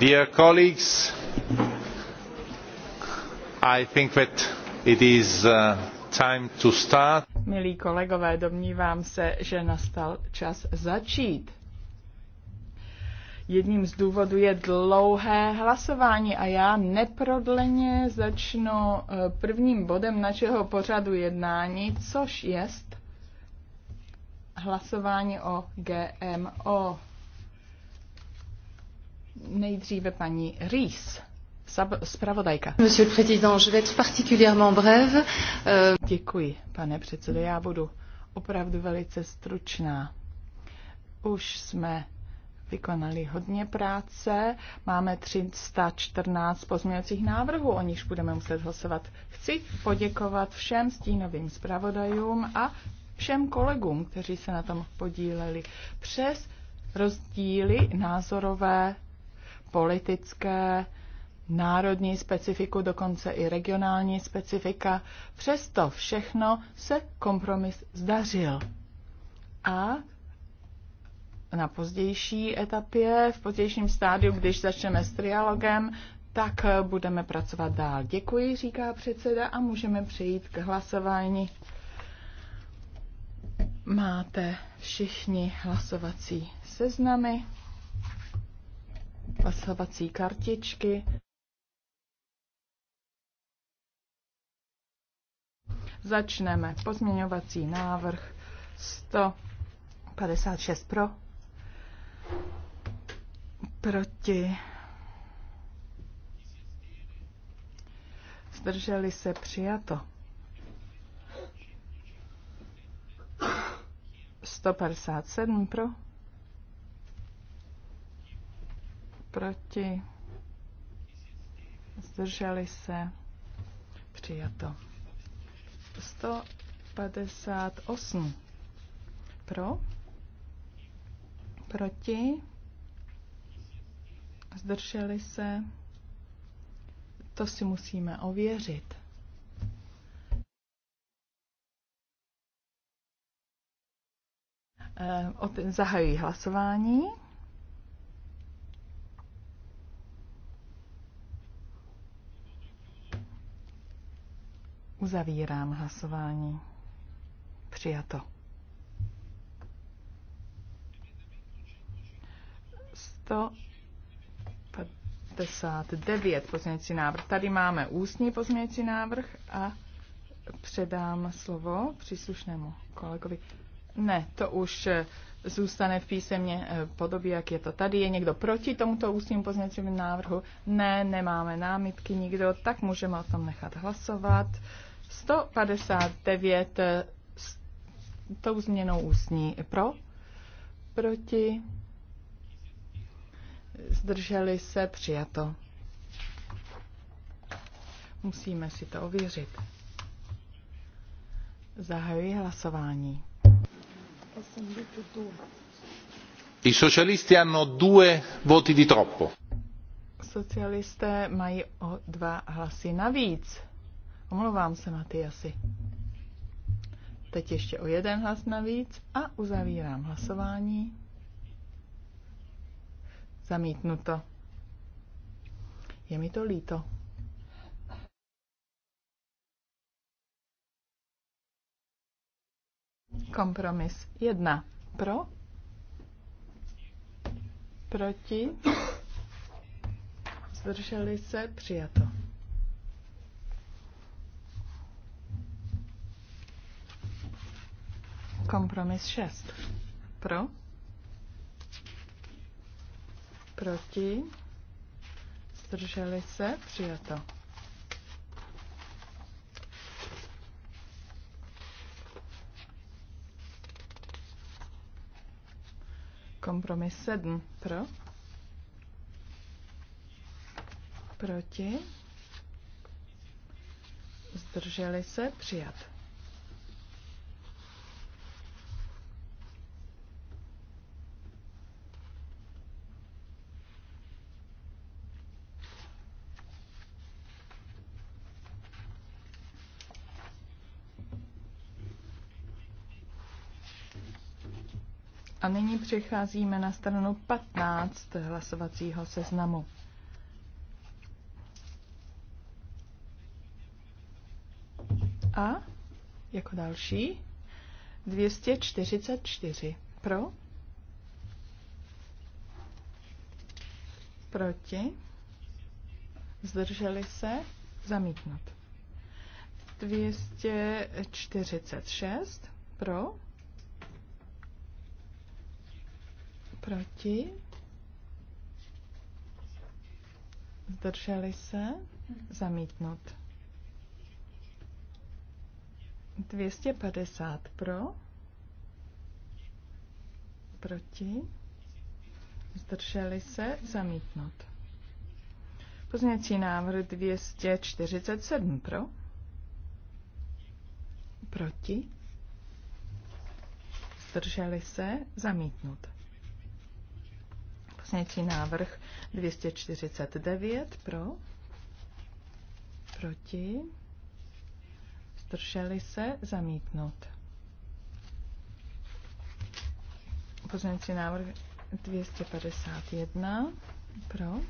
Dear colleagues, I think that it is uh, time to start. Milí kolegové, domnívám se, že nastal čas začít. Jedním z důvodů je dlouhé hlasování a já neprodleně začnu eh, prvním bodem našeho pořadu jednání, což je hlasování o GMO. Nejdříve paní Rees, zpravodajka. Monsieur le Président, je vais être particulièrement brève. Euh, Děkuji, pane předsedo, já budu opravdu velice stručná. Už jsme vykonali hodně práce, máme 314 pozměňovacích návrhů, o nichž budeme muset hlasovat. Chci poděkovat všem stínovým zpravodajům a všem kolegům, kteří se na tom podíleli. Přes rozdíly názorové politické, národní specifiku, dokonce i regionální specifika. Přesto všechno se kompromis zdařil. A na pozdější etapě, v pozdějším stádiu, když začneme s trialogem, tak budeme pracovat dál. Děkuji, říká předseda, a můžeme přejít k hlasování. Máte všichni hlasovací seznamy hlasovací kartičky. Začneme. Pozměňovací návrh 156 pro. Proti. Zdrželi se přijato. 157 pro proti, zdrželi se, přijato. 158 pro, proti, zdrželi se, to si musíme ověřit. Eh, zahajuji hlasování. Uzavírám hlasování. Přijato. 59 pozměňující návrh. Tady máme ústní pozměňující návrh a předám slovo příslušnému kolegovi. Ne, to už eh, zůstane v písemně eh, podobě, jak je to tady. Je někdo proti tomuto ústnímu pozměňovacímu návrhu? Ne, nemáme námitky nikdo, tak můžeme o tom nechat hlasovat. 159 eh, s tou změnou ústní pro, proti, zdrželi se, přijato. Musíme si to ověřit. Zahajuji hlasování. I socialisti hanno due voti di troppo. Socialisté mají o dva hlasy navíc. Omlouvám se, Matyasi. Teď ještě o jeden hlas navíc a uzavírám hlasování. Zamítnuto. Je mi to líto. Kompromis jedna Pro? Proti? Zdrželi se? Přijato. Kompromis 6. Pro? Proti? Zdrželi se? Přijato. Kompromis 7. Pro? Proti? Zdrželi se? Přijat. nyní přecházíme na stranu 15 hlasovacího seznamu. A jako další 244 pro, proti, zdrželi se, zamítnout. 246 pro, Proti? Zdrželi se? Zamítnout. 250 pro? Proti? Zdrželi se? Zamítnout. Pozměňovací návrh 247 pro? Proti? Zdrželi se? Zamítnout přijetí návrh 249 pro, proti, zdrželi se, zamítnout. Pozměňující návrh 251 pro,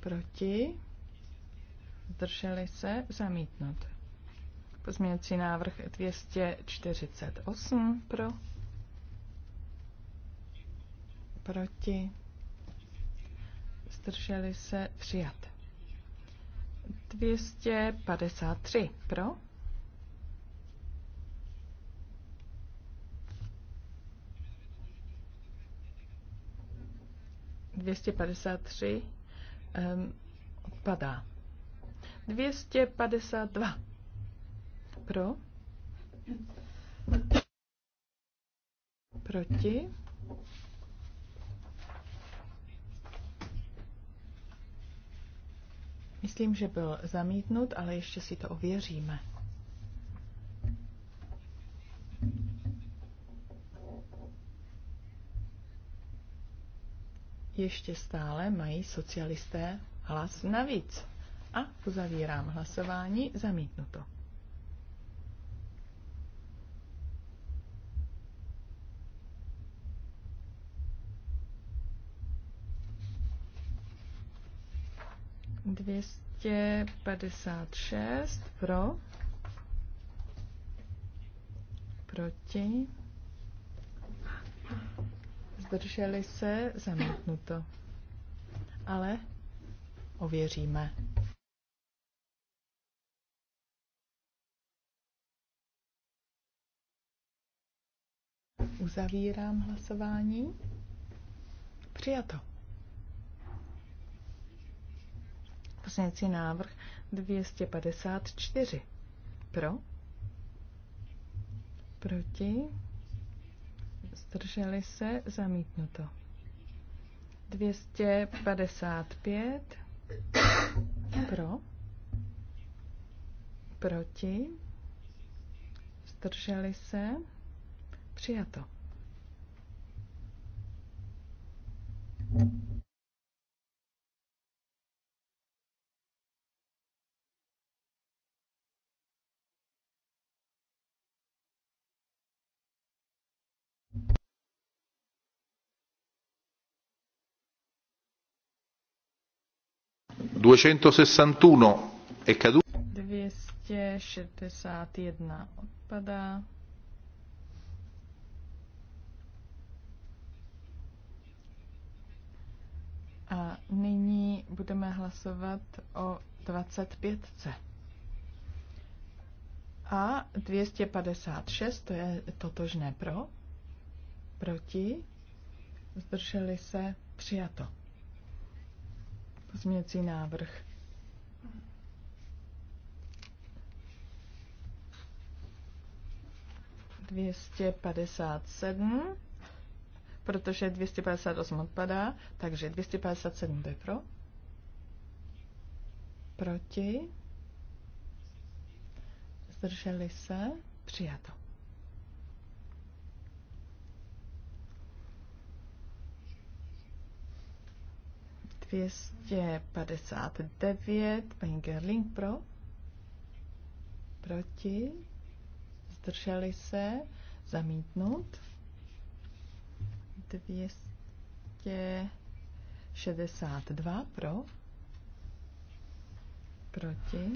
proti, zdrželi se, zamítnout. Pozměňující návrh 248 pro, proti, zdrželi se, přijat. 253 pro, Dvěstě padesát tři ehm, odpadá. Dvěstě padesát dva pro, proti. Myslím, že byl zamítnut, ale ještě si to ověříme. Ještě stále mají socialisté hlas navíc. A uzavírám hlasování zamítnuto. 256 pro, proti, zdrželi se, zamítnuto. Ale ověříme. Uzavírám hlasování. Přijato. Pozměňovací návrh 254. Pro? Proti? Zdrželi se? Zamítnuto. 255. Pro? Proti? Zdrželi se? Přijato. Thank you. 261 è caduto. 261 odpadá. A nyní budeme hlasovat o 25. A 256, to je totožné pro, proti, zdrželi se, přijato pozměňovací návrh. Dvěstě padesát sedm, protože 258 odpadá, takže 257 je pro. Proti. Zdrželi se. Přijato. 259, paní Gerling pro, proti, zdrželi se, zamítnout. 262 pro, proti,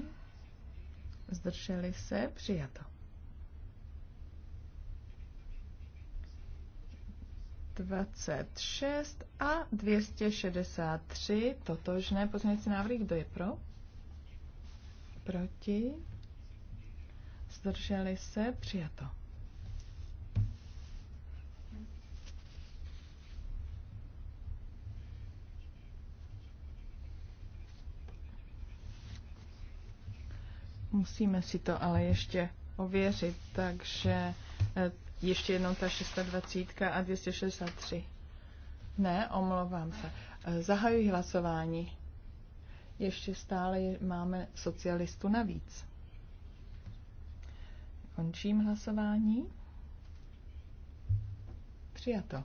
zdrželi se, přijato. 26 a 263 totožné pozměňovací návrhy. Kdo je pro? Proti? Zdrželi se? Přijato. Musíme si to ale ještě ověřit, takže eh, ještě jednou ta 620 a 263. Ne, omlouvám se. Zahajuji hlasování. Ještě stále máme socialistu navíc. Končím hlasování. Přijato.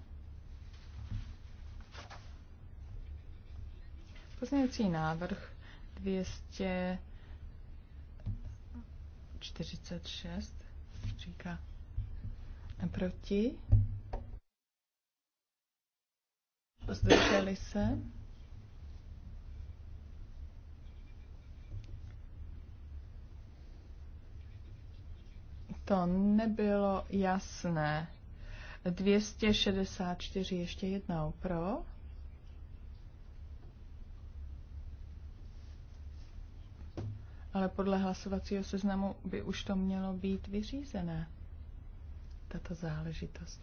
Pozměňovací návrh 246 říká Proti? Zdrželi se? To nebylo jasné. 264 ještě jednou pro. Ale podle hlasovacího seznamu by už to mělo být vyřízené tato záležitost.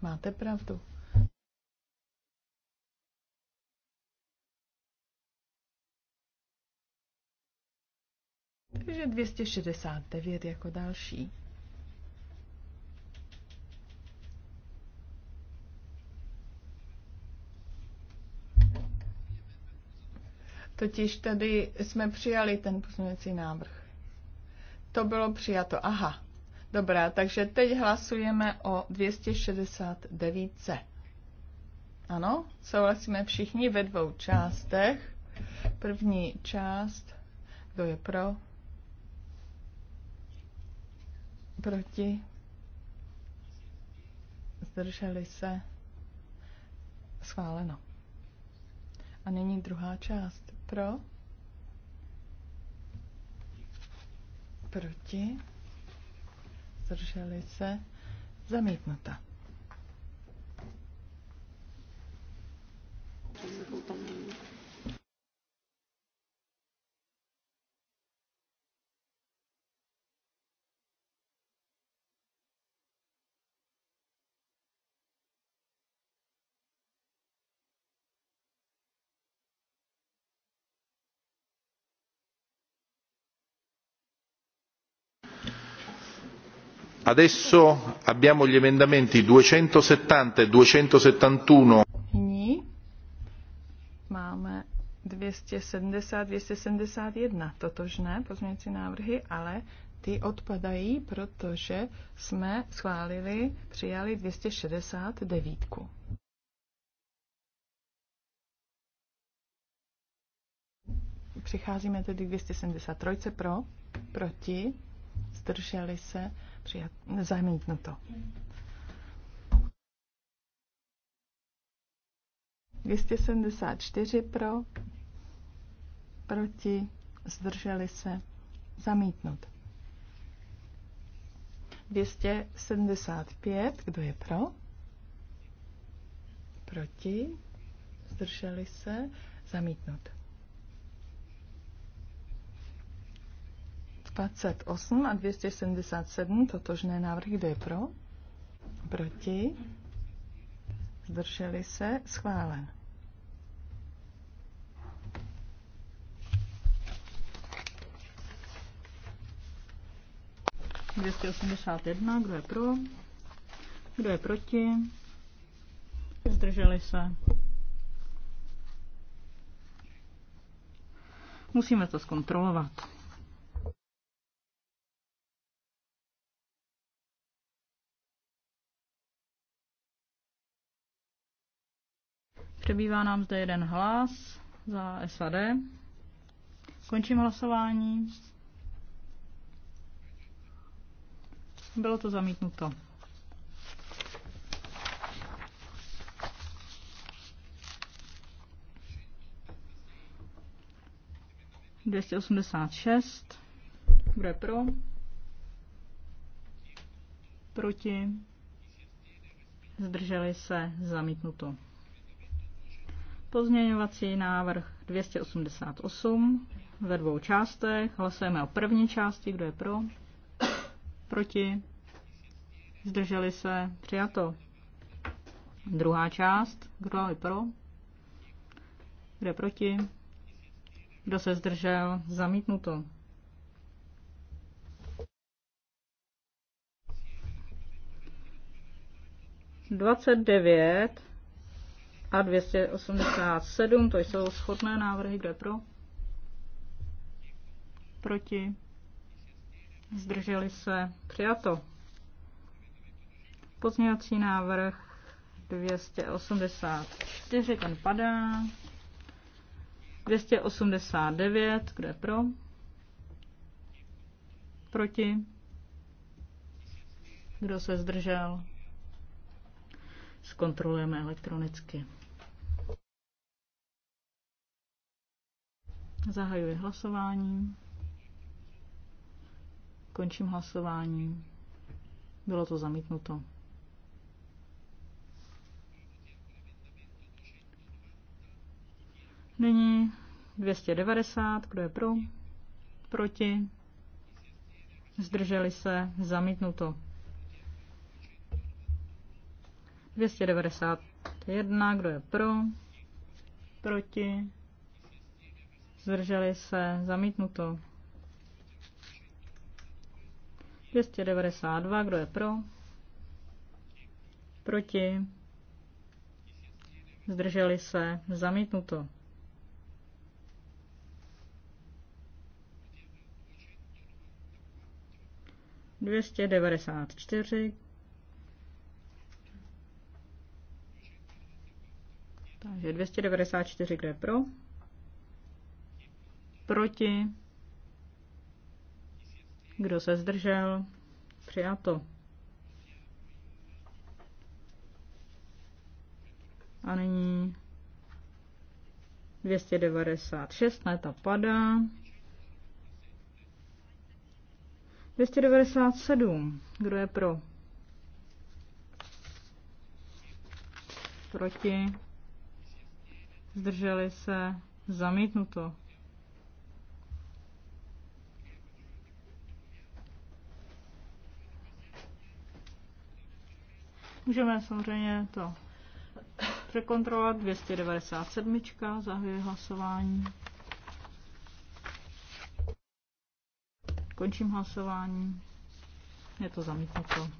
Máte pravdu. Takže 269 jako další. Totiž tady jsme přijali ten pozměňovací návrh. To bylo přijato. Aha. Dobrá, takže teď hlasujeme o 269. Ano, souhlasíme všichni ve dvou částech. První část, kdo je pro? Proti? Zdrželi se? Schváleno. A nyní druhá část. Pro? proti, zdrželi se, zamítnuta. Thank you. adesso abbiamo gli emendamenti duecentosettanta e duecentosettantuno máme 270, 271 totožné pozměňující návrhy, ale ty odpadají, protože jsme schválili, přijali 269. Přicházíme tedy k 273 pro, proti, zdrželi se Přijat, zamítnuto. 274 pro, proti, zdrželi se, zamítnut. 275, kdo je pro? Proti, zdrželi se, zamítnut. 28 a 277, totožné návrhy, kdo je pro? Proti? Zdrželi se? Schválen. Dvěstě osmdesát jedna, kdo je pro? Kdo je proti? Zdrželi se. Musíme to zkontrolovat. Přebývá nám zde jeden hlas za SAD. Končím hlasování. Bylo to zamítnuto. Dvěstě osmdesát šest. pro? Proti? Zdrželi se zamítnuto. Pozměňovací návrh 288 ve dvou částech. Hlasujeme o první části, kdo je pro, proti, zdrželi se, přijato. Druhá část, kdo je pro, kdo je proti, kdo se zdržel, zamítnuto. Dvacet devět a 287, to jsou shodné návrhy, kde pro? Proti? Zdrželi se? Přijato. Pozměňovací návrh 284, ten padá. 289, kde pro? Proti? Kdo se zdržel? Zkontrolujeme elektronicky. Zahajuji hlasování. Končím hlasování. Bylo to zamítnuto. Nyní 290, kdo je pro, proti, zdrželi se, zamítnuto. 291, kdo je pro, proti, zdrželi se, zamítnuto. 292, kdo je pro? Proti? Zdrželi se, zamítnuto. Dvěstě devadesát čtyři. Takže 294, kde je pro? Proti? Kdo se zdržel? Přijato. A nyní 296, ne, ta padá. 297, kdo je pro? Proti? Zdrželi se? Zamítnuto. Můžeme samozřejmě to překontrolovat. 297. Zahajuje hlasování. Končím hlasování. Je to zamítnuto.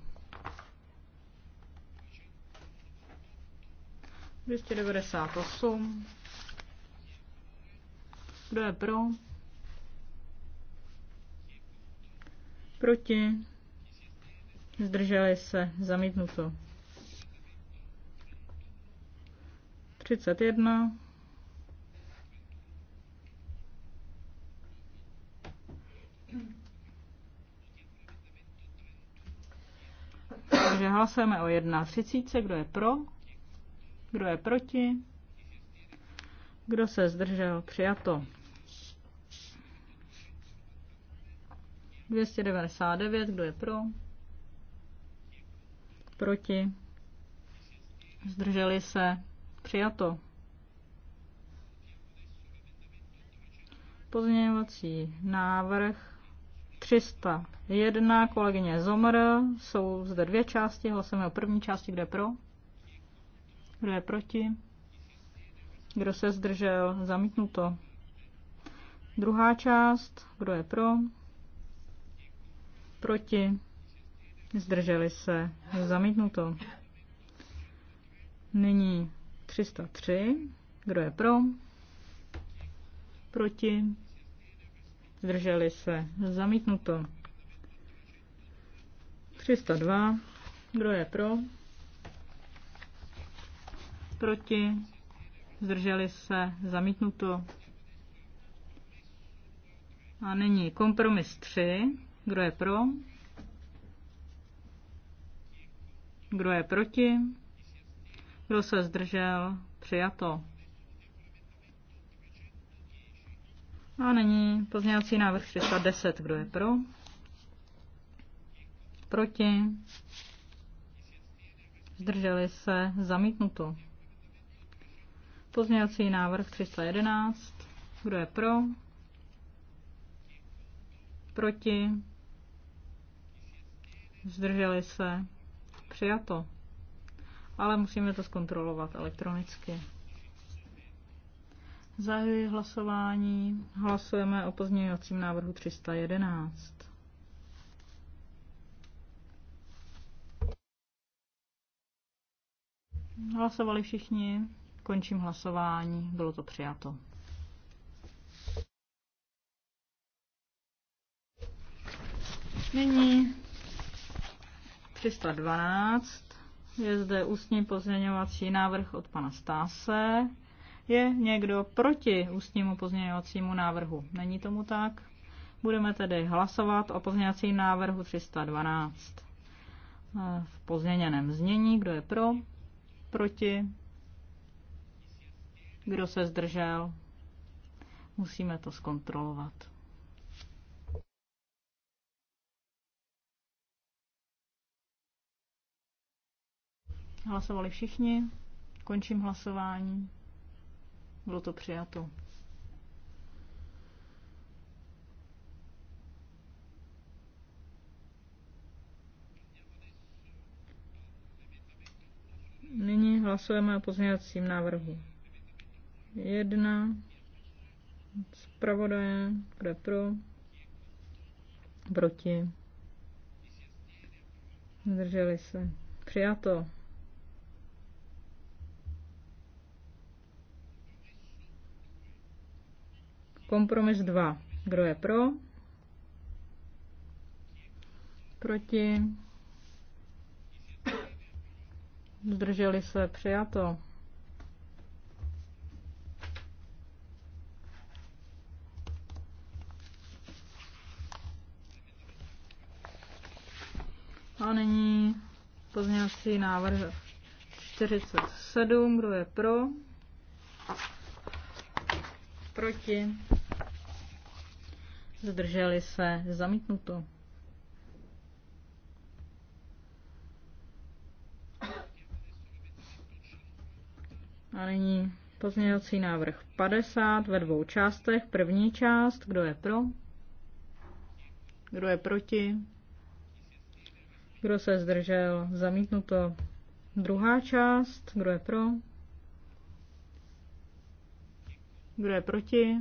298. Kdo je pro? Proti? Zdrželi se. Zamítnuto. 31. Takže hlasujeme o 1.30. Kdo je pro? Kdo je proti? Kdo se zdržel? Přijato. 299. Kdo je pro? Proti? Zdrželi se? přijato. Pozměňovací návrh 301 kolegyně Zomr. Jsou zde dvě části. Hlasujeme o první části, kde pro. Kdo je proti? Kdo se zdržel? Zamítnuto. Druhá část. Kdo je pro? Proti? Zdrželi se. Zamítnuto. Nyní 303. Kdo je pro? Proti? Zdrželi se. Zamítnuto. 302. Kdo je pro? Proti? Zdrželi se. Zamítnuto. A nyní kompromis 3. Kdo je pro? Kdo je proti? Kdo se zdržel? Přijato. A nyní pozměňovací návrh 310. Kdo je pro? Proti? Zdrželi se? Zamítnuto. Pozměňovací návrh 311. Kdo je pro? Proti? Zdrželi se? Přijato ale musíme to zkontrolovat elektronicky. Zahajuji hlasování. Hlasujeme o pozměňovacím návrhu 311. Hlasovali všichni. Končím hlasování. Bylo to přijato. Nyní 312. Je zde ústní pozměňovací návrh od pana Stáse. Je někdo proti ústnímu pozměňovacímu návrhu? Není tomu tak? Budeme tedy hlasovat o pozměňovacím návrhu 312. E, v pozměněném znění, kdo je pro, proti, kdo se zdržel. Musíme to zkontrolovat. Hlasovali všichni. Končím hlasování. Bylo to přijato. Nyní hlasujeme o pozměňovacím návrhu. Jedna. Zpravodaje. Kde pro? Proti. Zdrželi se. Přijato. Kompromis 2. Kdo je pro? Proti? Zdrželi se přijato. A nyní pozměňovací návrh 47. Kdo je pro? Proti? Zdrželi se. Zamítnuto. A nyní pozměňovací návrh 50 ve dvou částech. První část, kdo je pro? Kdo je proti? Kdo se zdržel? Zamítnuto. Druhá část, kdo je pro? Kdo je proti?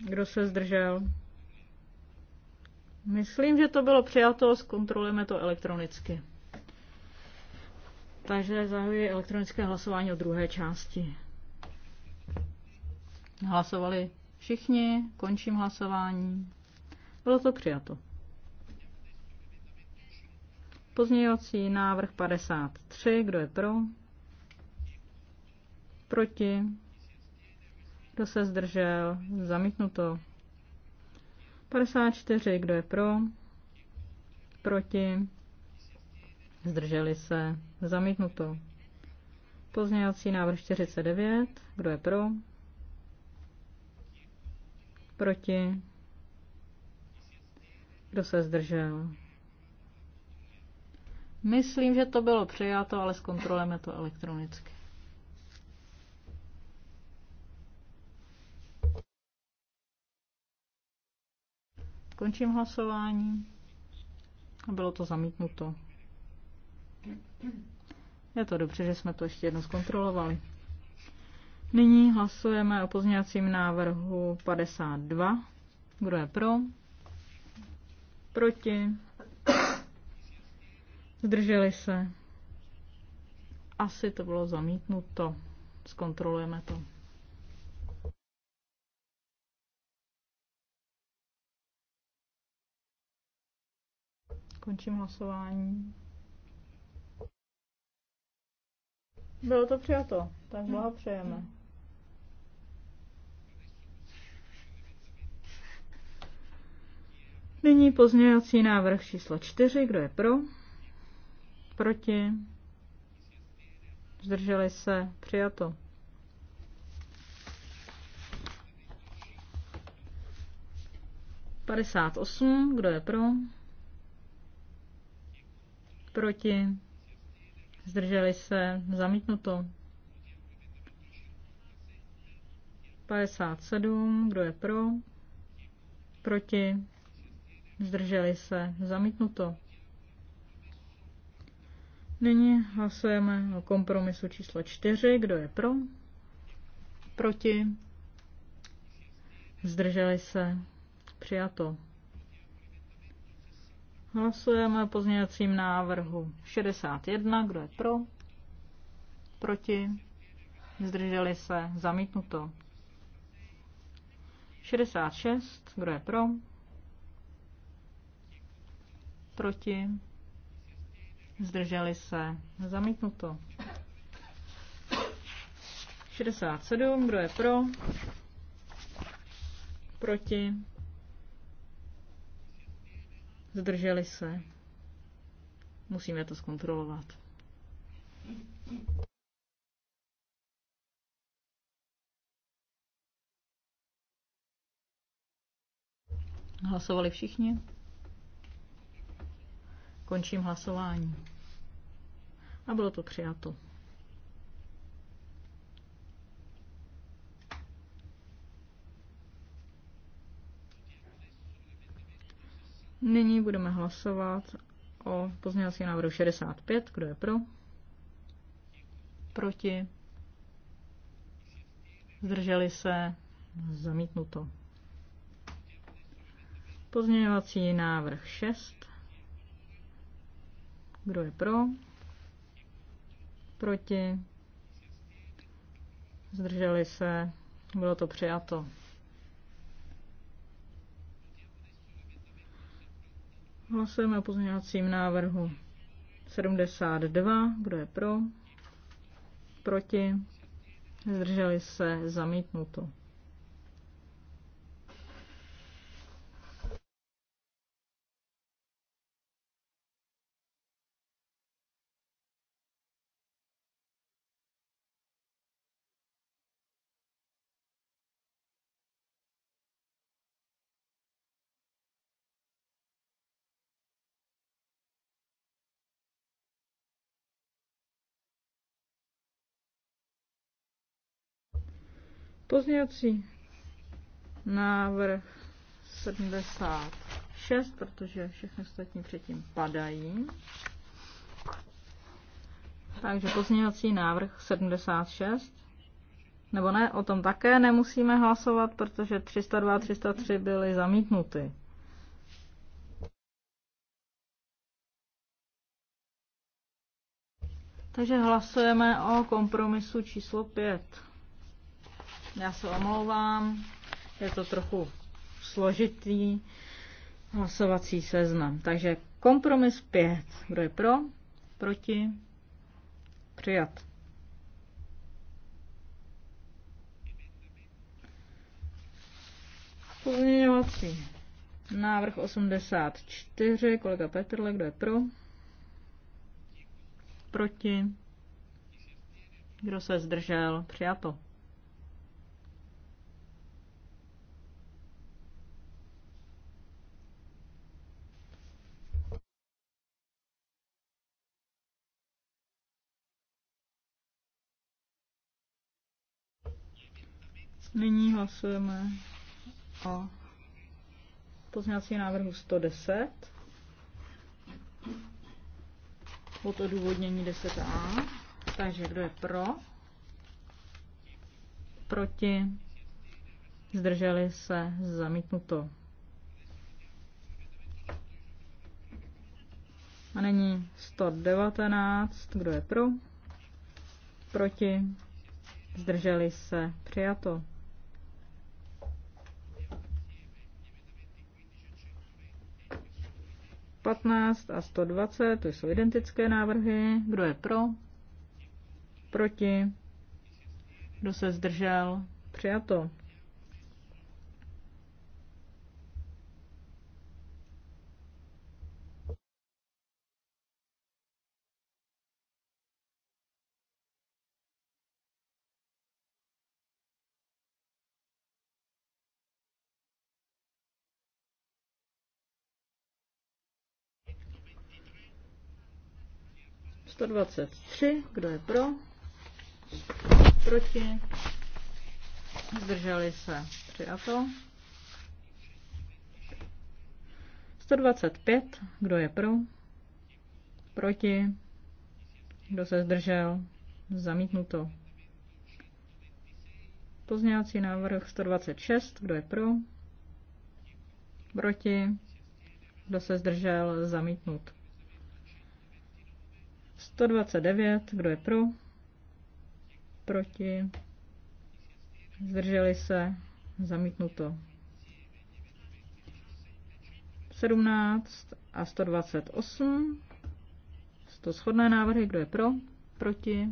Kdo se zdržel? Myslím, že to bylo přijato, zkontrolujeme to elektronicky. Takže zahajuji elektronické hlasování o druhé části. Hlasovali všichni, končím hlasování. Bylo to přijato. Pozměňovací návrh 53, kdo je pro? Proti? Kdo se zdržel? Zamítnuto. 54. Kdo je pro? Proti? Zdrželi se? Zamítnuto. Pozměňovací návrh 49. Kdo je pro? Proti? Kdo se zdržel? Myslím, že to bylo přijato, ale zkontrolujeme to elektronicky. Končím hlasování. A bylo to zamítnuto. Je to dobře, že jsme to ještě jednou zkontrolovali. Nyní hlasujeme o pozměňovacím návrhu 52. Kdo je pro? Proti? Zdrželi se? Asi to bylo zamítnuto. Zkontrolujeme to. Končím hlasování. Bylo to přijato, tak blahopřejeme. Hmm. Nyní pozměňovací návrh číslo 4. Kdo je pro? Proti? Zdrželi se? Přijato. Padesát osm. Kdo je pro? Proti? Zdrželi se? Zamítnuto. 57. Kdo je pro? Proti? Zdrželi se? Zamítnuto. Nyní hlasujeme o kompromisu číslo 4. Kdo je pro? Proti? Zdrželi se? Přijato. Hlasujeme o pozměňovacím návrhu 61. Kdo je pro? Proti? Zdrželi se? Zamítnuto. 66. Kdo je pro? Proti? Zdrželi se? Zamítnuto. 67. Kdo je pro? Proti? Zdrželi se. Musíme to zkontrolovat. Hlasovali všichni? Končím hlasování. A bylo to přijato. Nyní budeme hlasovat o pozměňovacím návrhu 65. Kdo je pro? Proti? Zdrželi se? Zamítnuto. Pozměňovací návrh 6. Kdo je pro? Proti? Zdrželi se? Bylo to přijato. Hlasujeme o pozměňovacím návrhu 72. Kdo je pro? Proti? Zdrželi se? Zamítnuto. Pozměňovací návrh 76, protože všechny ostatní předtím padají. Takže pozměňovací návrh 76. Nebo ne, o tom také nemusíme hlasovat, protože 302 a 303 byly zamítnuty. Takže hlasujeme o kompromisu číslo 5. Já se omlouvám, je to trochu složitý hlasovací seznam. Takže kompromis 5. Kdo je pro? Proti? Přijat. Pozměňovací návrh 84, kolega Petrle, kdo je pro? Proti? Kdo se zdržel? Přijato. Nyní hlasujeme o pozměňovacím návrhu 110 pod odůvodnění 10a. Takže kdo je pro? Proti? Zdrželi se? Zamítnuto. A není 119. Kdo je pro? Proti? Zdrželi se? Přijato. 15 a 120, to jsou identické návrhy. Kdo je pro? Proti? Kdo se zdržel? Přijato. 123, kdo je pro? Proti? Zdrželi se. Přijato. 125, kdo je pro? Proti? Kdo se zdržel? Zamítnuto. Pozměňovací návrh 126, kdo je pro? Proti? Kdo se zdržel? Zamítnut. 129, kdo je pro? Proti? Zdrželi se? Zamítnuto. 17 a 128. To shodné návrhy, kdo je pro? Proti?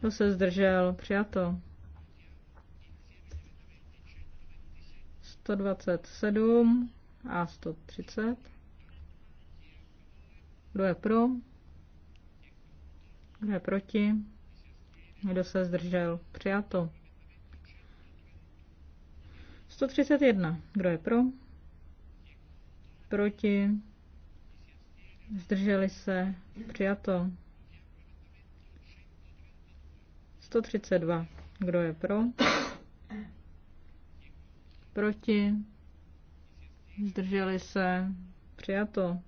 Kdo se zdržel? Přijato. 127 a 130. Kdo je pro? Kdo je proti? Kdo se zdržel? Přijato. 131. Kdo je pro? Proti? Zdrželi se? Přijato. 132. Kdo je pro? Proti? Zdrželi se? Přijato.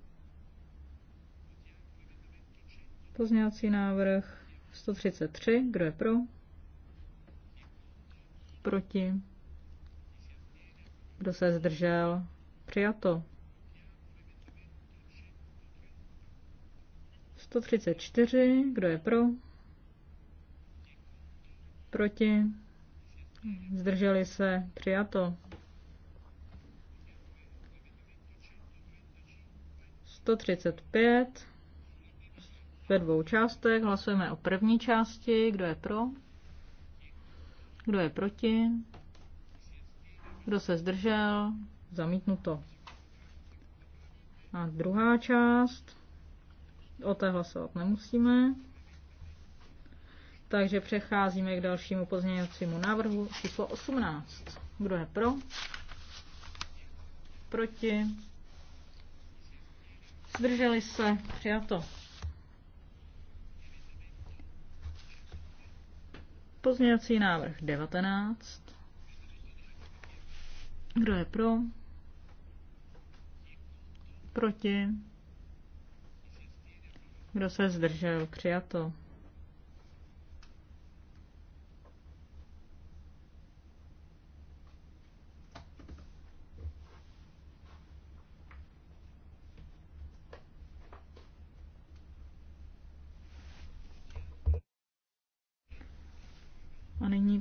Pozměňovací návrh 133. Kdo je pro? Proti? Kdo se zdržel? Přijato. 134. Kdo je pro? Proti? Zdrželi se? Přijato. 135 ve dvou částech. Hlasujeme o první části. Kdo je pro? Kdo je proti? Kdo se zdržel? Zamítnuto. A druhá část. O té hlasovat nemusíme. Takže přecházíme k dalšímu pozměňovacímu návrhu číslo 18. Kdo je pro? Proti? Zdrželi se? Přijato. Pozměňovací návrh 19. Kdo je pro? Proti? Kdo se zdržel? Přijato.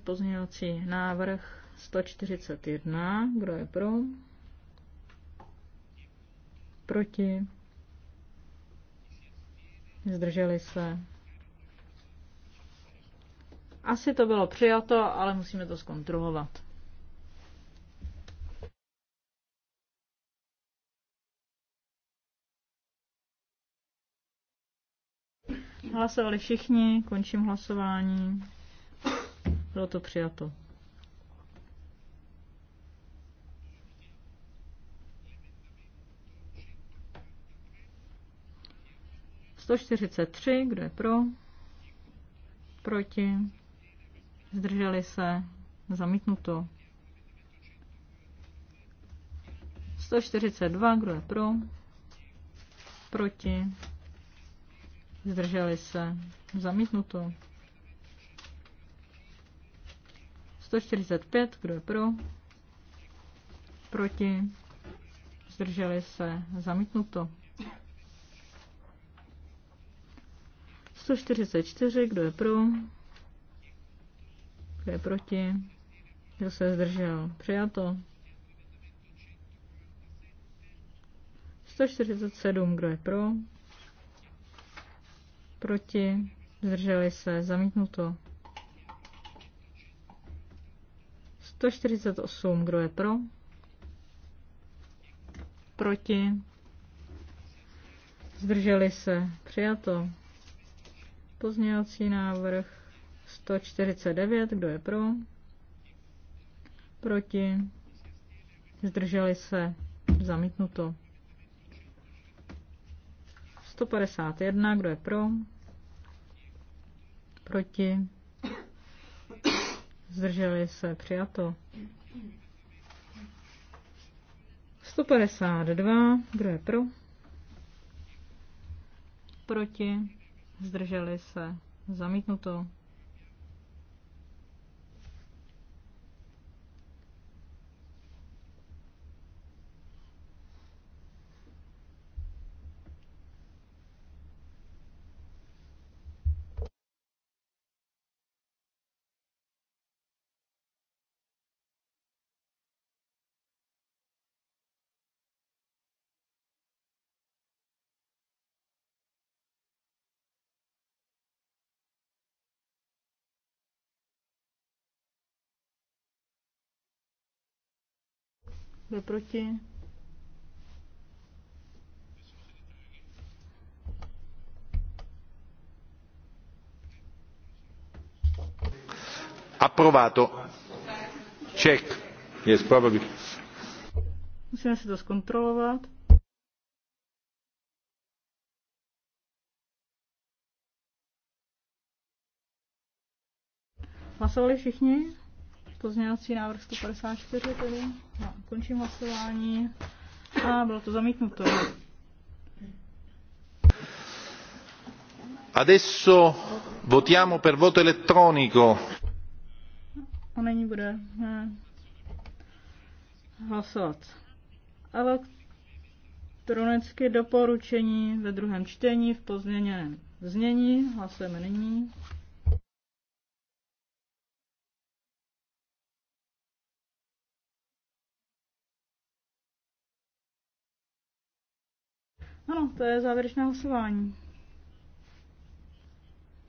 pozměňovací návrh 141. Kdo je pro? Proti? Zdrželi se? Asi to bylo přijato, ale musíme to zkontrolovat. Hlasovali všichni, končím hlasování. Bylo to přijato. Sto čtyřicet tři, kdo je pro? Proti? Zdrželi se? Zamítnuto. 142, kdo je pro? Proti? Zdrželi se? Zamítnuto. 145, kdo je pro? Proti? Zdrželi se? Zamítnuto. 144, kdo je pro? Kdo je proti? Kdo se zdržel? Přijato. 147, kdo je pro? Proti? Zdrželi se? Zamítnuto. 148, kdo je pro? Proti? Zdrželi se. Přijato. Pozměňovací návrh 149, kdo je pro? Proti? Zdrželi se. Zamítnuto. 151, kdo je pro? Proti? Zdrželi se přijato. 152. Kdo je pro? Proti. Zdrželi se. Zamítnuto. jde proti? Aprovato. Check. Yes, probably. Musíme si to zkontrolovat. Hlasovali všichni? Pozměňovací návrh 154 tedy. No, končím hlasování. A bylo to zamítnuto. Adesso votiamo per voto elettronico. A není bude ne. hlasovat. Elektronické doporučení ve druhém čtení v pozměněném znění. Hlasujeme nyní. Ano, to je závěrečné hlasování.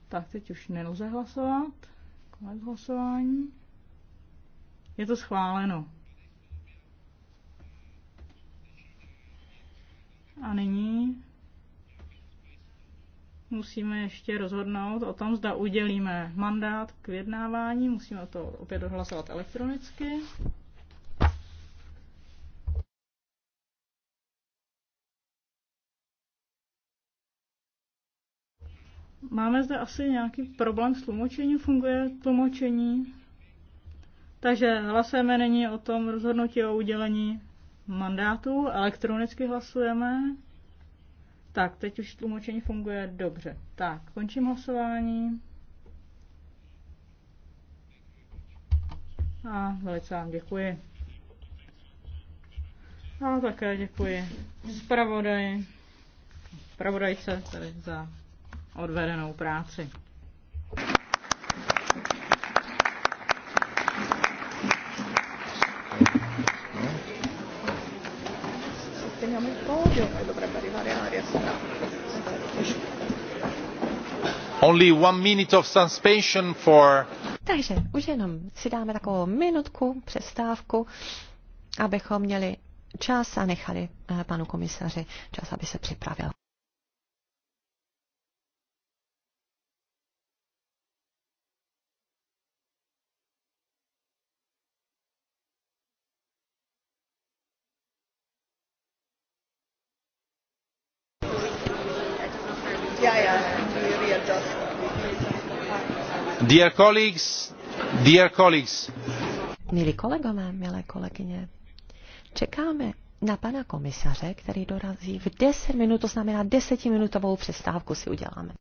Tak, teď už nelze hlasovat. Konec hlasování. Je to schváleno. A nyní musíme ještě rozhodnout o tom, zda udělíme mandát k vyjednávání. Musíme to opět hlasovat elektronicky. Máme zde asi nějaký problém s tlumočením, funguje tlumočení. Takže hlasujeme není o tom rozhodnutí o udělení mandátu, elektronicky hlasujeme. Tak, teď už tlumočení funguje dobře. Tak, končím hlasování. A velice vám děkuji. A také děkuji zpravodaji, zpravodajce tady za odvedenou práci. Only one minute of suspension for... Takže už jenom si dáme takovou minutku přestávku, abychom měli čas a nechali eh, panu komisaři čas, aby se připravil. Dear colleagues, dear colleagues. Milí kolegové, milé kolegyně, čekáme na pana komisaře, který dorazí v 10 minut, to znamená 10 minutovou přestávku si uděláme.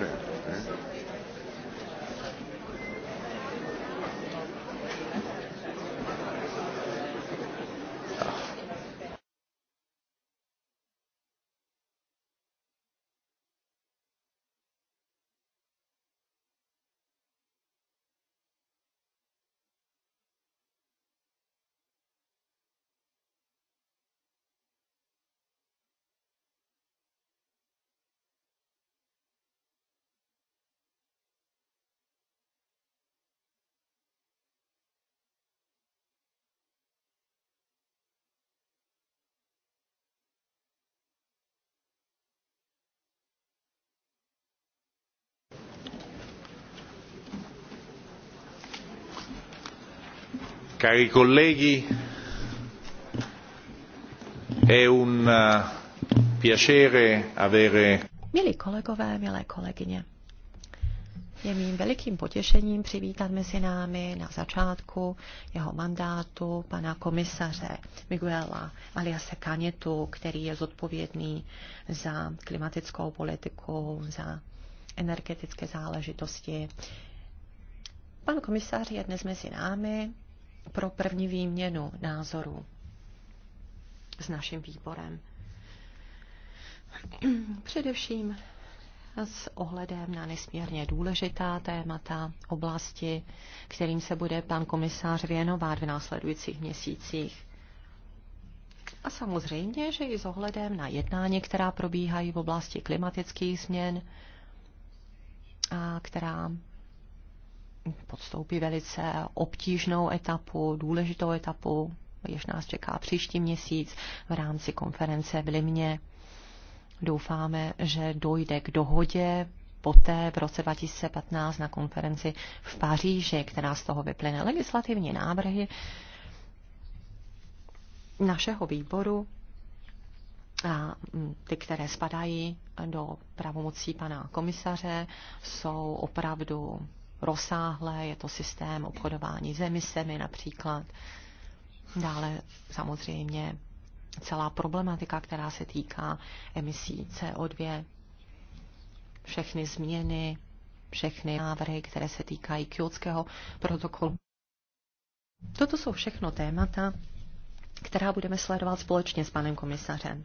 Thank you. Cari colleghi, è un eh, piacere avere. Milí kolegové, milé kolegyně, je mým velikým potěšením přivítat mezi námi na začátku jeho mandátu pana komisaře Miguela aliase Kanětu, který je zodpovědný za klimatickou politiku, za energetické záležitosti. Pan komisař je dnes mezi námi, pro první výměnu názorů s naším výborem. Především s ohledem na nesmírně důležitá témata, oblasti, kterým se bude pan komisář věnovat v následujících měsících. A samozřejmě, že i s ohledem na jednání, která probíhají v oblasti klimatických změn a která podstoupí velice obtížnou etapu, důležitou etapu, jež nás čeká příští měsíc v rámci konference v Limě. Doufáme, že dojde k dohodě poté v roce 2015 na konferenci v Paříži, která z toho vyplyne legislativní návrhy našeho výboru a mm, ty, které spadají do pravomocí pana komisaře, jsou opravdu rozsáhlé, je to systém obchodování s emisemi například. Dále samozřejmě celá problematika, která se týká emisí CO2, všechny změny, všechny návrhy, které se týkají kyotského protokolu. Toto jsou všechno témata, která budeme sledovat společně s panem komisařem.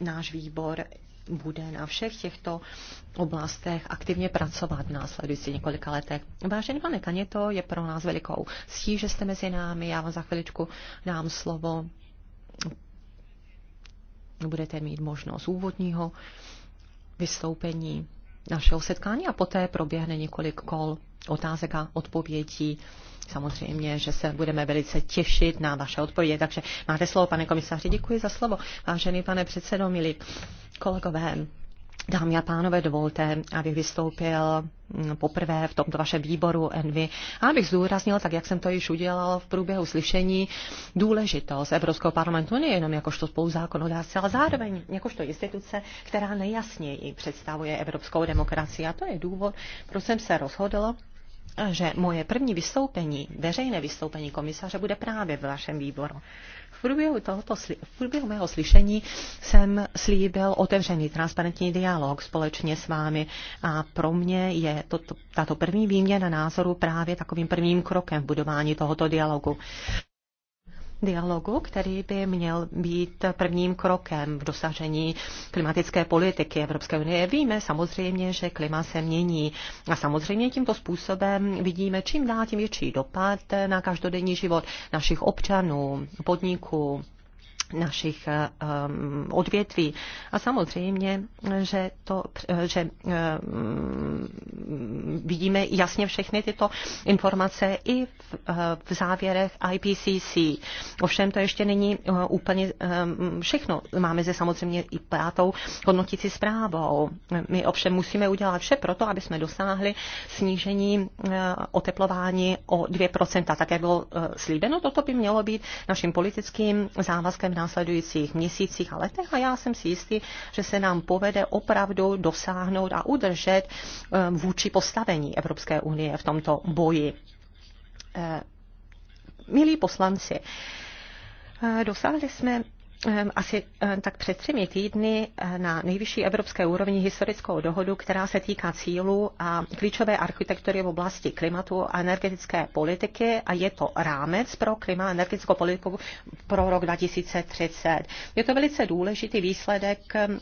náš výbor bude na všech těchto oblastech aktivně pracovat v následující několika letech. Vážený pane Kaněto, je pro nás velikou ctí, že jste mezi námi. Já vám za chviličku dám slovo. Budete mít možnost úvodního vystoupení našeho setkání a poté proběhne několik kol otázek a odpovědí. Samozřejmě, že se budeme velice těšit na vaše odpovědi. Takže máte slovo, pane komisaři, děkuji za slovo. Vážený pane předsedo, milí Kolegové, Dámy a pánové, dovolte, abych vystoupil poprvé v tomto vašem výboru Envy a abych zdůraznil, tak jak jsem to již udělal v průběhu slyšení, důležitost Evropského parlamentu nejenom jakožto spoluzákonodárce, ale zároveň jakožto instituce, která nejjasněji představuje evropskou demokracii. A to je důvod, proč jsem se rozhodl že moje první vystoupení, veřejné vystoupení komisaře, bude právě v vašem výboru průběhu, tohoto, v průběhu mého slyšení jsem slíbil otevřený transparentní dialog společně s vámi a pro mě je to, tato první výměna názoru právě takovým prvním krokem v budování tohoto dialogu dialogu, který by měl být prvním krokem v dosažení klimatické politiky Evropské unie. Víme samozřejmě, že klima se mění a samozřejmě tímto způsobem vidíme čím dál tím větší dopad na každodenní život našich občanů, podniků, našich eh, eh, odvětví. A samozřejmě, že, to, že eh, vidíme jasně všechny tyto informace i v, v závěrech IPCC. Ovšem to ještě není úplně všechno. Máme zde samozřejmě i pátou hodnotící zprávou. My ovšem musíme udělat vše to, aby jsme dosáhli snížení oteplování o 2%. jak bylo slíbeno, toto by mělo být naším politickým závazkem v následujících měsících a letech a já jsem si jistý, že se nám povede opravdu dosáhnout a udržet eh, vůči postavení Evropské unie v tomto boji. Eh, Milí poslanci, eh, dosáhli jsme Ehm, asi ehm, tak před třemi týdny eh, na nejvyšší evropské úrovni historickou dohodu, která se týká cílů a klíčové architektury v oblasti klimatu a energetické politiky a je to rámec pro klima a energetickou politiku pro rok 2030. Je to velice důležitý výsledek ehm,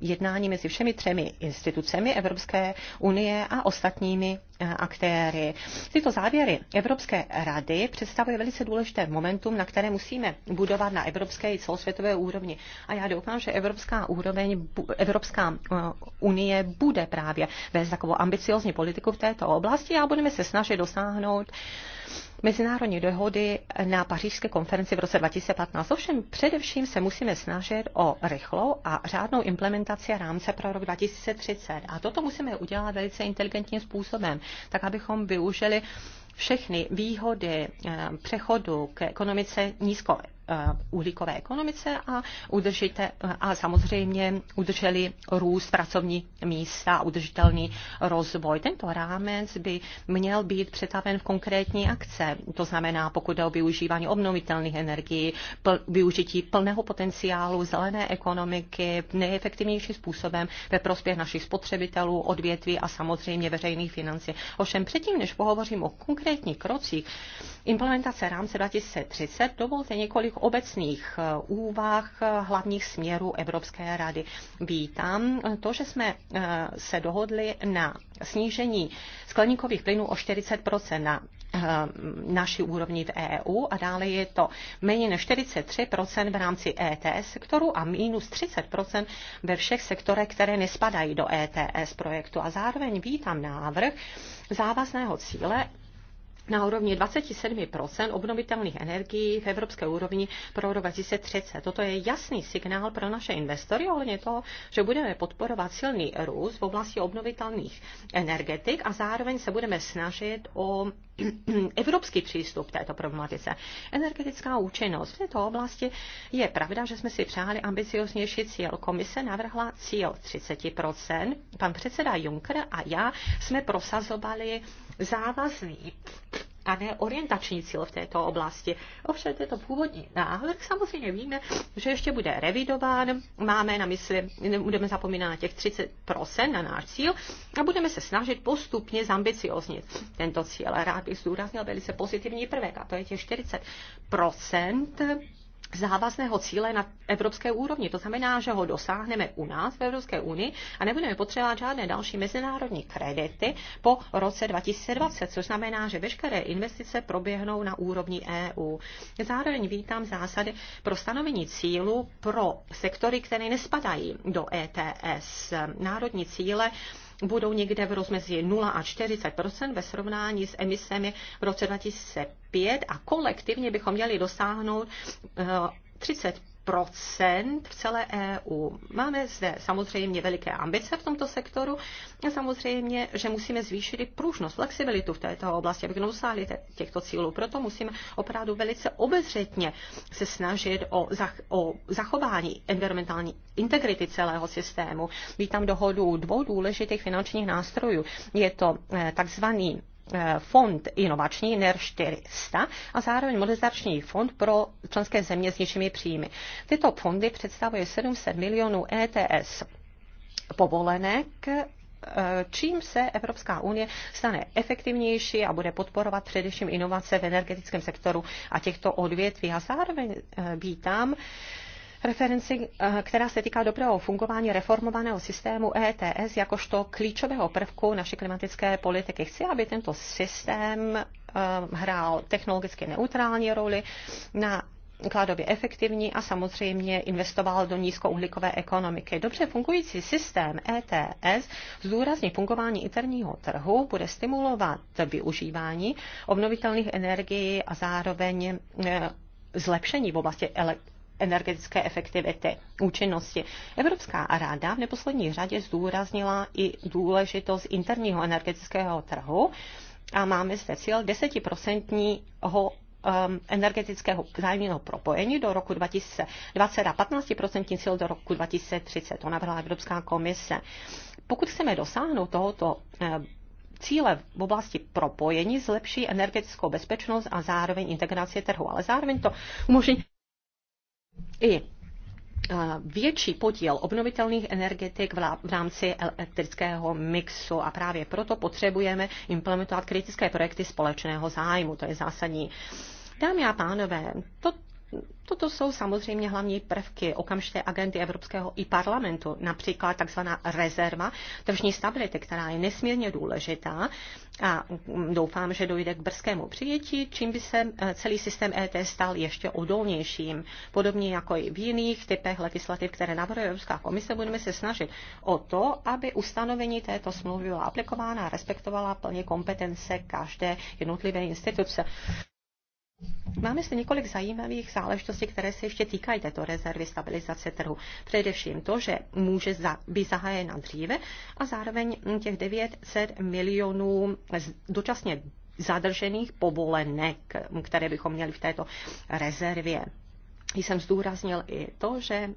jednání mezi všemi třemi institucemi Evropské unie a ostatními eh, aktéry. Tyto závěry Evropské rady představují velice důležité momentum, na které musíme budovat na evropské i celosvětové úrovni. A já doufám, že evropská úroveň, Evropská eh, unie bude právě vést takovou ambiciozní politiku v této oblasti a budeme se snažit dosáhnout mezinárodní dohody na pařížské konferenci v roce 2015. Ovšem především se musíme snažit o rychlou a řádnou implementaci rámce pro rok 2030. A toto musíme udělat velice inteligentním způsobem, tak abychom využili všechny výhody eh, přechodu k ekonomice nízko Eh, uhlíkové ekonomice a, udržite, a samozřejmě udrželi růst pracovní místa a udržitelný rozvoj. Tento rámec by měl být přetaven v konkrétní akce. To znamená, pokud jde o využívání obnovitelných energií, pl, využití plného potenciálu zelené ekonomiky nejefektivnějším způsobem ve prospěch našich spotřebitelů, odvětví a samozřejmě veřejných financí. Ovšem předtím, než pohovořím o konkrétních krocích implementace rámce 2030, dovolte několik takových obecných eh, úvah eh, hlavních směrů Evropské rady. Vítám eh, to, že jsme se dohodli na snížení skleníkových plynů o 40 na naší úrovni v EU a dále je to méně než 43% v rámci ETS sektoru a minus 30% ve všech sektorech, které nespadají do ETS projektu. A zároveň vítám návrh závazného cíle na úrovni 27 obnovitelných energií v evropské úrovni pro rok 2030. Toto je jasný signál pro naše investory ohledně toho, že budeme podporovat silný růst v oblasti obnovitelných energetik a zároveň se budeme snažit o evropský přístup této problematice. Energetická účinnost. V této oblasti je pravda, že jsme si přáli ambicioznější cíl. Komise navrhla cíl 30%. Pan předseda Juncker a já jsme prosazovali závazný a ne orientační cíl v této oblasti. Ovšem to původní návrh samozřejmě víme, že ještě bude revidován, máme na mysli, budeme zapomínat na těch 30% na náš cíl a budeme se snažit postupně zambicioznit tento cíl. Rád bych zdůraznil velice pozitivní prvek a to je těch 40% závazného cíle na evropské úrovni. To znamená, že ho dosáhneme u nás v Evropské unii a nebudeme potřebovat žádné další mezinárodní kredity po roce 2020, což znamená, že veškeré investice proběhnou na úrovni EU. Zároveň vítám zásady pro stanovení cílu pro sektory, které nespadají do ETS. Národní cíle budou někde v rozmezí 0 a 40 ve srovnání s emisemi v roce 2005 a kolektivně bychom měli dosáhnout 30 eh, v celé EU. Máme zde samozřejmě veliké ambice v tomto sektoru a samozřejmě, že musíme zvýšit i pružnost, flexibilitu v této oblasti, abychom dosáhli těchto cílů. Proto musíme opravdu velice obezřetně se snažit o, zach- o zachování environmentální integrity celého systému. Vítám dohodu dvou důležitých finančních nástrojů. Je to eh, takzvaný Eh, fond inovační NER 400 a zároveň modernizační fond pro členské země s nižšími příjmy. Tyto fondy představují 700 milionů ETS povolenek eh, čím se Evropská unie stane efektivnější a bude podporovat především inovace v energetickém sektoru a těchto odvětví. A zároveň eh, vítám referenci, eh, která se týká dobrého fungování reformovaného systému ETS jakožto klíčového prvku naší klimatické politiky. Chci, aby tento systém eh, hrál technologicky neutrální roli na kladově efektivní a samozřejmě investoval do nízkouhlíkové ekonomiky. Dobře fungující systém ETS zdůrazní fungování interního trhu, bude stimulovat využívání obnovitelných energií a zároveň eh, zlepšení v oblasti energetické efektivity, účinnosti. Evropská ráda v neposlední řadě zdůraznila i důležitost interního energetického trhu a máme zde cíl 10% um, energetického zájemného propojení do roku 2020 a 15% cíl do roku 2030. To navrhla Evropská komise. Pokud chceme dosáhnout tohoto um, cíle v oblasti propojení zlepší energetickou bezpečnost a zároveň integraci trhu, ale zároveň to umožní i eh, větší podíl obnovitelných energetik v rámci elektrického mixu a právě proto potřebujeme implementovat kritické projekty společného zájmu. To je zásadní. Dámy a pánové, to, Toto jsou samozřejmě hlavní prvky okamžité agendy Evropského i parlamentu, například takzvaná rezerva tržní stability, která je nesmírně důležitá a doufám, že dojde k brzkému přijetí, čím by se eh, celý systém ET stal ještě odolnějším. Podobně jako i v jiných typech legislativ, které navrhuje Evropská komise, budeme se snažit o to, aby ustanovení této smlouvy byla aplikována a respektovala plně kompetence každé jednotlivé instituce. Máme zde několik zajímavých záležitostí, které se ještě týkají této rezervy stabilizace trhu. Především to, že může za, být zahájena dříve a zároveň těch 900 milionů dočasně zadržených povolenek, které bychom měli v této rezervě. Jsem zdůraznil i to, že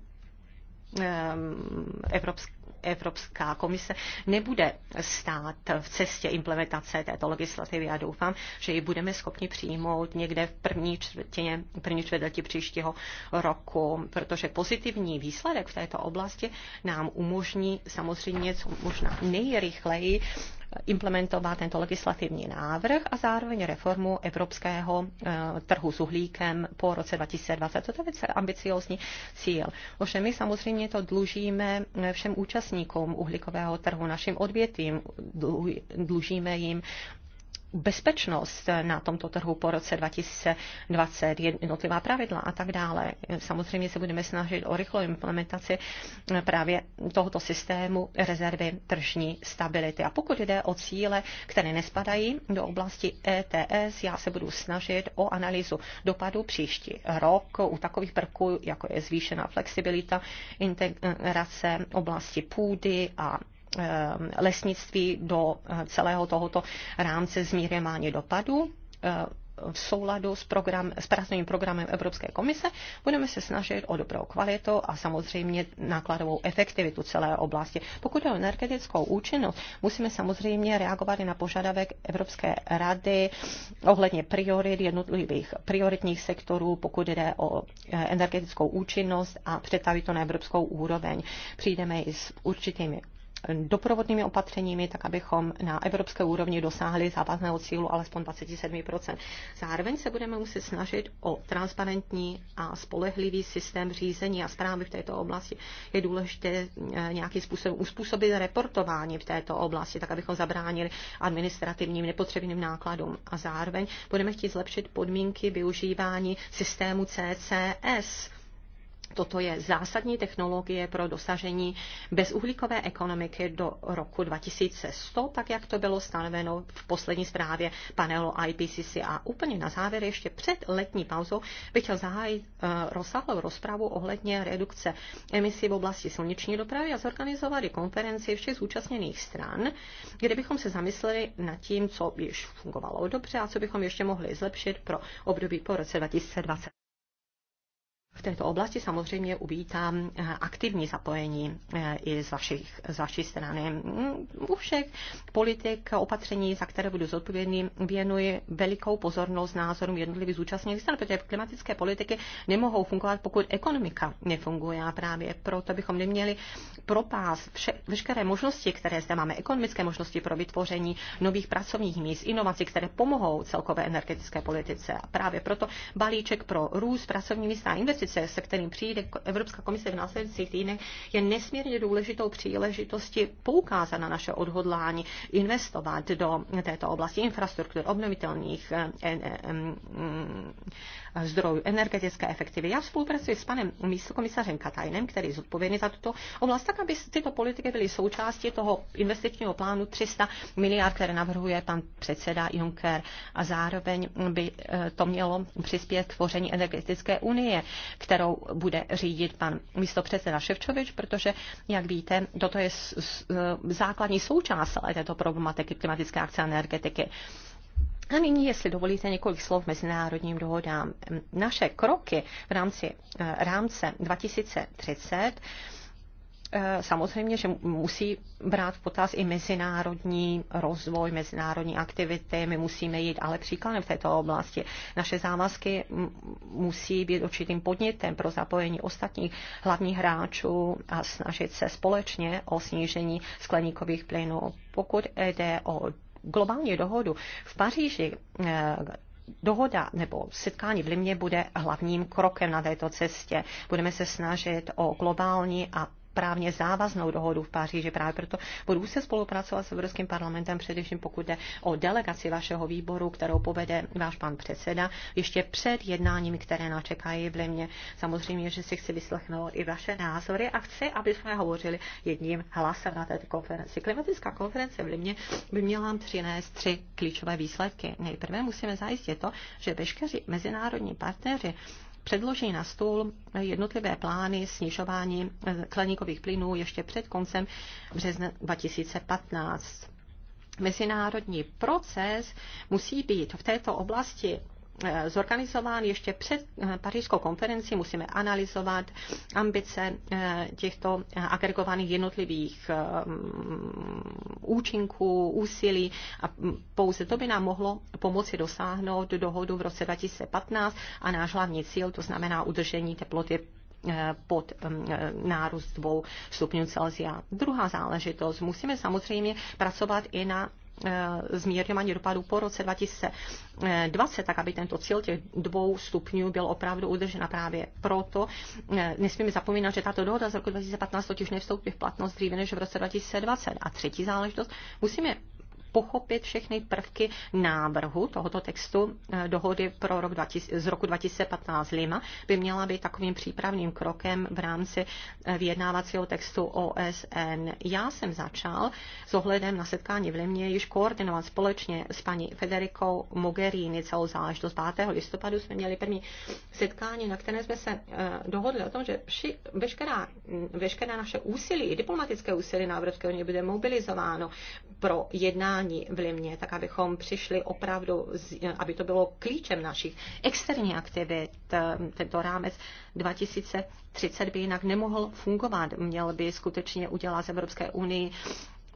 ehm, Evropská Evropská komise nebude stát v cestě implementace této legislativy a doufám, že ji budeme schopni přijmout někde v první čtvrtině, první čtvrtletí příštího roku, protože pozitivní výsledek v této oblasti nám umožní samozřejmě co možná nejrychleji implementovat tento legislativní návrh a zároveň reformu evropského eh, trhu s uhlíkem po roce 2020. To je velice ambiciózní cíl. Ovšem my samozřejmě to dlužíme všem účastníkům uhlíkového trhu, našim odvětvím. dlužíme jim bezpečnost na tomto trhu po roce 2020, jednotlivá pravidla a tak dále. Samozřejmě se budeme snažit o rychlou implementaci právě tohoto systému rezervy tržní stability. A pokud jde o cíle, které nespadají do oblasti ETS, já se budu snažit o analýzu dopadu příští rok u takových prků, jako je zvýšená flexibilita, integrace oblasti půdy a Eh, lesnictví do eh, celého tohoto rámce zmírňování dopadů eh, v souladu s, program, s pracovním programem Evropské komise budeme se snažit o dobrou kvalitu a samozřejmě nákladovou efektivitu celé oblasti. Pokud je o energetickou účinnost, musíme samozřejmě reagovat i na požadavek Evropské rady ohledně priorit jednotlivých prioritních sektorů, pokud jde o energetickou účinnost a přetavit to na evropskou úroveň. Přijdeme i s určitými doprovodnými opatřeními, tak abychom na evropské úrovni dosáhli závazného cílu alespoň 27 Zároveň se budeme muset snažit o transparentní a spolehlivý systém řízení a zprávy v této oblasti. Je důležité eh, nějaký způsob, uspůsobit reportování v této oblasti, tak abychom zabránili administrativním nepotřebným nákladům. A zároveň budeme chtít zlepšit podmínky využívání systému CCS Toto je zásadní technologie pro dosažení bezuhlíkové ekonomiky do roku 2100, tak jak to bylo stanoveno v poslední zprávě panelu IPCC. A úplně na závěr, ještě před letní pauzou, bych chtěl zahájit eh, rozsáhlou rozpravu ohledně redukce emisí v oblasti sluneční dopravy a zorganizovat i konferenci všech zúčastněných stran, kde bychom se zamysleli nad tím, co již fungovalo dobře a co bychom ještě mohli zlepšit pro období po roce 2020 v této oblasti samozřejmě uvítám eh, aktivní zapojení eh, i z, vašich, z vaší strany. Mm, u všech politik opatření, za které budu zodpovědný, věnuji velikou pozornost názorům jednotlivých zúčastněných stran, protože klimatické politiky nemohou fungovat, pokud ekonomika nefunguje. A právě proto bychom neměli propást vše, veškeré možnosti, které zde máme, ekonomické možnosti pro vytvoření nových pracovních míst, inovací, které pomohou celkové energetické politice. A právě proto balíček pro růst, pracovní místa a investice investice, se kterým přijde Evropská komise v následujících týdnech, je nesmírně důležitou příležitostí poukázat na naše odhodlání investovat do této oblasti infrastruktur, obnovitelných eh, eh, eh, mm, zdrojů, energetické efektivity. Já spolupracuji s panem místokomisařem Katajnem, který je zodpovědný za tuto oblast, tak aby tyto politiky byly součástí toho investičního plánu 300 miliard, které navrhuje pan předseda Juncker a zároveň by to mělo přispět k tvoření energetické unie kterou bude řídit pan místopředseda Ševčovič, protože, jak víte, toto je e, základní součást celé této problematiky klimatické akce a energetiky. A nyní, jestli dovolíte několik slov mezinárodním dohodám. Naše kroky v rámci e, rámce 2030 Eh, samozřejmě, že musí brát v potaz i mezinárodní rozvoj, mezinárodní aktivity. My musíme jít ale příkladem v této oblasti. Naše závazky musí být určitým podnětem pro zapojení ostatních hlavních hráčů a snažit se společně o snížení skleníkových plynů. Pokud jde o globální dohodu v Paříži, eh, dohoda nebo setkání v Limě bude hlavním krokem na této cestě. Budeme se snažit o globální a právně závaznou dohodu v Paříži. Právě proto budu se spolupracovat s Evropským parlamentem, především pokud jde o delegaci vašeho výboru, kterou povede váš pan předseda, ještě před jednáním, které nás čekají v Limě. Samozřejmě, že si chci vyslechnout i vaše názory a chci, aby jsme hovořili jedním hlasem na této konferenci. Klimatická konference v Limě by měla přinést tři klíčové výsledky. Nejprve musíme zajistit to, že veškeří mezinárodní partneři předloží na stůl jednotlivé plány snižování eh, skleníkových plynů ještě před koncem března 2015. Mezinárodní proces musí být v této oblasti Eh, zorganizován ještě před eh, pařížskou konferenci. Musíme analyzovat ambice eh, těchto agregovaných jednotlivých mm, účinků, úsilí a mm, pouze to by nám mohlo pomoci dosáhnout dohodu v roce 2015 a náš hlavní cíl, to znamená udržení teploty pod mm, nárůst dvou stupňů Celsia. Druhá záležitost, musíme samozřejmě pracovat i na Eh, zmírňování dopadů po roce 2020, tak aby tento cíl těch dvou stupňů byl opravdu udržen. A právě proto eh, nesmíme zapomínat, že tato dohoda z roku 2015 totiž nevstoupí v platnost dříve než v roce 2020. A třetí záležitost, musíme pochopit všechny prvky návrhu tohoto textu eh, dohody pro rok 20, z roku 2015 Lima by měla být takovým přípravným krokem v rámci eh, vyjednávacího textu OSN. Já jsem začal s ohledem na setkání v Limě již koordinovat společně s paní Federikou Mogherini celou záležitost. 5. listopadu jsme měli první setkání, na které jsme se eh, dohodli o tom, že vši, veškerá, veškerá naše úsilí, diplomatické úsilí na Evropské unii bude mobilizováno pro jednání jednání v tak abychom přišli opravdu, aby to bylo klíčem našich externí aktivit. Tento rámec 2030 by jinak nemohl fungovat. Měl by skutečně udělat z Evropské unii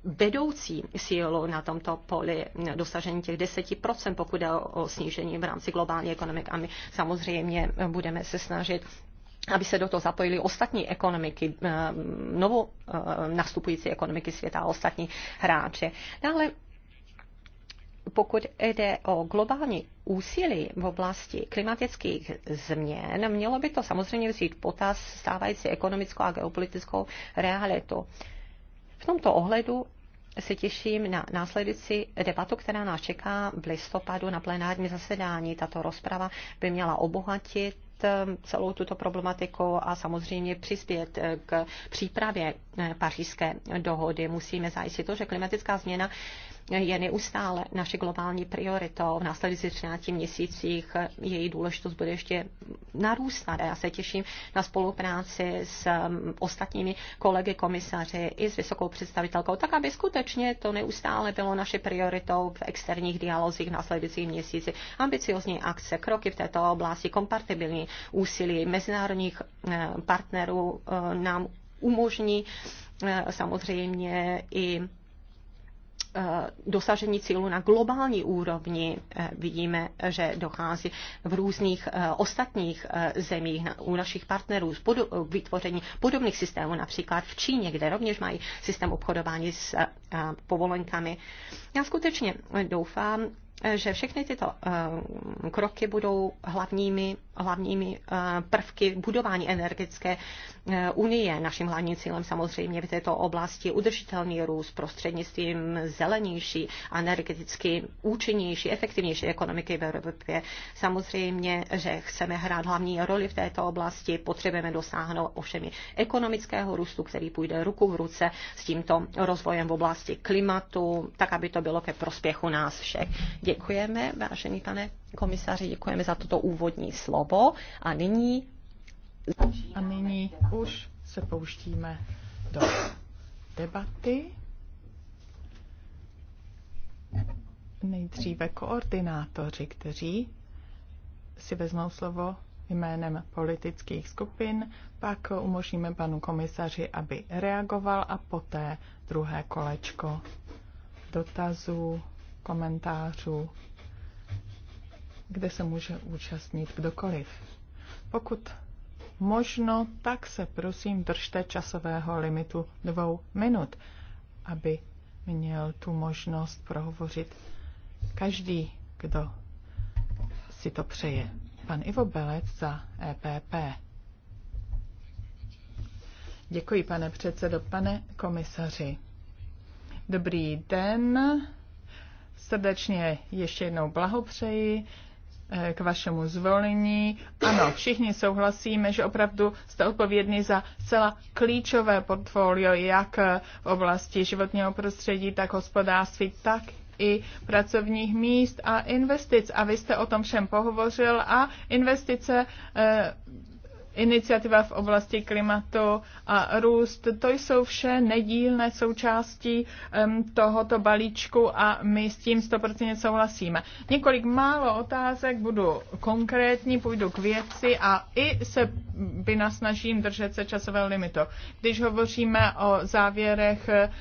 vedoucí sílu na tomto poli dosažení těch 10%, pokud jde o snížení v rámci globální ekonomik. A my samozřejmě budeme se snažit aby se do toho zapojili ostatní ekonomiky, eh, novo eh, nastupující ekonomiky světa a ostatní hráče. Dále pokud jde o globální úsilí v oblasti klimatických změn, mělo by to samozřejmě vzít potaz stávající ekonomickou a geopolitickou realitu. V tomto ohledu se těším na následující debatu, která nás čeká v listopadu na plenárním zasedání. Tato rozprava by měla obohatit um, celou tuto problematiku a samozřejmě přispět uh, k přípravě uh, pařížské dohody. Musíme zajistit to, že klimatická změna je neustále naše globální prioritou. V následujících 13 měsících její důležitost bude ještě narůstat a já se těším na spolupráci s um, ostatními kolegy komisaři i s vysokou představitelkou, tak aby skutečně to neustále bylo naše prioritou v externích dialozích v následujících měsících. Ambiciozní akce, kroky v této oblasti, kompatibilní úsilí mezinárodních eh, partnerů eh, nám umožní eh, samozřejmě i Eh, dosažení cílu na globální úrovni eh, vidíme, že dochází v různých eh, ostatních zemích u našich partnerů vytvoření podobných systémů, například v Číně, kde rovněž mají systém obchodování s povolenkami. Já skutečně doufám, že všechny tyto kroky budou hlavními hlavními eh, prvky budování energetické eh, unie. Naším hlavním cílem samozřejmě v této oblasti udržitelný růst prostřednictvím zelenější, energeticky účinnější, efektivnější ekonomiky v Evropě. Samozřejmě, že chceme hrát hlavní roli v této oblasti, potřebujeme dosáhnout ovšem ekonomického růstu, který půjde ruku v ruce s tímto rozvojem v oblasti klimatu, tak aby to bylo ke prospěchu nás všech. Děkujeme, vážený pane komisaři, děkujeme za toto úvodní slovo a nyní... A nyní už se pouštíme do debaty. Nejdříve koordinátoři, kteří si vezmou slovo jménem politických skupin, pak umožníme panu komisaři, aby reagoval a poté druhé kolečko dotazů, komentářů kde se může účastnit kdokoliv. Pokud možno, tak se prosím držte časového limitu dvou minut, aby měl tu možnost prohovořit každý, kdo si to přeje. Pan Ivo Belec za EPP. Děkuji, pane předsedo, pane komisaři. Dobrý den. Srdečně ještě jednou blahopřeji Eh, k vašemu zvolení. Ano, všichni souhlasíme, že opravdu jste odpovědní za zcela klíčové portfolio, jak v oblasti životního prostředí, tak hospodářství, tak i pracovních míst a investic. A vy jste o tom všem pohovořil a investice eh, iniciativa v oblasti klimatu a růst, to jsou vše nedílné součástí um, tohoto balíčku a my s tím 100% souhlasíme. Několik málo otázek, budu konkrétní, půjdu k věci a i se by nasnažím držet se časového limitu. Když hovoříme o závěrech eh,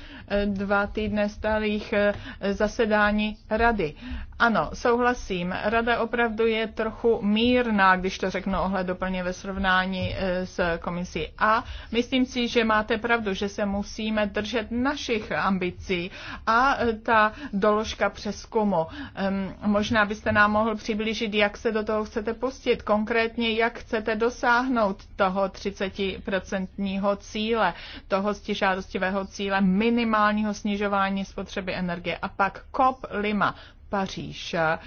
dva týdne starých eh, zasedání rady. Ano, souhlasím, rada opravdu je trochu mírná, když to řeknu ohledoplně ve srovnání jednání eh, s komisí. A myslím si, že máte pravdu, že se musíme držet našich ambicí a eh, ta doložka přeskumu. Možná byste nám mohl přiblížit, jak se do toho chcete pustit, konkrétně jak chcete dosáhnout toho 30% cíle, toho stižádostivého cíle minimálního snižování spotřeby energie. A pak COP Lima. Paříž, eh,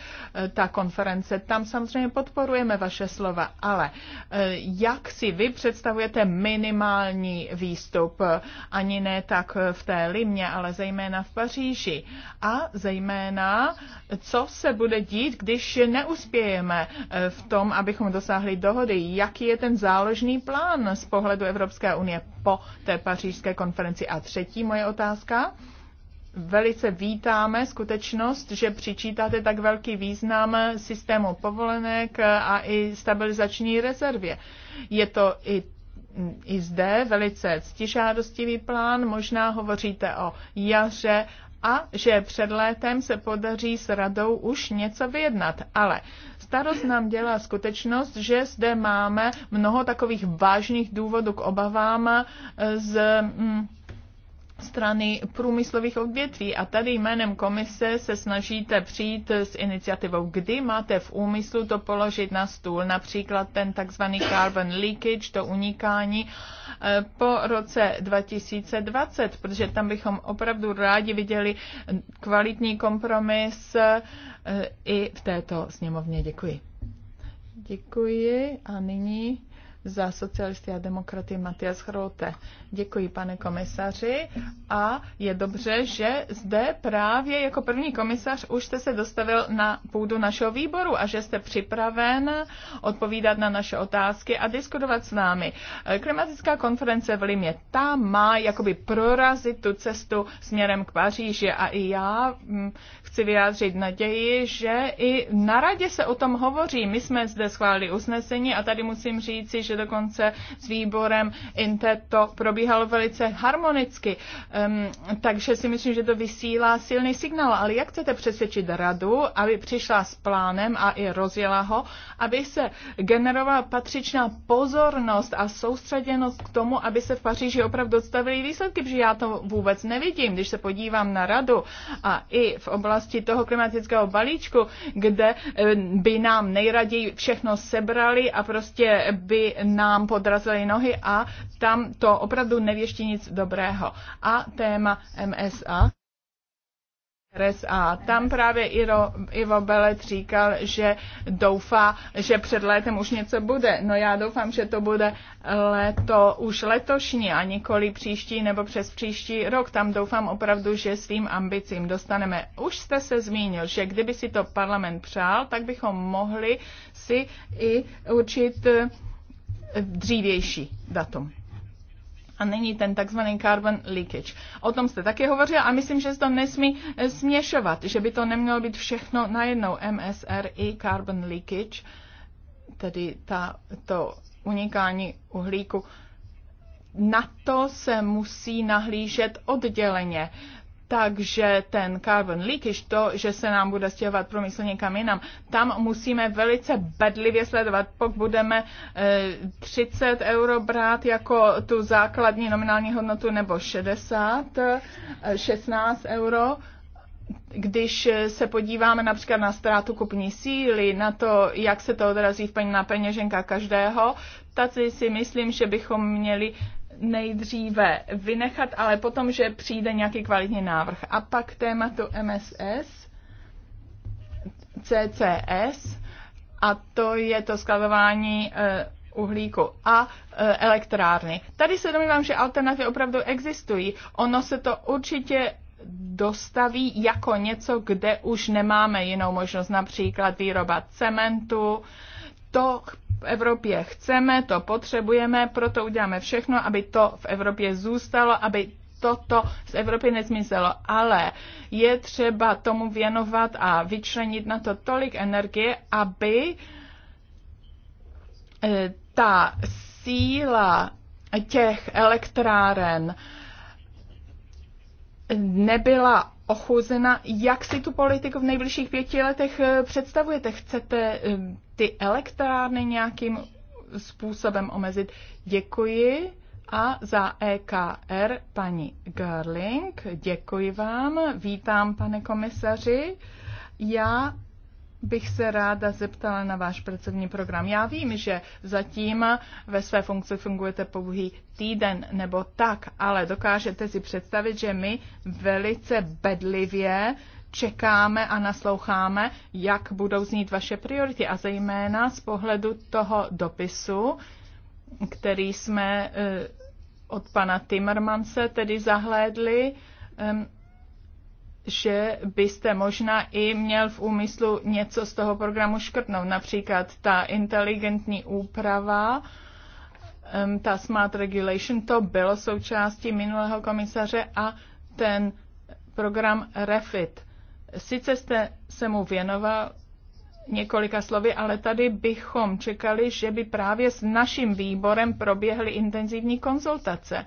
ta konference, tam samozřejmě podporujeme vaše slova, ale eh, jak si vy představujete minimální výstup, ani ne tak v té Limě, ale zejména v Paříži a zejména, co se bude dít, když neuspějeme eh, v tom, abychom dosáhli dohody, jaký je ten záložný plán z pohledu Evropské unie po té pařížské konferenci. A třetí moje otázka, velice vítáme skutečnost, že přičítáte tak velký význam systému povolenek a i stabilizační rezervě. Je to i i zde velice ctižádostivý plán, možná hovoříte o jaře a že před létem se podaří s radou už něco vyjednat. Ale starost nám dělá skutečnost, že zde máme mnoho takových vážných důvodů k obavám z mm, strany průmyslových odvětví. A tady jménem komise se snažíte přijít s iniciativou, kdy máte v úmyslu to položit na stůl, například ten takzvaný carbon leakage, to unikání eh, po roce 2020, protože tam bychom opravdu rádi viděli kvalitní kompromis eh, i v této sněmovně. Děkuji. Děkuji a nyní za socialisty a demokraty Matias Hrote. Děkuji, pane komisaři. A je dobře, že zde právě jako první komisař už jste se dostavil na půdu našeho výboru a že jste připraven odpovídat na naše otázky a diskutovat s námi. Klimatická konference v Limě, ta má jakoby prorazit tu cestu směrem k Paříži a i já mm, chci vyjádřit naději, že i na radě se o tom hovoří. My jsme zde schválili usnesení a tady musím říci, že že dokonce s výborem Inter to probíhalo velice harmonicky. Um, takže si myslím, že to vysílá silný signál. Ale jak chcete přesvědčit radu, aby přišla s plánem a i rozjela ho, aby se generovala patřičná pozornost a soustředěnost k tomu, aby se v Paříži opravdu dostavili výsledky, protože já to vůbec nevidím. Když se podívám na radu a i v oblasti toho klimatického balíčku, kde by nám nejraději všechno sebrali a prostě by nám podrazily nohy a tam to opravdu nevěští nic dobrého. A téma MSA. RSA. Tam právě Iro, Ivo Belet říkal, že doufá, že před létem už něco bude. No já doufám, že to bude leto už letošní a nikoli příští nebo přes příští rok. Tam doufám opravdu, že svým ambicím dostaneme. Už jste se zmínil, že kdyby si to parlament přál, tak bychom mohli si i určit dřívější datum. A není ten takzvaný carbon leakage. O tom jste také hovořil a myslím, že se to nesmí eh, směšovat, že by to nemělo být všechno najednou MSR i carbon leakage, tedy ta, to unikání uhlíku. Na to se musí nahlížet odděleně. Takže ten carbon leakage, to, že se nám bude stěhovat průmysl někam jinam, tam musíme velice bedlivě sledovat. Pokud budeme 30 eh, euro brát jako tu základní nominální hodnotu nebo 60, 16 eh, euro, když se podíváme například na ztrátu kupní síly, na to, jak se to odrazí v peň, na peněženka každého, tak si myslím, že bychom měli nejdříve vynechat, ale potom, že přijde nějaký kvalitní návrh. A pak tématu MSS, CCS, a to je to skladování eh, uhlíku a eh, elektrárny. Tady se domnívám, že alternativy opravdu existují. Ono se to určitě dostaví jako něco, kde už nemáme jinou možnost, například výroba cementu. To v Evropě chceme, to potřebujeme, proto uděláme všechno, aby to v Evropě zůstalo, aby toto z Evropy nezmizelo, ale je třeba tomu věnovat a vyčlenit na to tolik energie, aby eh, ta síla těch elektráren nebyla ochuzena. Jak si tu politiku v nejbližších pěti letech eh, představujete? Chcete eh, ty elektrárny nějakým způsobem omezit? Děkuji. A za EKR paní Garling, děkuji vám. Vítám, pane komisaři. Já bych se ráda zeptala na váš pracovní program. Já vím, že zatím ve své funkci fungujete pouhý týden nebo tak, ale dokážete si představit, že my velice bedlivě čekáme a nasloucháme, jak budou znít vaše priority a zejména z pohledu toho dopisu, který jsme eh, od pana Timmermanse tedy zahlédli, že byste možná i měl v úmyslu něco z toho programu škrtnout, například ta inteligentní úprava, ta smart regulation, to bylo součástí minulého komisaře a ten program REFIT. Sice jste se mu věnoval několika slovy, ale tady bychom čekali, že by právě s naším výborem proběhly intenzivní konzultace.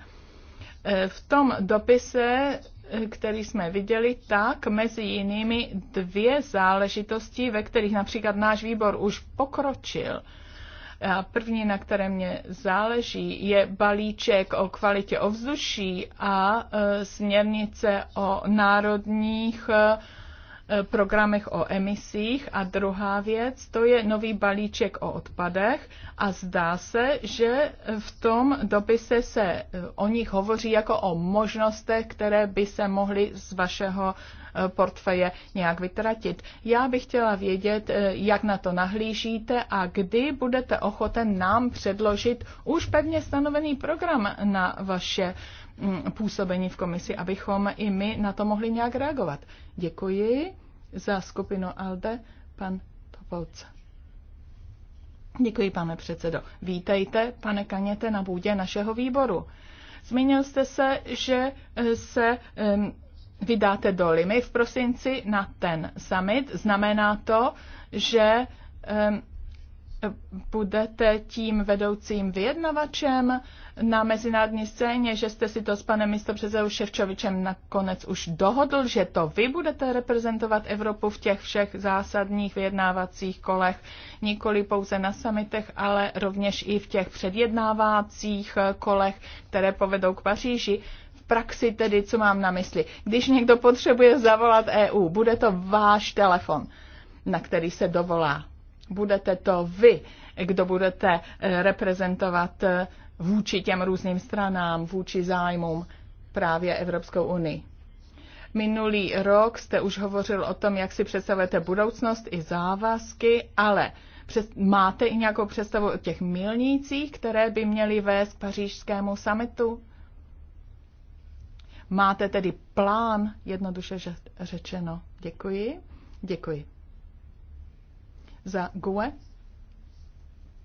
E, v tom dopise který jsme viděli, tak mezi jinými dvě záležitosti, ve kterých například náš výbor už pokročil. A první, na které mě záleží, je balíček o kvalitě ovzduší a e, směrnice o národních e, Eh, programech o emisích a druhá věc, to je nový balíček o odpadech a zdá se, že v tom dopise se eh, o nich hovoří jako o možnostech, které by se mohly z vašeho portfeje nějak vytratit. Já bych chtěla vědět, eh, jak na to nahlížíte a kdy budete ochoten nám předložit už pevně stanovený program na vaše mm, působení v komisi, abychom i my na to mohli nějak reagovat. Děkuji za skupinu ALDE, pan Topolce. Děkuji, pane předsedo. Vítejte, pane Kaněte, na bůdě našeho výboru. Zmínil jste se, že eh, se vydáte do Limy v prosinci na ten summit. Znamená to, že budete tím vedoucím vyjednavačem na mezinárodní scéně, že jste si to s panem místopředsedou Ševčovičem nakonec už dohodl, že to vy budete reprezentovat Evropu v těch všech zásadních vyjednávacích kolech, nikoli pouze na samitech, ale rovněž i v těch předjednávacích kolech, které povedou k Paříži praxi tedy, co mám na mysli. Když někdo potřebuje zavolat EU, bude to váš telefon, na který se dovolá. Budete to vy, kdo budete eh, reprezentovat eh, vůči těm různým stranám, vůči zájmům právě Evropskou unii. Minulý rok jste už hovořil o tom, jak si představujete budoucnost i závazky, ale přes, máte i nějakou představu o těch milnících, které by měly vést k pařížskému samitu? Máte tedy plán, jednoduše řečeno. Děkuji. Děkuji. Za GUE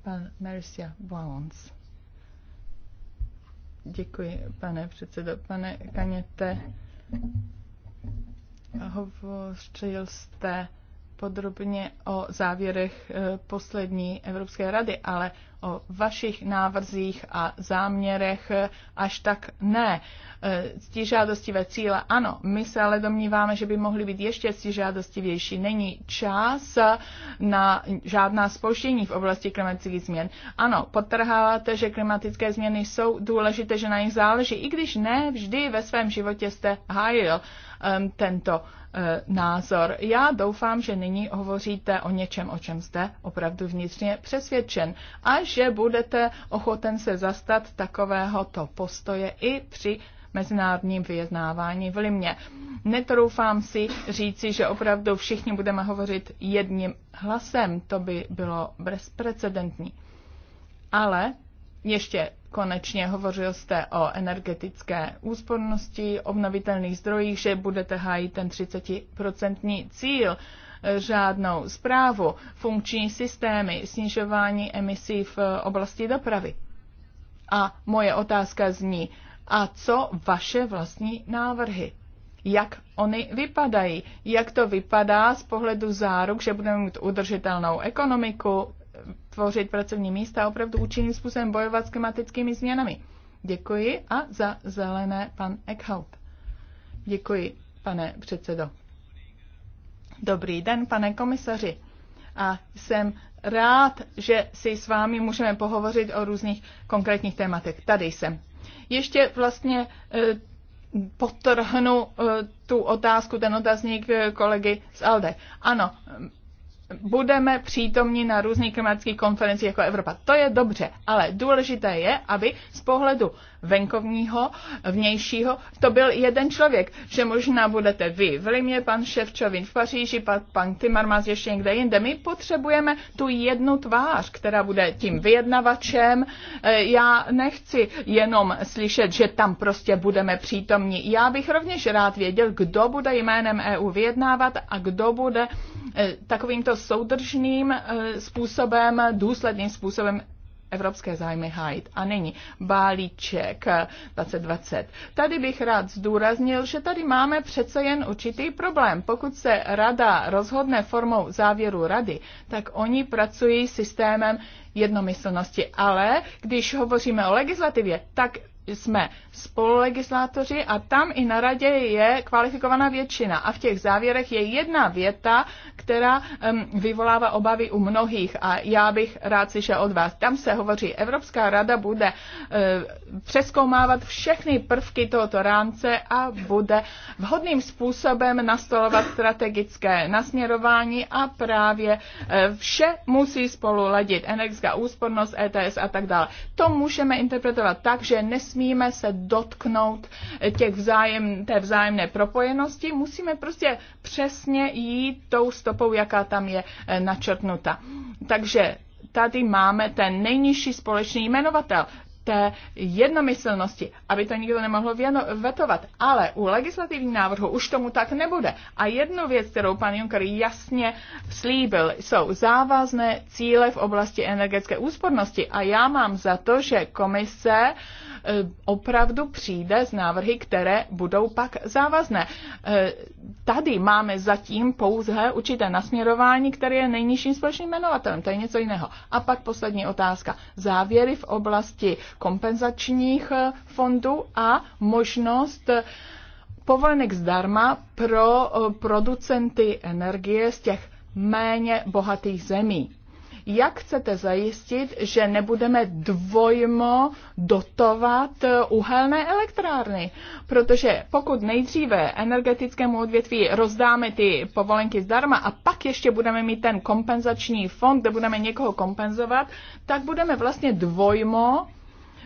pan Mercia Valons. Děkuji, pane předsedo. Pane Kaněte, hovořil jste podrobně o závěrech eh, poslední Evropské rady, ale o vašich návrzích a záměrech eh, až tak ne. Eh, ctižádostivé cíle, ano, my se ale domníváme, že by mohly být ještě ctižádostivější. Není čas na žádná spouštění v oblasti klimatických změn. Ano, potrháváte, že klimatické změny jsou důležité, že na nich záleží, i když ne vždy ve svém životě jste hájil um, tento Eh, názor. Já doufám, že nyní hovoříte o něčem, o čem jste opravdu vnitřně přesvědčen a že budete ochoten se zastat takovéhoto postoje i při mezinárodním vyjednávání v Limě. Netroufám si říci, že opravdu všichni budeme hovořit jedním hlasem, to by bylo bezprecedentní. Ale ještě Konečně hovořil jste o energetické úspornosti, obnovitelných zdrojích, že budete hájit ten 30% cíl, žádnou zprávu, funkční systémy, snižování emisí v oblasti dopravy. A moje otázka zní, a co vaše vlastní návrhy? Jak oni vypadají? Jak to vypadá z pohledu záruk, že budeme mít udržitelnou ekonomiku, tvořit pracovní místa a opravdu účinným způsobem bojovat s klimatickými změnami. Děkuji a za zelené pan Eckhout. Děkuji, pane předsedo. Dobrý den, pane komisaři. A jsem rád, že si s vámi můžeme pohovořit o různých konkrétních tématech. Tady jsem. Ještě vlastně e, potrhnu e, tu otázku, ten otazník e, kolegy z Alde. Ano, budeme přítomni na různých klimatických konferencích jako Evropa. To je dobře, ale důležité je, aby z pohledu venkovního, vnějšího, to byl jeden člověk, že možná budete vy v Limě, pan Ševčovin v Paříži, pan, pan Timmermans ještě někde jinde. My potřebujeme tu jednu tvář, která bude tím vyjednavačem. E, já nechci jenom slyšet, že tam prostě budeme přítomní. Já bych rovněž rád věděl, kdo bude jménem EU vyjednávat a kdo bude e, takovýmto soudržným eh, způsobem, důsledným způsobem evropské zájmy hájit. A není balíček 2020. Eh, tady bych rád zdůraznil, že tady máme přece jen určitý problém. Pokud se rada rozhodne formou závěru rady, tak oni pracují systémem jednomyslnosti. Ale když hovoříme o legislativě, tak jsme spolulegislátoři a tam i na radě je kvalifikovaná většina. A v těch závěrech je jedna věta, která vyvolává obavy u mnohých a já bych rád slyšel od vás. Tam se hovoří, Evropská rada bude e, přeskoumávat všechny prvky tohoto rámce a bude vhodným způsobem nastolovat strategické nasměrování a právě e, vše musí spolu ladit. Energetická úspornost, ETS a tak dále. To můžeme interpretovat tak, že nesmíme se dotknout e, těch vzájem, té vzájemné propojenosti, musíme prostě přesně jít tou stopou, jaká tam je eh, načrtnuta. Takže tady máme ten nejnižší společný jmenovatel té jednomyslnosti, aby to nikdo nemohl vetovat. Ale u legislativní návrhu už tomu tak nebude. A jednu věc, kterou pan Juncker jasně slíbil, jsou závazné cíle v oblasti energetické úspornosti. A já mám za to, že komise uh, Eh, opravdu přijde z návrhy, které budou pak závazné. Eh, tady máme zatím pouze určité nasměrování, které je nejnižším společným jmenovatelem. To je něco jiného. A pak poslední otázka. Závěry v oblasti kompenzačních eh, fondů a možnost povolenek zdarma pro producenty energie z těch méně bohatých zemí. Jak chcete zajistit, že nebudeme dvojmo dotovat eh, uhelné elektrárny? Protože pokud nejdříve energetickému odvětví rozdáme ty povolenky zdarma a pak ještě budeme mít ten kompenzační fond, kde budeme někoho kompenzovat, tak budeme vlastně dvojmo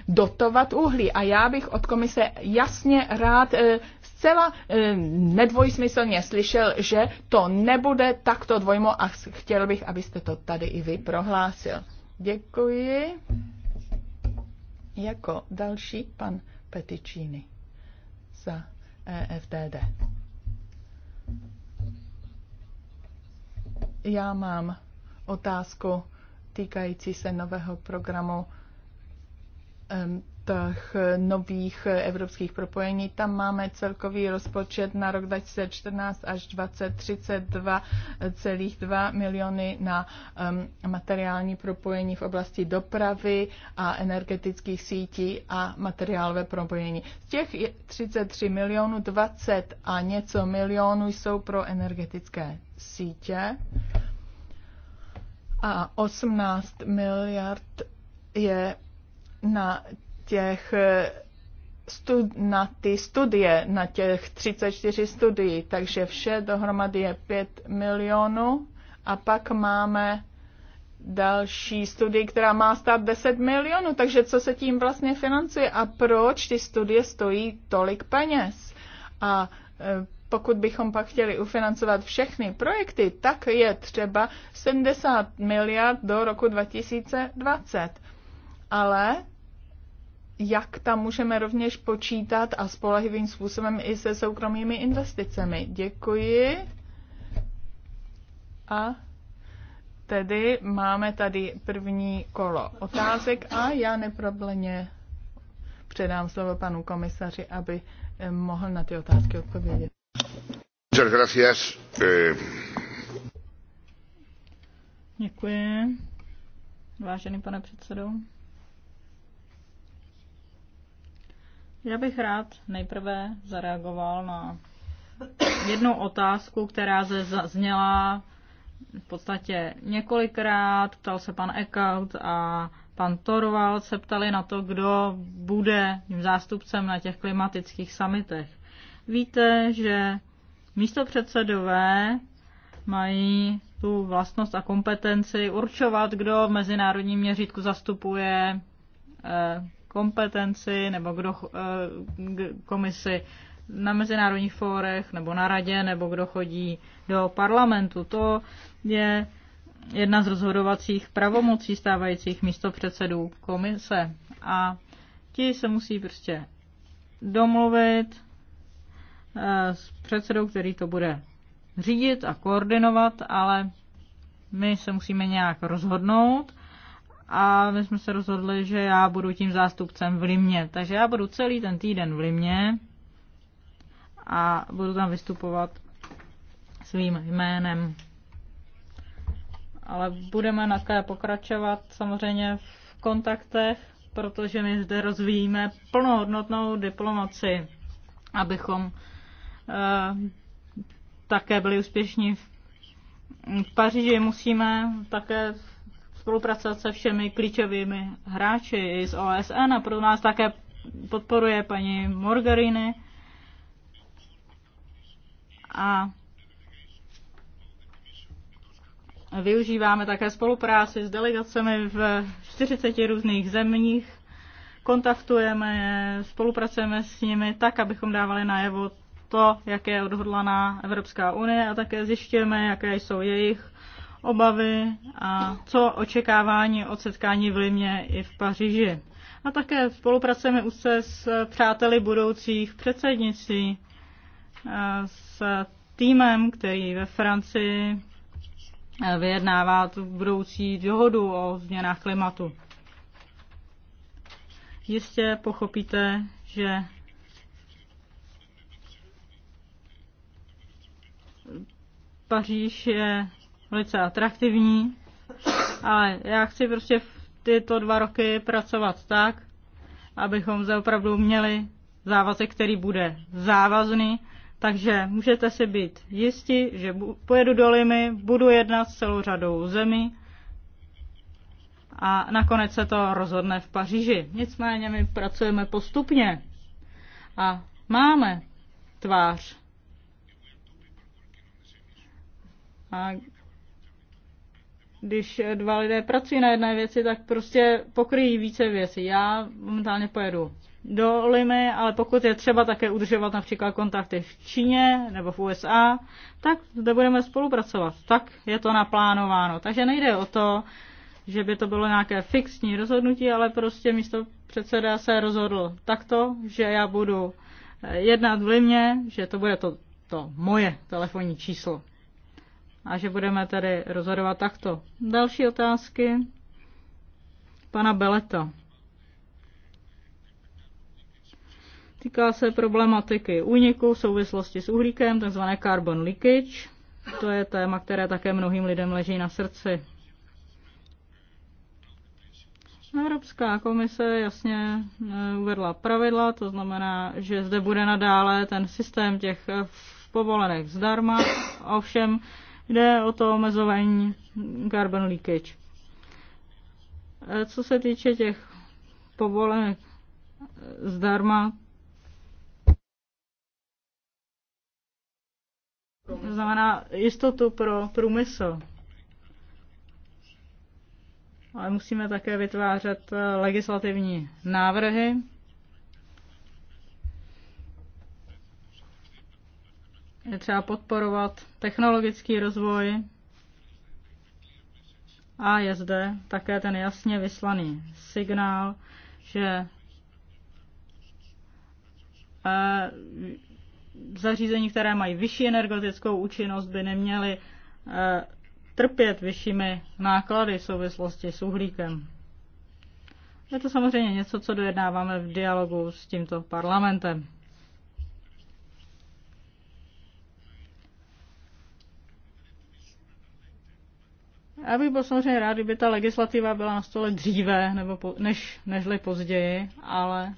dotovat uhlí. A já bych od komise jasně rád eh, zcela eh, nedvojsmyslně slyšel, že to nebude takto dvojmo a chtěl bych, abyste to tady i vy prohlásil. Děkuji. Jako další pan Peticini za EFDD. Já mám otázku týkající se nového programu těch eh, nových eh, evropských propojení. Tam máme celkový rozpočet na rok 2014 až 2032,2 miliony na um, materiální propojení v oblasti dopravy a energetických sítí a materiálové propojení. Z těch 33 milionů 20 a něco milionů jsou pro energetické sítě a 18 miliard je na těch stud, na ty studie, na těch 34 studií, takže vše dohromady je 5 milionů a pak máme další studii, která má stát 10 milionů, takže co se tím vlastně financuje a proč ty studie stojí tolik peněz? A e, pokud bychom pak chtěli ufinancovat všechny projekty, tak je třeba 70 miliard do roku 2020 ale jak tam můžeme rovněž počítat a spolehlivým způsobem i se soukromými investicemi. Děkuji. A tedy máme tady první kolo otázek a já neprobleně předám slovo panu komisaři, aby eh, mohl na ty otázky odpovědět. Eh. Děkuji. Vážený pane předsedo. Já bych rád nejprve zareagoval na jednu otázku, která se zazněla v podstatě několikrát. Ptal se pan Eckhout a pan Torval se ptali na to, kdo bude tím zástupcem na těch klimatických samitech. Víte, že místo předsedové mají tu vlastnost a kompetenci určovat, kdo v mezinárodním měřítku zastupuje eh, kompetenci nebo kdo eh, komisi na mezinárodních fórech nebo na radě nebo kdo chodí do parlamentu. To je jedna z rozhodovacích pravomocí stávajících místopředsedů komise. A ti se musí prostě domluvit eh, s předsedou, který to bude řídit a koordinovat, ale my se musíme nějak rozhodnout a my jsme se rozhodli, že já budu tím zástupcem v Limě. Takže já budu celý ten týden v Limě a budu tam vystupovat svým jménem. Ale budeme také pokračovat samozřejmě v kontaktech, protože my zde rozvíjíme plnohodnotnou diplomaci, abychom e, také byli úspěšní v v Paříži musíme také spolupracovat se všemi klíčovými hráči i z OSN a pro nás také podporuje paní Morgariny. a využíváme také spolupráci s delegacemi v 40 různých zemích, kontaktujeme je, spolupracujeme s nimi tak, abychom dávali najevo to, jak je odhodlaná Evropská unie a také zjišťujeme, jaké jsou jejich obavy a co očekávání od setkání v Limě i v Paříži. A také spolupracujeme úzce s přáteli budoucích předsednicí, eh, s týmem, který ve Francii eh, vyjednává tu budoucí dohodu o změnách klimatu. Jistě pochopíte, že Paříž je velice atraktivní, ale já chci prostě v tyto dva roky pracovat tak, abychom se opravdu měli závazek, který bude závazný, takže můžete si být jisti, že pojedu do Limy, budu jednat s celou řadou zemí a nakonec se to rozhodne v Paříži. Nicméně my pracujeme postupně a máme tvář. A když dva lidé pracují na jedné věci, tak prostě pokryjí více věcí. Já momentálně pojedu do Limy, ale pokud je třeba také udržovat například kontakty v Číně nebo v USA, tak zde budeme spolupracovat. Tak je to naplánováno. Takže nejde o to, že by to bylo nějaké fixní rozhodnutí, ale prostě místo předseda se rozhodl takto, že já budu jednat v Limě, že to bude to, to moje telefonní číslo a že budeme tedy rozhodovat takto. Další otázky pana Beleta. Týká se problematiky úniku v souvislosti s uhlíkem, takzvané carbon leakage. To je téma, které také mnohým lidem leží na srdci. Evropská komise jasně eh, uvedla pravidla, to znamená, že zde bude nadále ten systém těch eh, povolenek zdarma, ovšem Jde o to omezování carbon leakage. Co se týče těch povolenek eh, zdarma, to znamená jistotu pro průmysl. Ale musíme také vytvářet eh, legislativní návrhy, Je třeba podporovat technologický rozvoj a je zde také ten jasně vyslaný signál, že eh, zařízení, které mají vyšší energetickou účinnost, by neměly eh, trpět vyššími náklady v souvislosti s uhlíkem. Je to samozřejmě něco, co dojednáváme v dialogu s tímto parlamentem. Já bych byl samozřejmě rád, kdyby ta legislativa byla na stole dříve, nebo po, než, nežli později, ale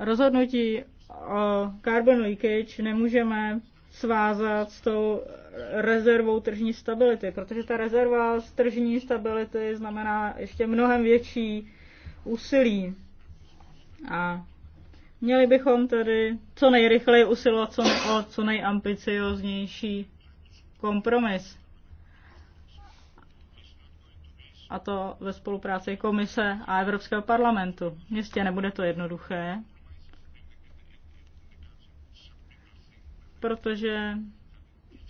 rozhodnutí o carbon leakage nemůžeme svázat s tou rezervou tržní stability, protože ta rezerva z tržní stability znamená ještě mnohem větší úsilí. A měli bychom tedy co nejrychleji usilovat co, o co nejambicioznější kompromis. A to ve spolupráci komise a Evropského parlamentu. Jistě nebude to jednoduché, protože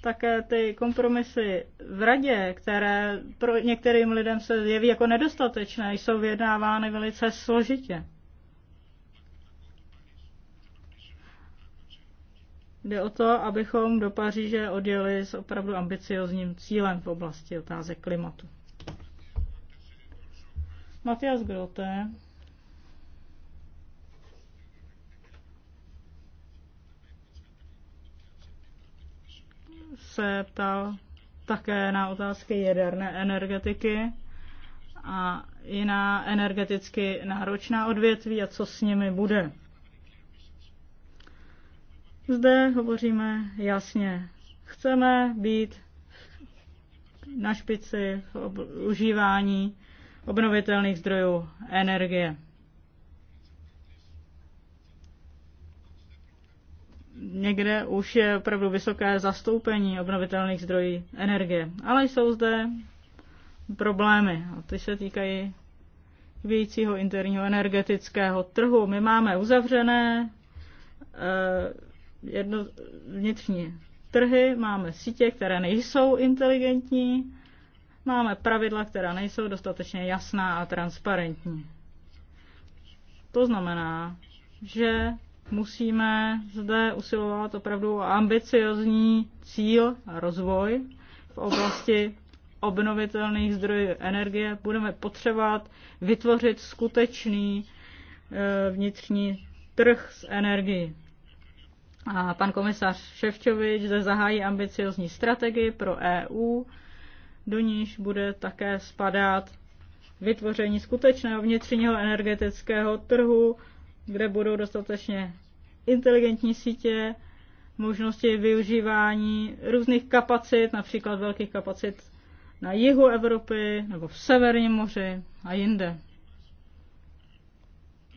také ty kompromisy v radě, které pro některým lidem se jeví jako nedostatečné, jsou vyjednávány velice složitě. Jde o to, abychom do Paříže odjeli s opravdu ambiciozním cílem v oblasti otázek klimatu. Matias Grote se ptal také na otázky jaderné energetiky a i na energeticky náročná odvětví a co s nimi bude. Zde hovoříme jasně. Chceme být na špici v ob- užívání obnovitelných zdrojů energie. Někde už je opravdu vysoké zastoupení obnovitelných zdrojů energie, ale jsou zde problémy a ty se týkají chybějícího interního energetického trhu. My máme uzavřené e jedno, vnitřní trhy, máme sítě, které nejsou inteligentní, máme pravidla, která nejsou dostatečně jasná a transparentní. To znamená, že musíme zde usilovat opravdu o ambiciozní cíl a rozvoj v oblasti obnovitelných zdrojů energie. Budeme potřebovat vytvořit skutečný eh, vnitřní trh s energií. A pan komisař Ševčovič zde zahájí ambiciozní strategii pro EU, do níž bude také spadat vytvoření skutečného vnitřního energetického trhu, kde budou dostatečně inteligentní sítě, možnosti využívání různých kapacit, například velkých kapacit na jihu Evropy nebo v Severním moři a jinde.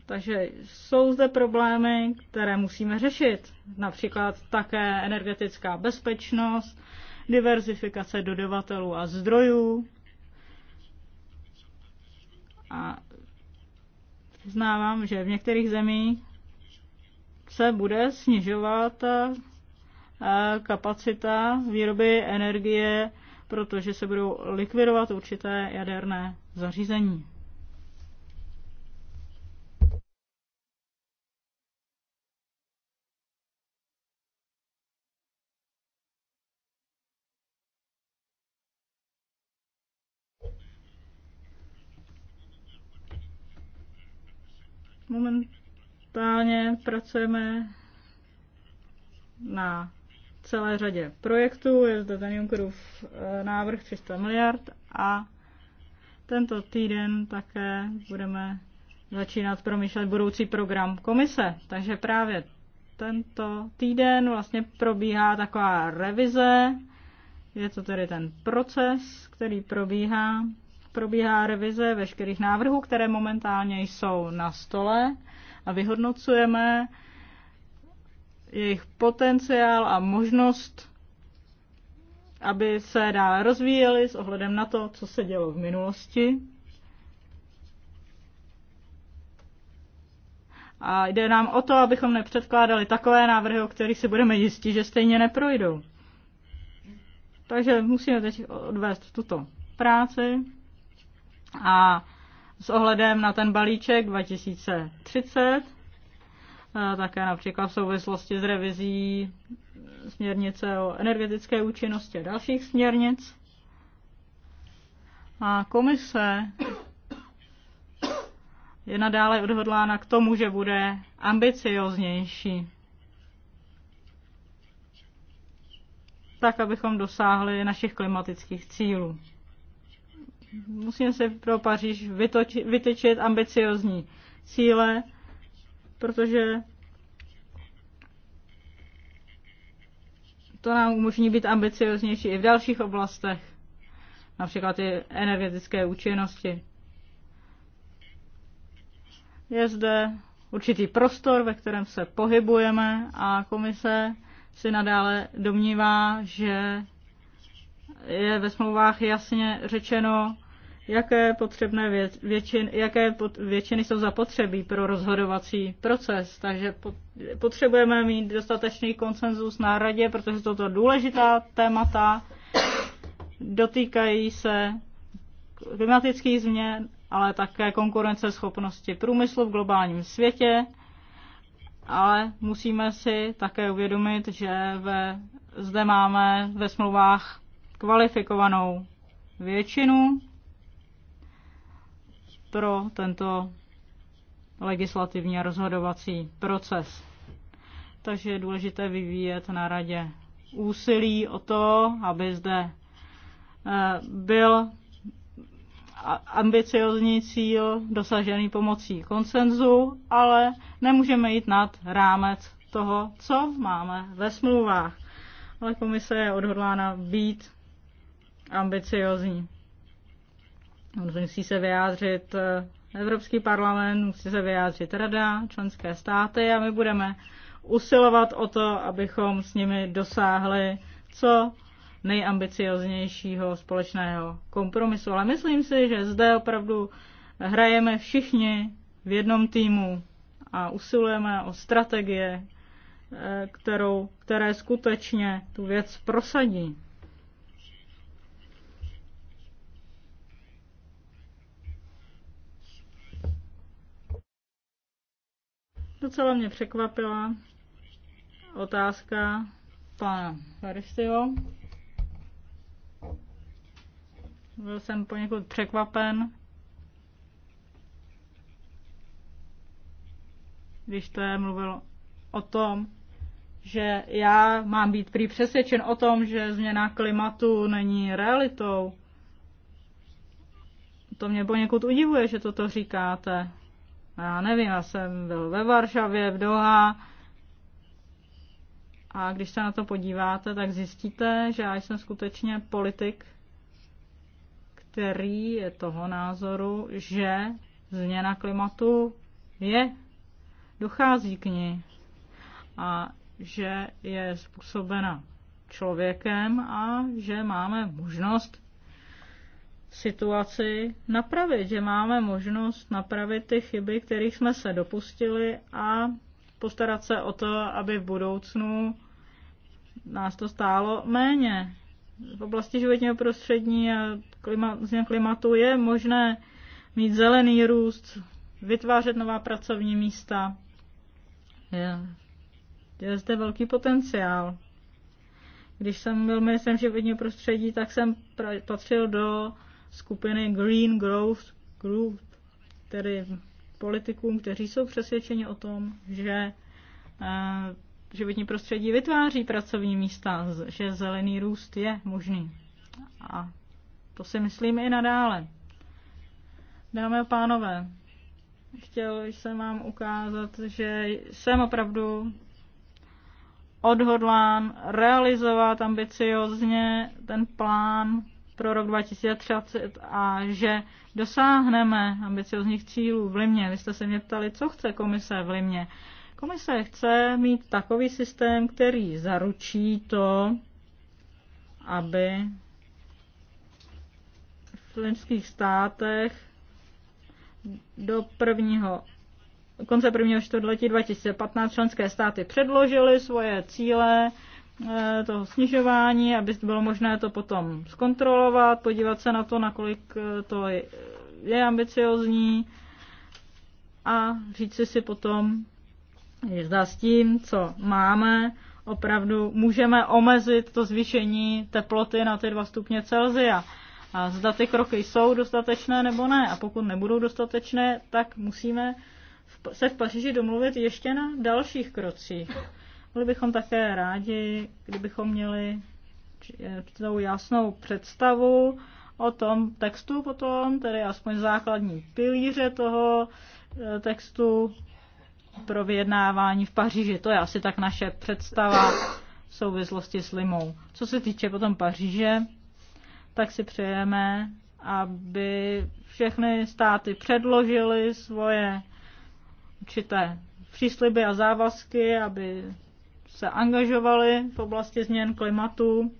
Takže jsou zde problémy, které musíme řešit. Například také energetická bezpečnost, diverzifikace dodavatelů a zdrojů. A znávám, že v některých zemích se bude snižovat eh, kapacita výroby energie, protože se budou likvidovat určité jaderné zařízení. Momentálně pracujeme na celé řadě projektů. Je zde ten Junckerův e, návrh 300 miliard a tento týden také budeme začínat promýšlet budoucí program komise. Takže právě tento týden vlastně probíhá taková revize. Je to tedy ten proces, který probíhá probíhá revize veškerých návrhů, které momentálně jsou na stole a vyhodnocujeme jejich potenciál a možnost, aby se dále rozvíjeli s ohledem na to, co se dělo v minulosti. A jde nám o to, abychom nepředkládali takové návrhy, o kterých si budeme jistí, že stejně neprojdou. Takže musíme teď odvést tuto práci a s ohledem na ten balíček 2030, eh, také například v souvislosti s revizí směrnice o energetické účinnosti a dalších směrnic. A komise je nadále odhodlána k tomu, že bude ambicioznější. Tak, abychom dosáhli našich klimatických cílů. Musíme se pro Paříž vytoči, ambiciozní cíle, protože to nám umožní být ambicioznější i v dalších oblastech, například i energetické účinnosti. Je zde určitý prostor, ve kterém se pohybujeme a komise si nadále domnívá, že je ve smlouvách jasně řečeno, jaké potřebné věc, většin, jaké pot, většiny jsou zapotřebí pro rozhodovací proces. Takže potřebujeme mít dostatečný konsenzus na radě, protože toto důležitá témata dotýkají se klimatických změn, ale také konkurenceschopnosti průmyslu v globálním světě. Ale musíme si také uvědomit, že ve, zde máme ve smlouvách kvalifikovanou většinu pro tento legislativní a rozhodovací proces. Takže je důležité vyvíjet na radě úsilí o to, aby zde eh, byl ambiciozní cíl dosažený pomocí konsenzu, ale nemůžeme jít nad rámec toho, co máme ve smlouvách. Ale komise je odhodlána být ambiciozní. Musí se vyjádřit eh, Evropský parlament, musí se vyjádřit Rada, členské státy a my budeme usilovat o to, abychom s nimi dosáhli co nejambicioznějšího společného kompromisu. Ale myslím si, že zde opravdu hrajeme všichni v jednom týmu a usilujeme o strategie, eh, kterou, které skutečně tu věc prosadí. Docela mě překvapila otázka pana Faristyho. Byl jsem poněkud překvapen, když to je mluvil o tom, že já mám být prý přesvědčen o tom, že změna klimatu není realitou. To mě poněkud udivuje, že toto říkáte. Já nevím, já jsem byl ve Varšavě, v Doha. A když se na to podíváte, tak zjistíte, že já jsem skutečně politik, který je toho názoru, že změna klimatu je, dochází k ní a že je způsobena člověkem a že máme možnost situaci napravit, že máme možnost napravit ty chyby, kterých jsme se dopustili a postarat se o to, aby v budoucnu nás to stálo méně. V oblasti životního prostředí a klima, klimatu je možné mít zelený růst, vytvářet nová pracovní místa. Je, je zde velký potenciál. Když jsem byl ministrem životního prostředí, tak jsem patřil do skupiny Green Growth Group, tedy politikům, kteří jsou přesvědčeni o tom, že eh, životní prostředí vytváří pracovní místa, že zelený růst je možný. A to si myslím i nadále. Dámy a pánové, chtěl jsem vám ukázat, že jsem opravdu odhodlán realizovat ambiciozně ten plán pro rok 2030 a že dosáhneme ambiciozních cílů v Limě. Vy jste se mě ptali, co chce komise v Limě. Komise chce mít takový systém, který zaručí to, aby v limských státech do prvního konce prvního čtvrtletí 2015 členské státy předložily svoje cíle Eh, toho snižování, aby bylo možné to potom zkontrolovat, podívat se na to, nakolik eh, to je ambiciozní a říct si potom, zda s tím, co máme, opravdu můžeme omezit to zvýšení teploty na ty 2 stupně Celzia. A zda ty kroky jsou dostatečné nebo ne. A pokud nebudou dostatečné, tak musíme se v Paříži domluvit ještě na dalších krocích. Byli bychom také rádi, kdybychom měli eh, určitou jasnou představu o tom textu potom, tedy aspoň základní pilíře toho eh, textu pro vyjednávání v Paříži. To je asi tak naše představa v souvislosti s Limou. Co se týče potom Paříže, tak si přejeme, aby všechny státy předložily svoje určité přísliby a závazky, aby se angažovali v oblasti změn klimatu,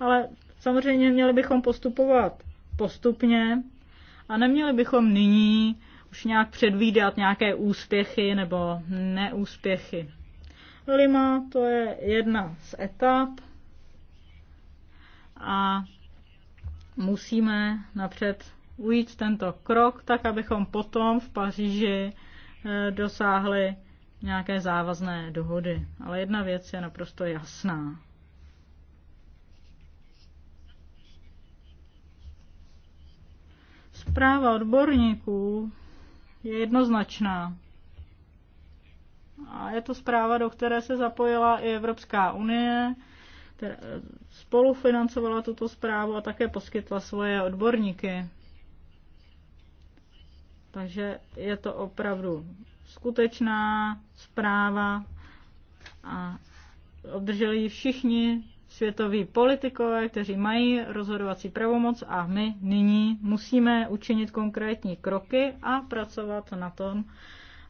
ale samozřejmě měli bychom postupovat postupně a neměli bychom nyní už nějak předvídat nějaké úspěchy nebo neúspěchy. Lima to je jedna z etap a musíme napřed ujít tento krok, tak abychom potom v Paříži eh, dosáhli nějaké závazné dohody. Ale jedna věc je naprosto jasná. Zpráva odborníků je jednoznačná. A je to zpráva, do které se zapojila i Evropská unie, která spolufinancovala tuto zprávu a také poskytla svoje odborníky. Takže je to opravdu skutečná zpráva a obdrželi ji všichni světoví politikové, kteří mají rozhodovací pravomoc a my nyní musíme učinit konkrétní kroky a pracovat na tom,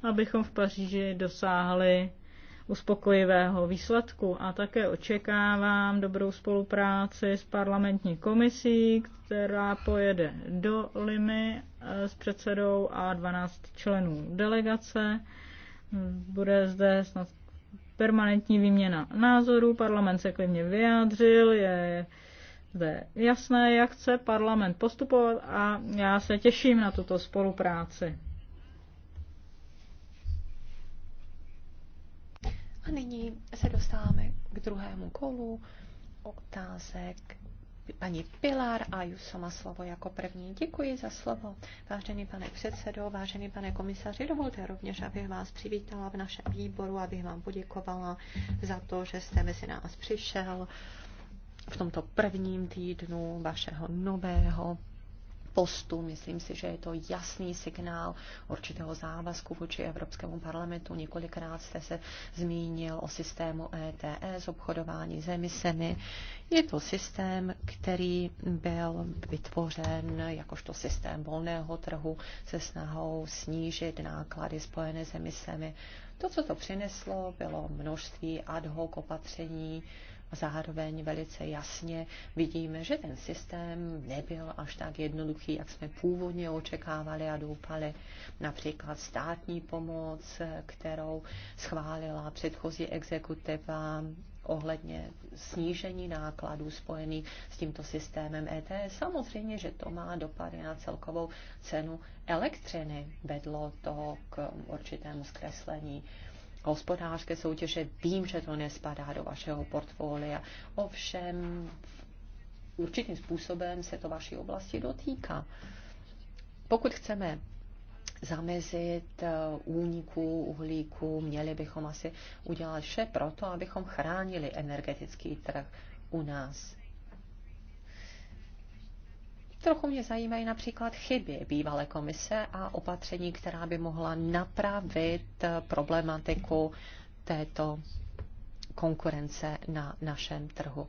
abychom v Paříži dosáhli uspokojivého výsledku a také očekávám dobrou spolupráci s parlamentní komisí, která pojede do Limy eh, s předsedou a 12 členů delegace. Bude zde snad permanentní výměna názorů, parlament se klidně vyjádřil, je zde jasné, jak chce parlament postupovat a já se těším na tuto spolupráci. A nyní se dostáváme k druhému kolu otázek. Paní Pilar a Jusoma slovo jako první. Děkuji za slovo. Vážený pane předsedo, vážený pane komisaři, dovolte rovněž, abych vás přivítala v našem výboru, abych vám poděkovala za to, že jste mezi nás přišel v tomto prvním týdnu vašeho nového postu. Myslím si, že je to jasný signál určitého závazku vůči Evropskému parlamentu. Několikrát jste se zmínil o systému ETS, obchodování s emisemi. Je to systém, který byl vytvořen jakožto systém volného trhu se snahou snížit náklady spojené s emisemi. To, co to přineslo, bylo množství ad hoc opatření, a zároveň velice jasně vidíme, že ten systém nebyl až tak jednoduchý, jak jsme původně očekávali a doufali. Například státní pomoc, kterou schválila předchozí exekutiva ohledně snížení nákladů spojených s tímto systémem ETS. Samozřejmě, že to má dopady na celkovou cenu elektřiny. Vedlo to k určitému zkreslení hospodářské soutěže. Vím, že to nespadá do vašeho portfolia. Ovšem, určitým způsobem se to vaší oblasti dotýká. Pokud chceme zamezit eh, úniku uhlíku, měli bychom asi udělat vše proto, abychom chránili energetický trh u nás. Trochu mě zajímají například chyby bývalé komise a opatření, která by mohla napravit eh, problematiku této konkurence na našem trhu.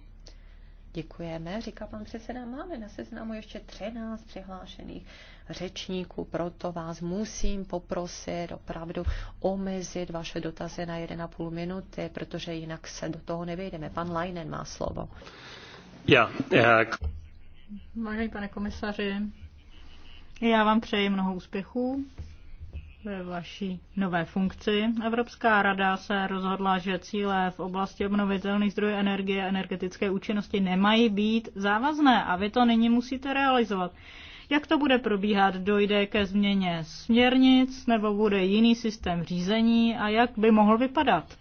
Děkujeme, říká pan předseda. Máme na seznamu ještě 13 přihlášených řečníků, proto vás musím poprosit opravdu omezit vaše dotazy na 1,5 minuty, protože jinak se do toho nevejdeme. Pan Leinen má slovo. Já, já. Eh, Vážený pane komisaři, já vám přeji mnoho úspěchů ve vaší nové funkci. Evropská rada se rozhodla, že cíle v oblasti obnovitelných zdrojů energie a energetické účinnosti nemají být závazné a vy to nyní musíte realizovat. Jak to bude probíhat? Dojde ke změně směrnic nebo bude jiný systém řízení a jak by mohl vypadat?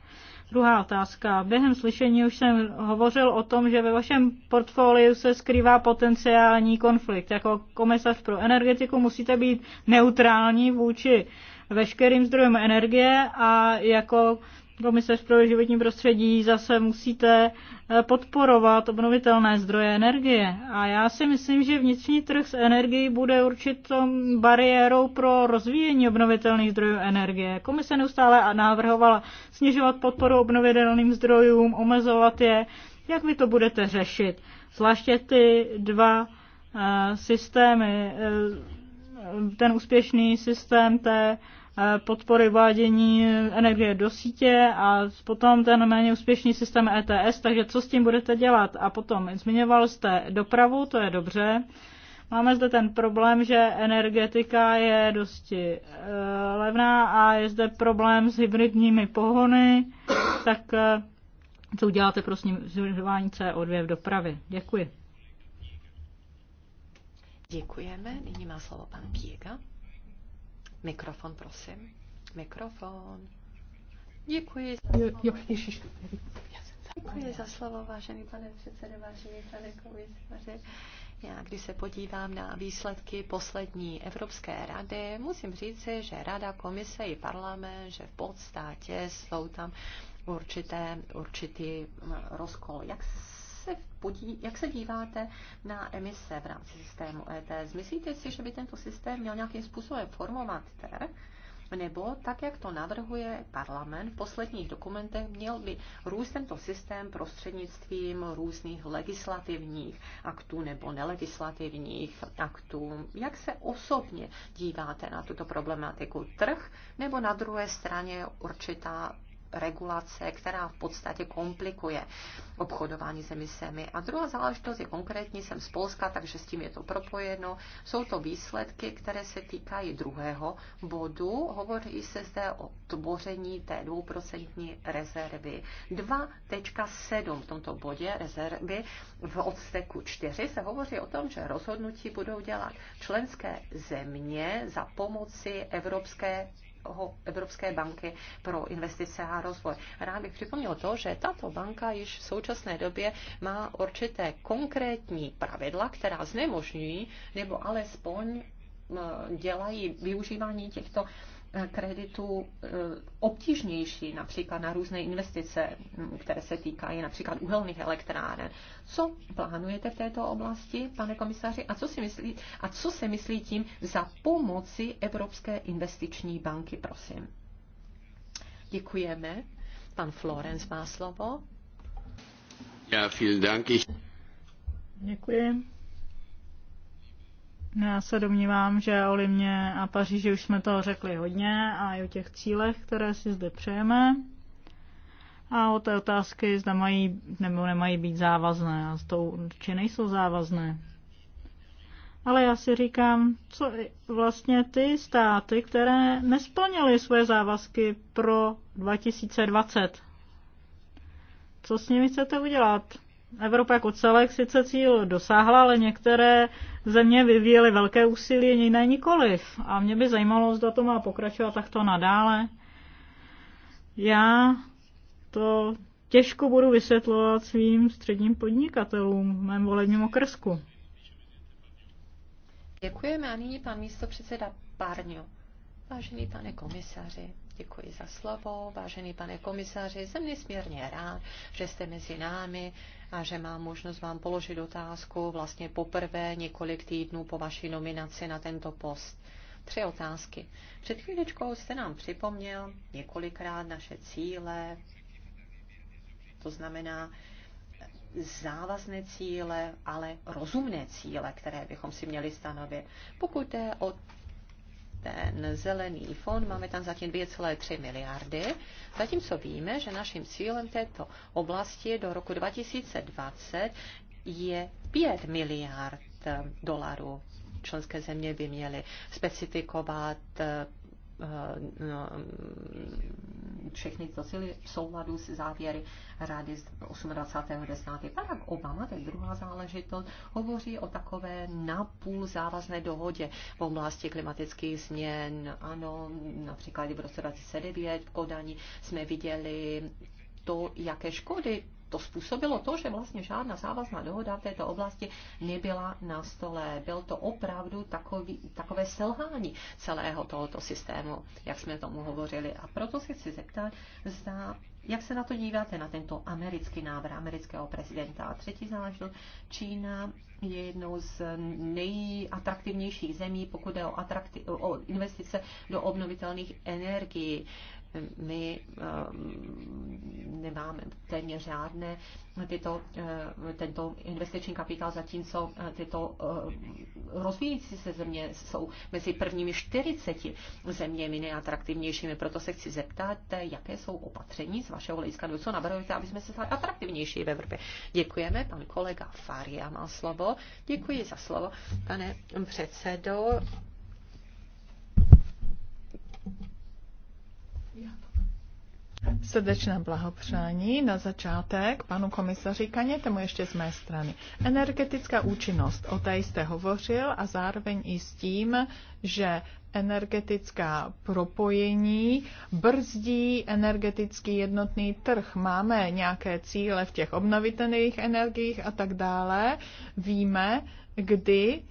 Druhá otázka. Během slyšení už jsem hovořil o tom, že ve vašem portfoliu se skrývá potenciální konflikt. Jako komisař pro energetiku musíte být neutrální vůči veškerým zdrojům energie a jako komisař pro životní prostředí, zase musíte eh, podporovat obnovitelné zdroje energie. A já si myslím, že vnitřní trh s energií bude určitou bariérou pro rozvíjení obnovitelných zdrojů energie. Komise neustále návrhovala snižovat podporu obnovitelným zdrojům, omezovat je. Jak vy to budete řešit? Zvláště ty dva eh, systémy, eh, ten úspěšný systém té podpory uvádění energie do sítě a potom ten méně úspěšný systém ETS, takže co s tím budete dělat? A potom zmiňoval jste dopravu, to je dobře. Máme zde ten problém, že energetika je dosti eh, levná a je zde problém s hybridními pohony, tak eh, co uděláte pro snižování CO2 v dopravě? Děkuji. Děkujeme. Nyní má slovo pan Píga. Mikrofon, prosím. Mikrofon. Děkuji. Jo, jo, ještě, ještě. Děkuji za slovo, vážený pane předsedo, vážený pane komisaři. Já, když se podívám na výsledky poslední Evropské rady, musím říci, že rada, komise i parlament, že v podstatě jsou tam určité, určitý eh, rozkol. Jak se, podí, jak se díváte na emise v rámci systému ETS? Myslíte si, že by tento systém měl nějakým způsobem formovat trh? Nebo tak, jak to navrhuje parlament v posledních dokumentech, měl by růst tento systém prostřednictvím různých legislativních aktů nebo nelegislativních aktů. Jak se osobně díváte na tuto problematiku? Trh nebo na druhé straně určitá regulace, která v podstatě komplikuje obchodování s emisemi. A druhá záležitost je konkrétní, jsem z Polska, takže s tím je to propojeno. Jsou to výsledky, které se týkají druhého bodu. Hovoří se zde o tvoření té dvouprocentní rezervy. 2.7 v tomto bodě rezervy v odsteku 4 se hovoří o tom, že rozhodnutí budou dělat členské země za pomoci Evropské Evropské banky pro investice a rozvoj. Rád bych připomněl to, že tato banka již v současné době má určité konkrétní pravidla, která znemožňují nebo alespoň eh, dělají využívání těchto Kreditu e, obtížnější, například na různé investice, které se týkají například uhelných elektráren. Co plánujete v této oblasti, pane komisaři, a co, si myslí, a co se myslí tím za pomoci Evropské investiční banky, prosím? Děkujeme. Pan Florence má slovo. Já, vielen Dank. Děkuji. Já se domnívám, že o Limě a Paříži už jsme toho řekli hodně a i o těch cílech, které si zde přejeme. A o té otázky, zda mají nebo nemají být závazné a to určitě nejsou závazné. Ale já si říkám, co vlastně ty státy, které nesplnily své závazky pro 2020. Co s nimi chcete udělat? Evropa jako celek sice cíl dosáhla, ale některé země vyvíjely velké úsilí, jiné nikoliv. A mě by zajímalo, zda to má pokračovat takto nadále. Já to těžko budu vysvětlovat svým středním podnikatelům v mém volebním okrsku. Děkujeme a nyní pan místo předseda Párňo. Vážený pane komisaři, Děkuji za slovo, vážený pane komisaři. Jsem nesmírně rád, že jste mezi námi a že mám možnost vám položit otázku vlastně poprvé několik týdnů po vaší nominaci na tento post. Tři otázky. Před chvíličkou jste nám připomněl několikrát naše cíle, to znamená závazné cíle, ale rozumné cíle, které bychom si měli stanovit. Pokud jde o ten zelený fond, máme tam zatím 2,3 miliardy, zatímco víme, že naším cílem této oblasti do roku 2020 je 5 miliard dolarů. Členské země by měly specifikovat eh, Eh, no, mm, všechny tyto v souladu s závěry Rady z 28.10. Barack Obama, to je druhá záležitost, hovoří o takové napůl závazné dohodě v oblasti klimatických změn. Ano, například v roce 2009 v Kodani jsme viděli to, jaké škody to způsobilo to, že vlastně žádná závazná dohoda v této oblasti nebyla na stole. Byl to opravdu takový, takové selhání celého tohoto systému, jak jsme tomu hovořili. A proto se chci zeptat, zda jak se na to díváte, na tento americký návrh amerického prezidenta? A třetí záležitost, Čína je jednou z nejatraktivnějších zemí, pokud jde o, atrakti- o investice do obnovitelných energií. My eh, nemáme téměř žádné tyto, eh, tento investiční kapitál, zatímco eh, tyto rozvíjící se země jsou mezi prvními 40 zeměmi nejatraktivnějšími. Proto se chci zeptat, jaké jsou opatření z vašeho hlediska, co navrhujete, aby jsme se stali atraktivnější v Evropě. Děkujeme, pan kolega Faria má slovo. Děkuji za slovo, pane předsedo. Srdečné blahopřání na začátek panu komisaři Kanětemu ještě z mé strany. Energetická účinnost, o té jste hovořil a zároveň i s tím, že energetická propojení brzdí energetický jednotný trh. Máme nějaké cíle v těch obnovitelných energiích a tak dále. Víme, kdy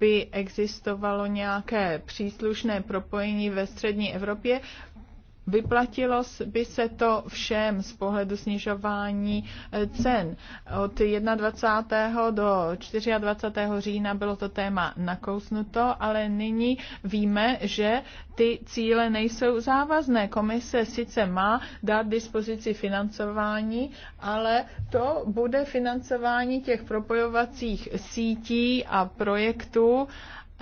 by existovalo nějaké příslušné propojení ve střední Evropě, Vyplatilo by se to všem z pohledu snižování eh, cen. Od 21. do 24. října bylo to téma nakousnuto, ale nyní víme, že ty cíle nejsou závazné. Komise sice má dát dispozici financování, ale to bude financování těch propojovacích sítí a projektů,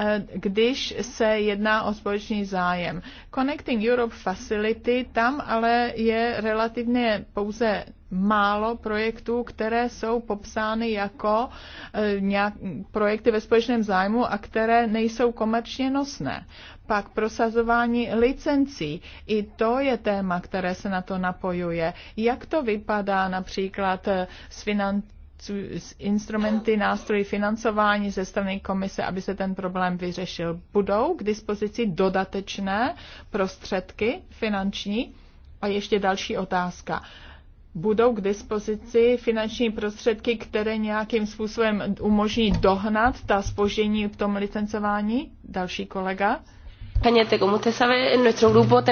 Eh, když se jedná o společný zájem. Connecting Europe Facility, tam ale je relativně pouze málo projektů, které jsou popsány jako eh, nějak, projekty ve společném zájmu a které nejsou komerčně nosné. Pak prosazování licencí, i to je téma, které se na to napojuje. Jak to vypadá například eh, s financí? instrumenty, nástroji financování ze strany komise, aby se ten problém vyřešil. Budou k dispozici dodatečné prostředky finanční? A ještě další otázka. Budou k dispozici finanční prostředky, které nějakým způsobem umožní dohnat ta spožení v tom licencování? Další kolega.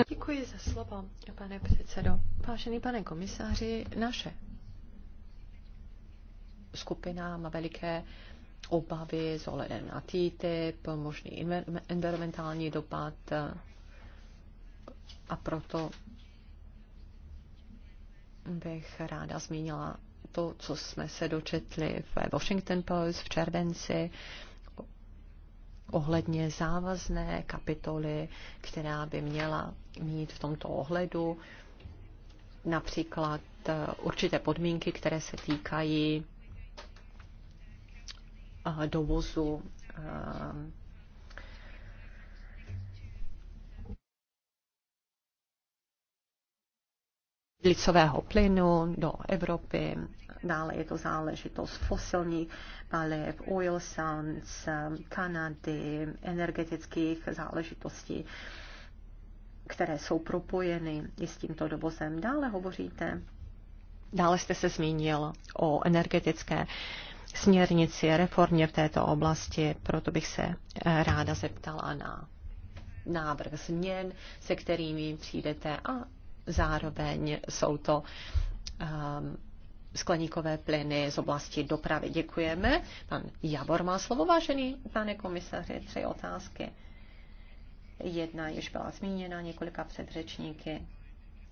Děkuji za slovo, pane předsedo. Vážený pane komisáři, naše skupinám a veliké obavy z ohledem na TTIP, možný environmentální dopad a proto bych ráda zmínila to, co jsme se dočetli v Washington Post v červenci ohledně závazné kapitoly, která by měla mít v tomto ohledu například eh, určité podmínky, které se týkají Eh, dovozu eh, licového plynu do Evropy. Dále je to záležitost fosilních paliv, oil sands, Kanady, energetických záležitostí, které jsou propojeny i s tímto dovozem. Dále hovoříte Dále jste se zmínil o energetické směrnici, reformě v této oblasti, proto bych se eh, ráda zeptala na návrh změn, se kterými přijdete a zároveň jsou to um, skleníkové plyny z oblasti dopravy. Děkujeme. Pan Javor má slovo, vážený pane komisaři, tři otázky. Jedna již byla zmíněna několika předřečníky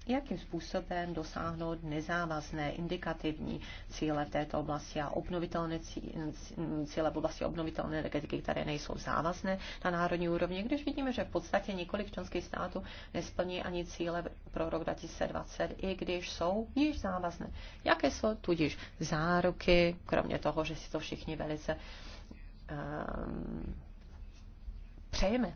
jakým způsobem dosáhnout nezávazné indikativní cíle v této oblasti a obnovitelné cíle v oblasti obnovitelné energetiky, které nejsou závazné na národní úrovni, když vidíme, že v podstatě několik členských států nesplní ani cíle pro rok 2020, i když jsou již závazné. Jaké jsou tudíž záruky, kromě toho, že si to všichni velice um, přejeme?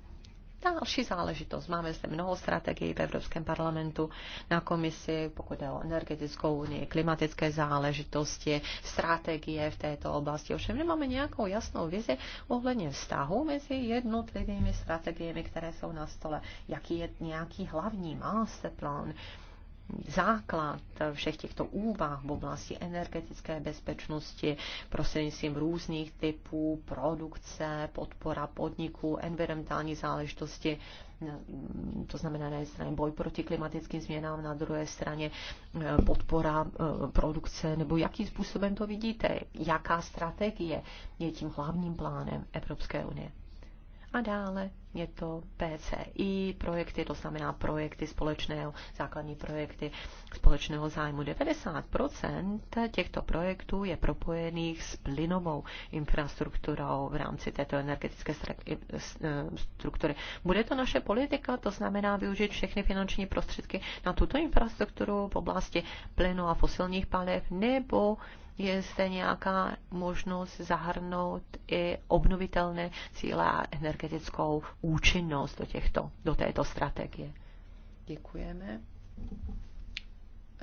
Další záležitost. Máme zde mnoho strategií v Evropském parlamentu na komisi, pokud je o energetickou unii, klimatické záležitosti, strategie v této oblasti. Ovšem nemáme nějakou jasnou vizi ohledně vztahu mezi jednotlivými strategiemi, které jsou na stole. Jaký je nějaký hlavní masterplan? plán? základ všech těchto úvah v oblasti energetické bezpečnosti prostřednictvím různých typů produkce, podpora podniků, environmentální záležitosti, to znamená na jedné straně boj proti klimatickým změnám, na druhé straně eh, podpora eh, produkce, nebo jakým způsobem to vidíte, jaká strategie je tím hlavním plánem Evropské unie. A dále je to PCI projekty, to znamená projekty společného, základní projekty společného zájmu. 90% těchto projektů je propojených s plynovou infrastrukturou v rámci této energetické e, struktury. Bude to naše politika, to znamená využít všechny finanční prostředky na tuto infrastrukturu v oblasti plynu a fosilních paliv nebo je zde nějaká možnost zahrnout i obnovitelné cíle a energetickou účinnost do, těchto, do této strategie. Děkujeme.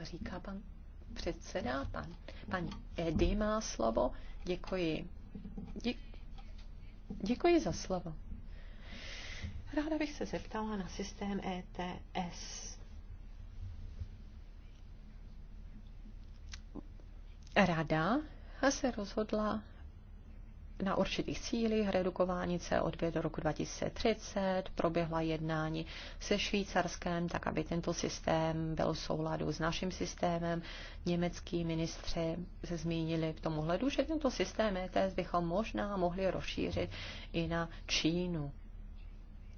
Říká pan předseda, pan, paní Edy má slovo. Děkuji. Dě, děkuji za slovo. Ráda bych se zeptala na systém ETS. Rada se rozhodla na určitých cílích redukování CO2 do roku 2030. Proběhla jednání se Švýcarskem, tak aby tento systém byl v souladu s naším systémem. Německý ministři se zmínili v tom ohledu, že tento systém ETS bychom možná mohli rozšířit i na Čínu.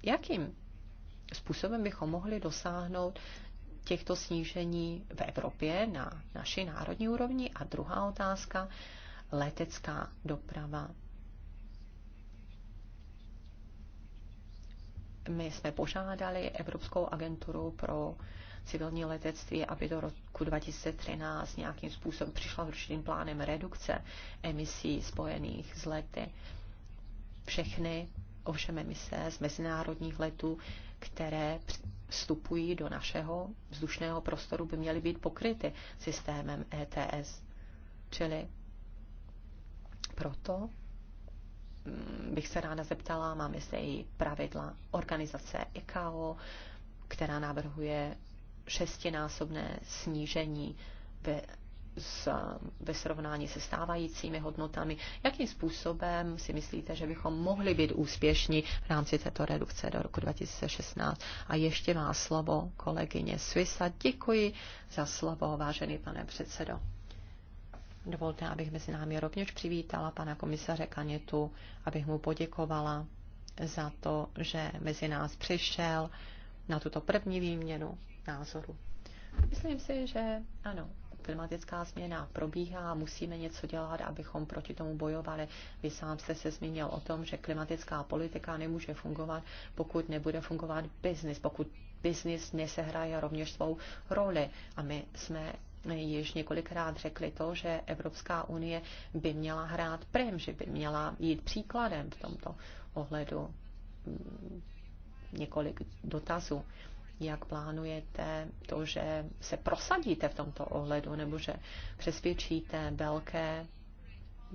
Jakým způsobem bychom mohli dosáhnout těchto snížení v Evropě na naší národní úrovni? A druhá otázka, letecká doprava. My jsme požádali Evropskou agenturu pro civilní letectví, aby do roku 2013 nějakým způsobem přišla s určitým plánem redukce emisí spojených s lety. Všechny ovšem emise z mezinárodních letů, které vstupují do našeho vzdušného prostoru, by měly být pokryty systémem ETS. Čili proto mm, bych se ráda zeptala, máme zde i pravidla organizace ICAO, která navrhuje šestinásobné snížení ve s, ve srovnání se stávajícími hodnotami. Jakým způsobem si myslíte, že bychom mohli být úspěšní v rámci této redukce do roku 2016? A ještě má slovo kolegyně Svisa. Děkuji za slovo, vážený pane předsedo. Dovolte, abych mezi námi rovněž přivítala pana komisaře Kanětu, abych mu poděkovala za to, že mezi nás přišel na tuto první výměnu názoru. Myslím si, že ano, klimatická změna probíhá a musíme něco dělat, abychom proti tomu bojovali. Vy sám jste se zmínil o tom, že klimatická politika nemůže fungovat, pokud nebude fungovat biznis, pokud biznis nesehraje rovněž svou roli. A my jsme již několikrát řekli to, že Evropská unie by měla hrát prim, že by měla jít příkladem v tomto ohledu několik dotazů jak plánujete to, že se prosadíte v tomto ohledu, nebo že přesvědčíte velké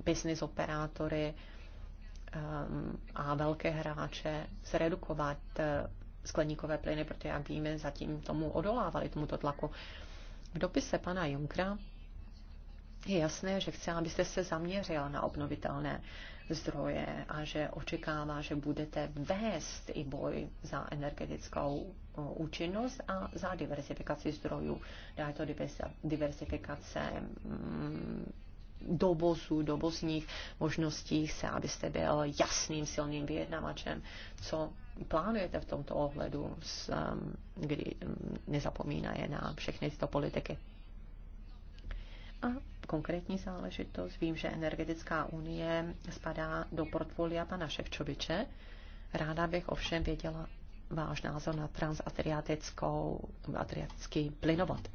business operátory ehm, a velké hráče zredukovat eh, skleníkové plyny, protože, jak víme, zatím tomu odolávali, tomuto tlaku. V dopise pana Junkra je jasné, že chce, abyste se zaměřil na obnovitelné zdroje a že očekává, že budete vést i boj za energetickou účinnost a za diversifikaci zdrojů. Dá to diversifikace mm, dovozu, dovozních možností se, abyste byl jasným, silným vyjednavačem, co plánujete v tomto ohledu, um, kdy mm, nezapomínaje na všechny tyto politiky. A konkrétní záležitost, vím, že Energetická unie spadá do portfolia pana Ševčoviče. Ráda bych ovšem věděla váš názor na transadriatický plynovod.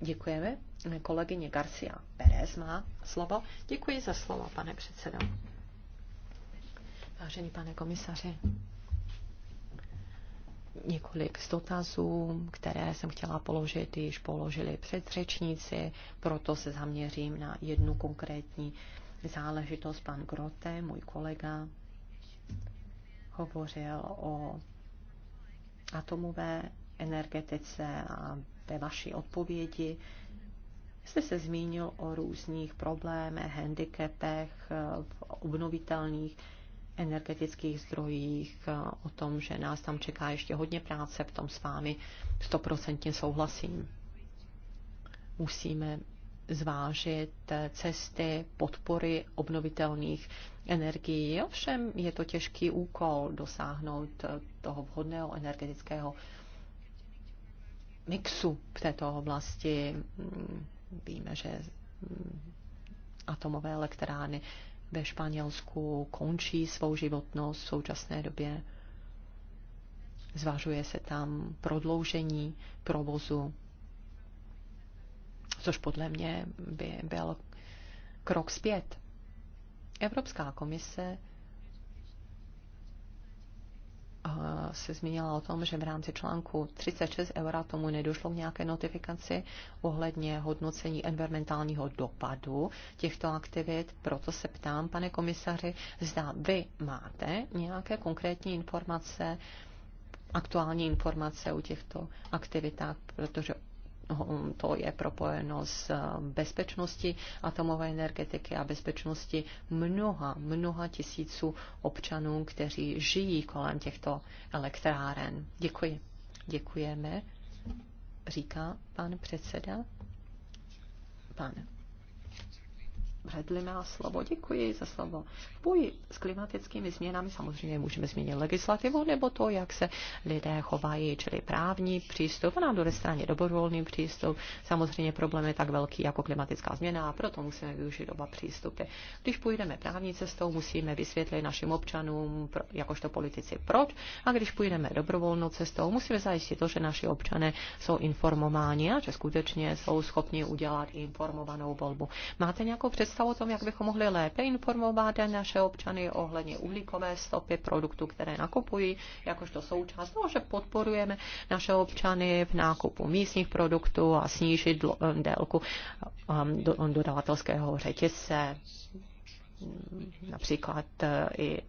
Děkujeme. Kolegyně Garcia Pérez má slovo. Děkuji za slovo, pane předsedo. Vážený pane komisaři, několik z dotazů, které jsem chtěla položit, již položili předřečníci, proto se zaměřím na jednu konkrétní záležitost. Pan Grote, můj kolega, hovořil o atomové energetice a ve vaší odpovědi jste se zmínil o různých problémech, handicapech v obnovitelných energetických zdrojích, eh, o tom, že nás tam čeká ještě hodně práce, v tom s vámi stoprocentně souhlasím. Musíme zvážit eh, cesty podpory obnovitelných energií. Ovšem je to těžký úkol dosáhnout eh, toho vhodného energetického mixu v této oblasti. Mm, víme, že mm, atomové elektrárny ve Španělsku končí svou životnost v současné době. Zvažuje se tam prodloužení provozu, což podle mě by byl krok zpět. Evropská komise Eh, se zmínila o tom, že v rámci článku 36 eura tomu nedošlo k nějaké notifikaci ohledně hodnocení environmentálního dopadu těchto aktivit. Proto se ptám, pane komisaři, zda vy máte nějaké konkrétní informace, aktuální informace o těchto aktivitách, protože to je propojeno s eh, bezpečností atomové energetiky a bezpečnosti mnoha, mnoha tisíců občanů, kteří žijí kolem těchto elektráren. Děkuji. Děkujeme, říká pan předseda. Pane. Bredlime a slovo. Děkuji za slovo. V boji s klimatickými změnami samozřejmě můžeme změnit legislativu nebo to, jak se lidé chovají, čili právní přístup a na druhé straně dobrovolný přístup. Samozřejmě problém je tak velký jako klimatická změna a proto musíme využít oba přístupy. Když půjdeme právní cestou, musíme vysvětlit našim občanům, jakožto politici, proč. A když půjdeme dobrovolnou cestou, musíme zajistit to, že naši občané jsou informováni a že skutečně jsou schopni udělat informovanou volbu. Máte nějakou představu? text o tom, jak bychom mohli lépe informovat naše občany ohledně uhlíkové stopy produktů, které nakupují, jakožto součást toho, že podporujeme naše občany v nákupu místních produktů a snížit eh, délku eh, dodavatelského řetězce například eh, i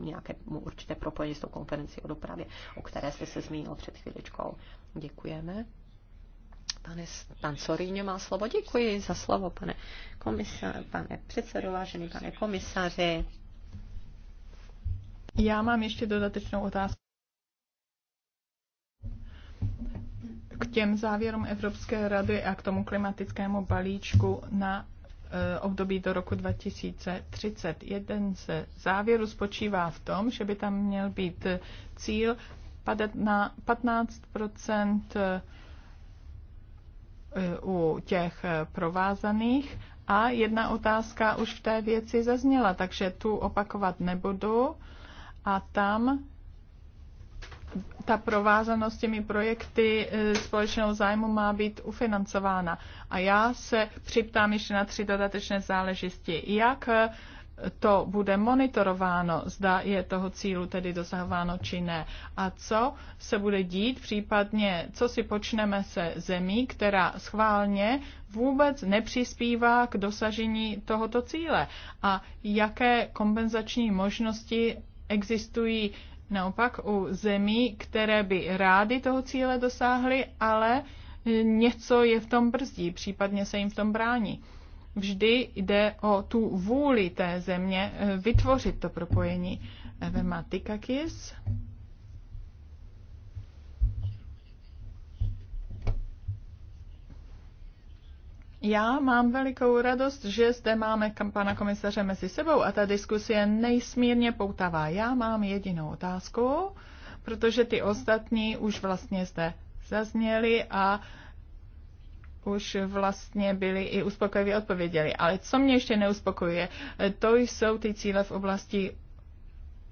nějaké určité propojení s tou konferencí o dopravě, o které jste se zmínil před chvíličkou. Děkujeme. Pane, pan Soríňo má slovo. Děkuji za slovo, pane, komisař, pane předsedo, vážený pane komisaři. Já mám ještě dodatečnou otázku. K těm závěrům Evropské rady a k tomu klimatickému balíčku na eh, období do roku 2030. Jeden ze závěrů spočívá v tom, že by tam měl být cíl padat na 15 u těch eh, provázaných. A jedna otázka už v té věci zazněla, takže tu opakovat nebudu. A tam ta provázanost těmi projekty eh, společného zájmu má být ufinancována. A já se připtám ještě na tři dodatečné záležitosti. Jak eh, to bude monitorováno, zda je toho cílu tedy dosahováno či ne. A co se bude dít, případně co si počneme se zemí, která schválně vůbec nepřispívá k dosažení tohoto cíle. A jaké kompenzační možnosti existují naopak u zemí, které by rády toho cíle dosáhly, ale něco je v tom brzdí, případně se jim v tom brání vždy jde o tu vůli té země eh, vytvořit to propojení. ve Matikakis. Já mám velikou radost, že zde máme pana komisaře mezi sebou a ta diskuse je nejsmírně poutavá. Já mám jedinou otázku, protože ty ostatní už vlastně zde zazněly a uh, už vlastně byli i uspokojivě odpověděli. Ale co mě ještě neuspokojuje, to jsou ty cíle v oblasti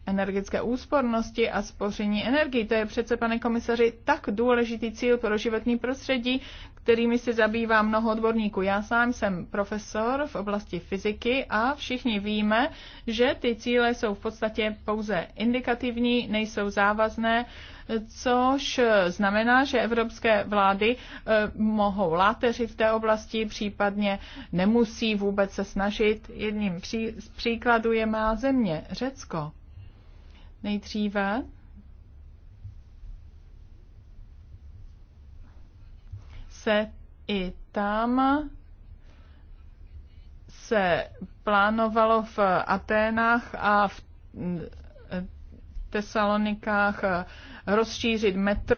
energetické úspornosti a spoření energii. To je přece, pane komisaři, tak důležitý cíl pro životní prostředí, kterými se zabývá mnoho odborníků. Já sám jsem profesor v oblasti fyziky a všichni víme, že ty cíle jsou v podstatě pouze indikativní, nejsou závazné, což znamená, že evropské vlády eh, mohou láteřit v té oblasti, případně nemusí vůbec se snažit. Jedním z příkladů je má země, Řecko nejdříve. Se i tam se plánovalo v Aténách a v Tesalonikách rozšířit metro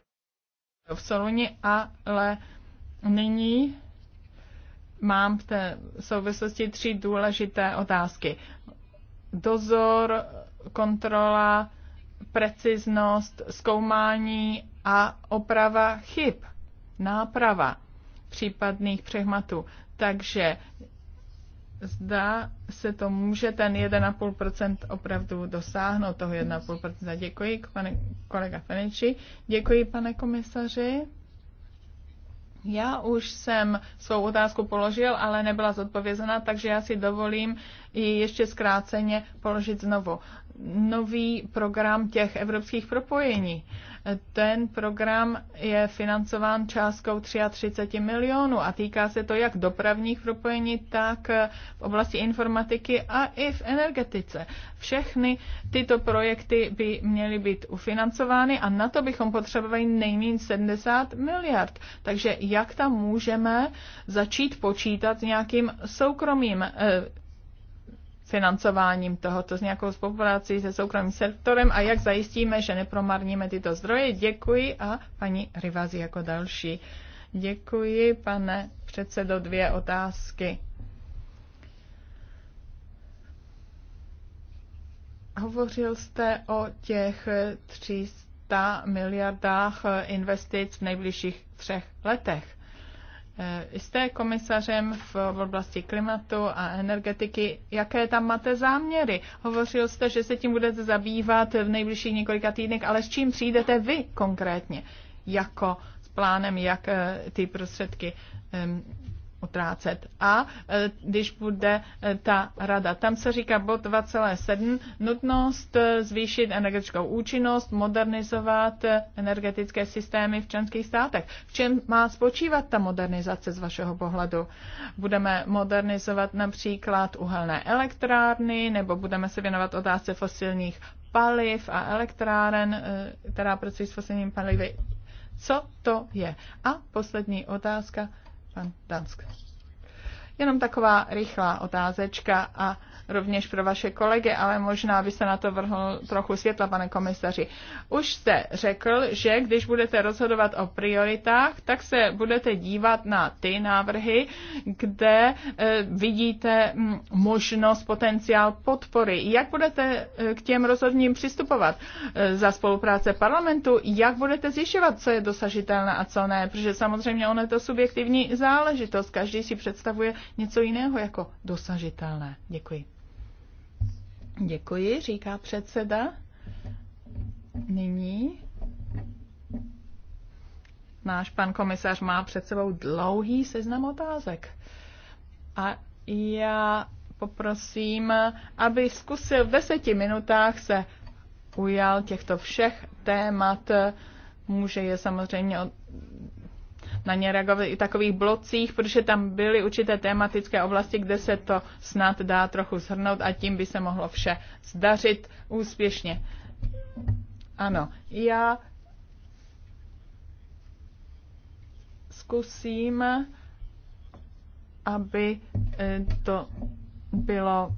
v Soluni, ale nyní mám v té souvislosti tři důležité otázky. Dozor, kontrola, preciznost, zkoumání a oprava chyb, náprava případných přehmatů. Takže zda se to může ten 1,5% opravdu dosáhnout, toho 1,5%. Děkuji, pane kolega Feneči. Děkuji, pane komisaři. Já už jsem svou otázku položil, ale nebyla zodpovězena, takže já si dovolím ji ještě zkráceně položit znovu nový program těch evropských propojení. Ten program je financován částkou 33 milionů a týká se to jak dopravních propojení, tak v oblasti informatiky a i v energetice. Všechny tyto projekty by měly být ufinancovány a na to bychom potřebovali nejméně 70 miliard. Takže jak tam můžeme začít počítat s nějakým soukromým eh, financováním tohoto s nějakou spoluprací se soukromým sektorem a jak zajistíme, že nepromarníme tyto zdroje. Děkuji a paní Rivazi jako další. Děkuji, pane předsedo, dvě otázky. Hovořil jste o těch 300 miliardách investic v nejbližších třech letech. Eh, jste komisařem v oblasti klimatu a energetiky. Jaké tam máte záměry? Hovořil jste, že se tím budete zabývat v nejbližších několika týdnech, ale s čím přijdete vy konkrétně? Jako s plánem, jak eh, ty prostředky utrácet. A e, když bude e, ta rada, tam se říká bod 2,7, nutnost e, zvýšit energetickou účinnost, modernizovat energetické systémy v členských státech. V čem má spočívat ta modernizace z vašeho pohledu? Budeme modernizovat například uhelné elektrárny, nebo budeme se věnovat otázce fosilních paliv a elektráren, která pracují s fosilními palivy. Co to je? A poslední otázka Pan Dansk. Jenom taková rychlá otázečka a rovněž pro vaše kolegy, ale možná byste na to vrhl trochu světla, pane komisaři. Už jste řekl, že když budete rozhodovat o prioritách, tak se budete dívat na ty návrhy, kde eh, vidíte mm, možnost, potenciál podpory. Jak budete eh, k těm rozhodním přistupovat eh, za spolupráce parlamentu? Jak budete zjišťovat, co je dosažitelné a co ne? Protože samozřejmě ono je to subjektivní záležitost. Každý si představuje něco jiného jako dosažitelné. Děkuji. Děkuji, říká předseda. Nyní náš pan komisař má před sebou dlouhý seznam otázek. A já poprosím, aby zkusil v deseti minutách se ujal těchto všech témat. Může je samozřejmě na ně reagovali i takových blocích, protože tam byly určité tematické oblasti, kde se to snad dá trochu shrnout a tím by se mohlo vše zdařit úspěšně. Ano, já zkusím, aby eh, to bylo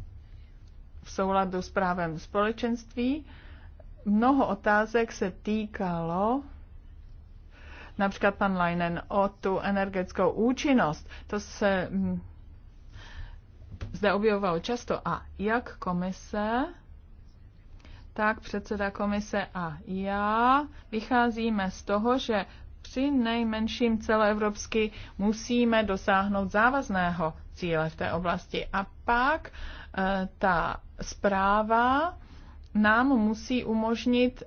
v souladu s právem společenství. Mnoho otázek se týkalo například pan Leinen, o tu energetickou účinnost. To se mm, zde objevovalo často. A jak komise, tak předseda komise a já vycházíme z toho, že při nejmenším celoevropsky musíme dosáhnout závazného cíle v té oblasti. A pak eh, ta zpráva nám musí umožnit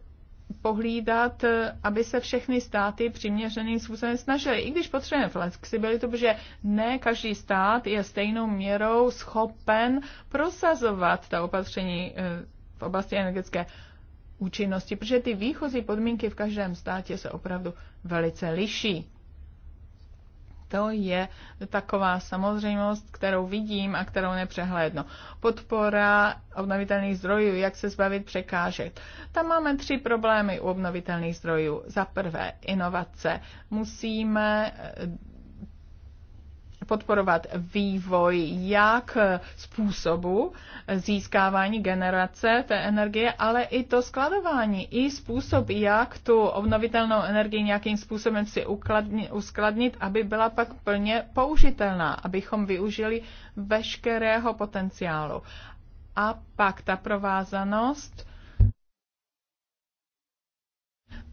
pohlídat, eh, aby se všechny státy přiměřeným způsobem snažily. I když potřebujeme flexibilitu, protože ne každý stát je stejnou měrou schopen prosazovat ta opatření eh, v oblasti energetické účinnosti, protože ty výchozí podmínky v každém státě se opravdu velice liší. To je taková samozřejmost, kterou vidím a kterou nepřehlédnu. Podpora obnovitelných zdrojů, jak se zbavit překážek. Tam máme tři problémy u obnovitelných zdrojů. Za prvé, inovace. Musíme podporovat vývoj jak způsobu získávání generace té energie, ale i to skladování, i způsob, jak tu obnovitelnou energii nějakým způsobem si uskladnit, aby byla pak plně použitelná, abychom využili veškerého potenciálu. A pak ta provázanost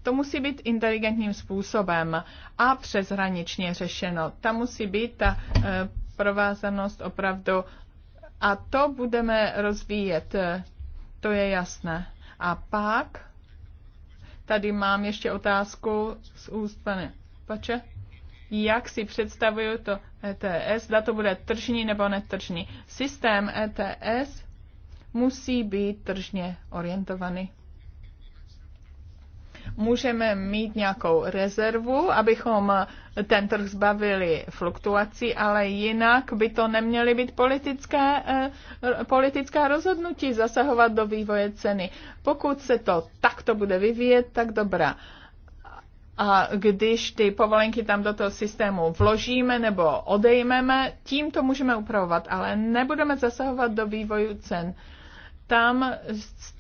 to musí být inteligentním způsobem a přeshraničně řešeno. Tam musí být ta eh, provázanost opravdu a to budeme rozvíjet, eh, to je jasné. A pak, tady mám ještě otázku z úst pane Pače, jak si představuju to ETS, zda to bude tržní nebo netržní. Systém ETS musí být tržně orientovaný můžeme mít nějakou rezervu, abychom ten trh zbavili fluktuací, ale jinak by to neměly být politické, eh, politická rozhodnutí zasahovat do vývoje ceny. Pokud se to takto bude vyvíjet, tak dobrá. A když ty povolenky tam do toho systému vložíme nebo odejmeme, tím to můžeme upravovat, ale nebudeme zasahovat do vývoju cen. Tam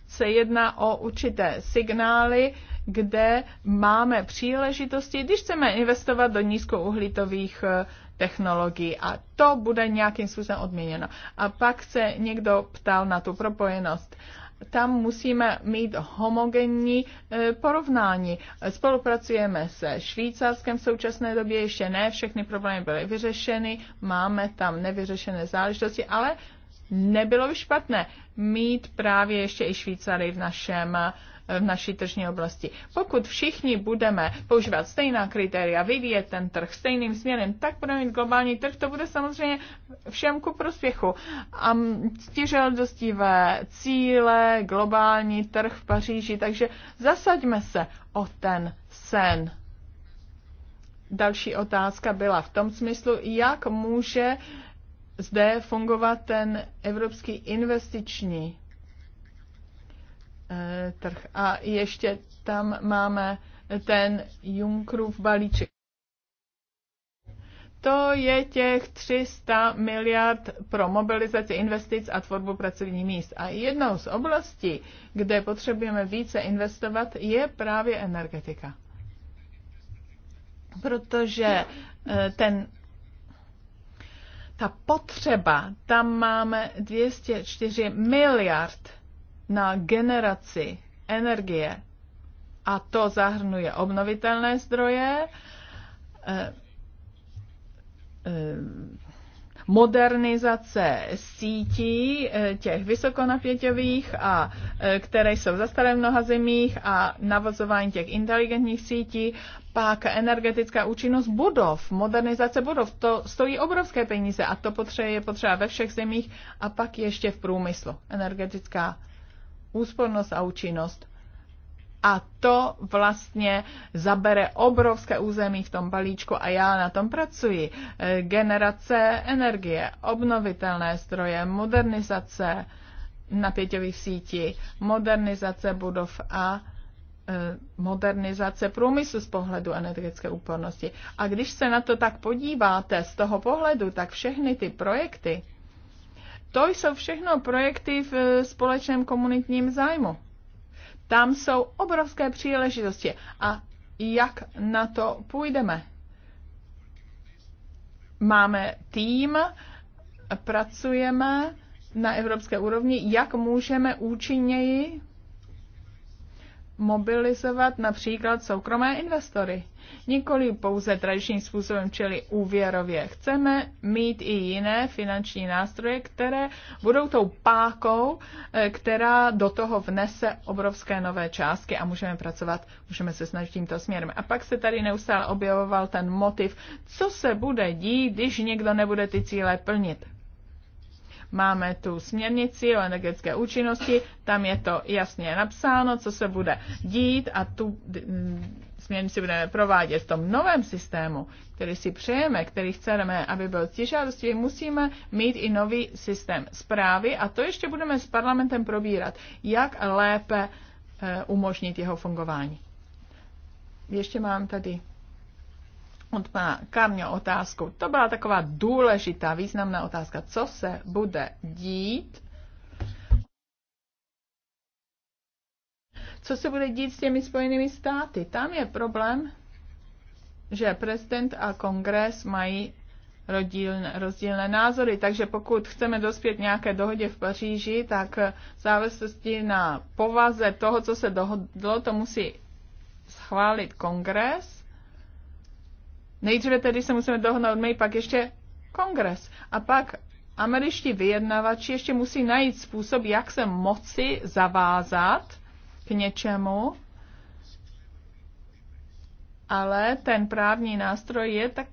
se jedná o určité signály, kde máme příležitosti, když chceme investovat do nízkouhlitových eh, technologií a to bude nějakým způsobem odměněno. A pak se někdo ptal na tu propojenost tam musíme mít homogenní eh, porovnání. Spolupracujeme se Švýcarskem v současné době, ještě ne, všechny problémy byly vyřešeny, máme tam nevyřešené záležitosti, ale nebylo by špatné mít právě ještě i Švýcary v našem eh, v naší tržní oblasti. Pokud všichni budeme používat stejná kritéria, vyvíjet ten trh stejným směrem, tak budeme mít globální trh, to bude samozřejmě všem ku prospěchu. A dostivé cíle, globální trh v Paříži, takže zasaďme se o ten sen. Další otázka byla v tom smyslu, jak může zde fungovat ten Evropský investiční Eh, trh. A ještě tam máme ten Junkrův balíček. To je těch 300 miliard pro mobilizaci investic a tvorbu pracovních míst. A jednou z oblastí, kde potřebujeme více investovat, je právě energetika. Protože eh, ten ta potřeba, tam máme 204 miliard na generaci energie, a to zahrnuje obnovitelné zdroje, eh, eh, modernizace sítí eh, těch vysokonapěťových, a, které jsou zastaré v mnoha zemích a navozování těch inteligentních sítí, pak energetická účinnost budov, modernizace budov, to stojí obrovské peníze a to potře- je potřeba ve všech zemích a pak ještě v průmyslu. Energetická úspornost a účinnost. A to vlastně zabere obrovské území v tom balíčku a já na tom pracuji. Generace energie, obnovitelné stroje, modernizace napěťových sítí, modernizace budov a e, modernizace průmyslu z pohledu energetické úpornosti. A když se na to tak podíváte z toho pohledu, tak všechny ty projekty, to jsou všechno projekty v eh, společném komunitním zájmu. Tam jsou obrovské příležitosti. A jak na to půjdeme? Máme tým, pracujeme na evropské úrovni, jak můžeme účinněji mobilizovat například soukromé investory. Nikoli pouze tradičním způsobem, čili úvěrově. Chceme mít i jiné finanční nástroje, které budou tou pákou, eh, která do toho vnese obrovské nové částky a můžeme pracovat, můžeme se snažit tímto směrem. A pak se tady neustále objevoval ten motiv, co se bude dít, když někdo nebude ty cíle plnit. Máme tu směrnici o energetické účinnosti, tam je to jasně napsáno, co se bude dít a tu mm, směrnici budeme provádět v tom novém systému, který si přejeme, který chceme, aby byl těžádostí, musíme mít i nový systém zprávy a to ještě budeme s parlamentem probírat, jak lépe eh, umožnit jeho fungování. Ještě mám tady od pana Karňo otázku. To byla taková důležitá, významná otázka. Co se bude dít? Co se bude dít s těmi spojenými státy? Tam je problém, že prezident a kongres mají rozdílné, rozdílné názory, takže pokud chceme dospět nějaké dohodě v Paříži, tak v závislosti na povaze toho, co se dohodlo, to musí schválit kongres Nejdříve tedy se musíme dohodnout, my, pak ještě kongres. A pak američtí vyjednavači ještě musí najít způsob, jak se moci zavázat k něčemu, ale ten právní nástroj je tak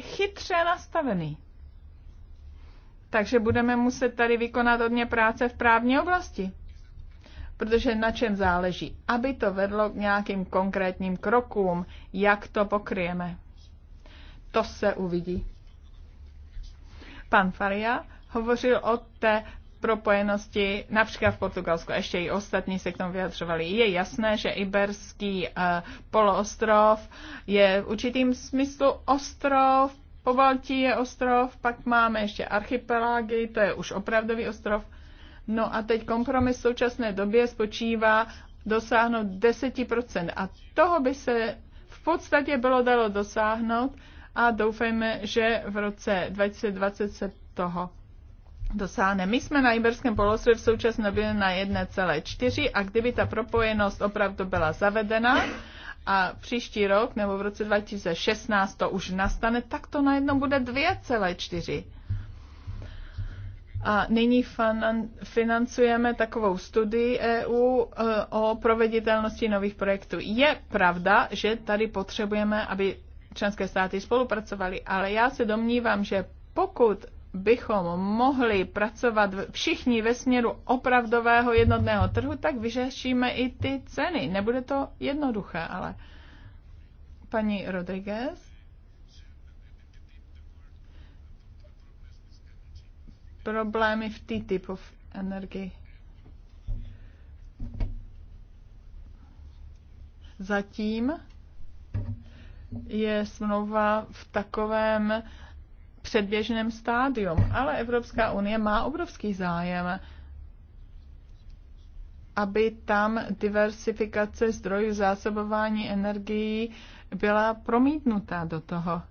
chytře nastavený. Takže budeme muset tady vykonat hodně práce v právní oblasti. Protože na čem záleží? Aby to vedlo k nějakým konkrétním krokům, jak to pokryjeme. To se uvidí. Pan Faria hovořil o té propojenosti například v Portugalsku, ještě i ostatní se k tomu vyjadřovali. Je jasné, že iberský eh, poloostrov je v určitým smyslu ostrov, po Baltii je ostrov, pak máme ještě archipelágy, to je už opravdový ostrov. No a teď kompromis v současné době spočívá dosáhnout 10%. A toho by se v podstatě bylo dalo dosáhnout, a doufejme, že v roce 2020 se toho dosáhne. My jsme na Iberském poloostrově v současné době na 1,4 a kdyby ta propojenost opravdu byla zavedena a příští rok nebo v roce 2016 to už nastane, tak to najednou bude 2,4. A nyní financujeme takovou studii EU e, o proveditelnosti nových projektů. Je pravda, že tady potřebujeme, aby členské státy spolupracovaly, ale já se domnívám, že pokud bychom mohli pracovat všichni ve směru opravdového jednotného trhu, tak vyřešíme i ty ceny. Nebude to jednoduché, ale paní Rodriguez. Problémy v TTIP v energii. Zatím je smlouva v takovém předběžném stádium, ale Evropská unie má obrovský zájem, aby tam diversifikace zdrojů zásobování energií byla promítnutá do toho.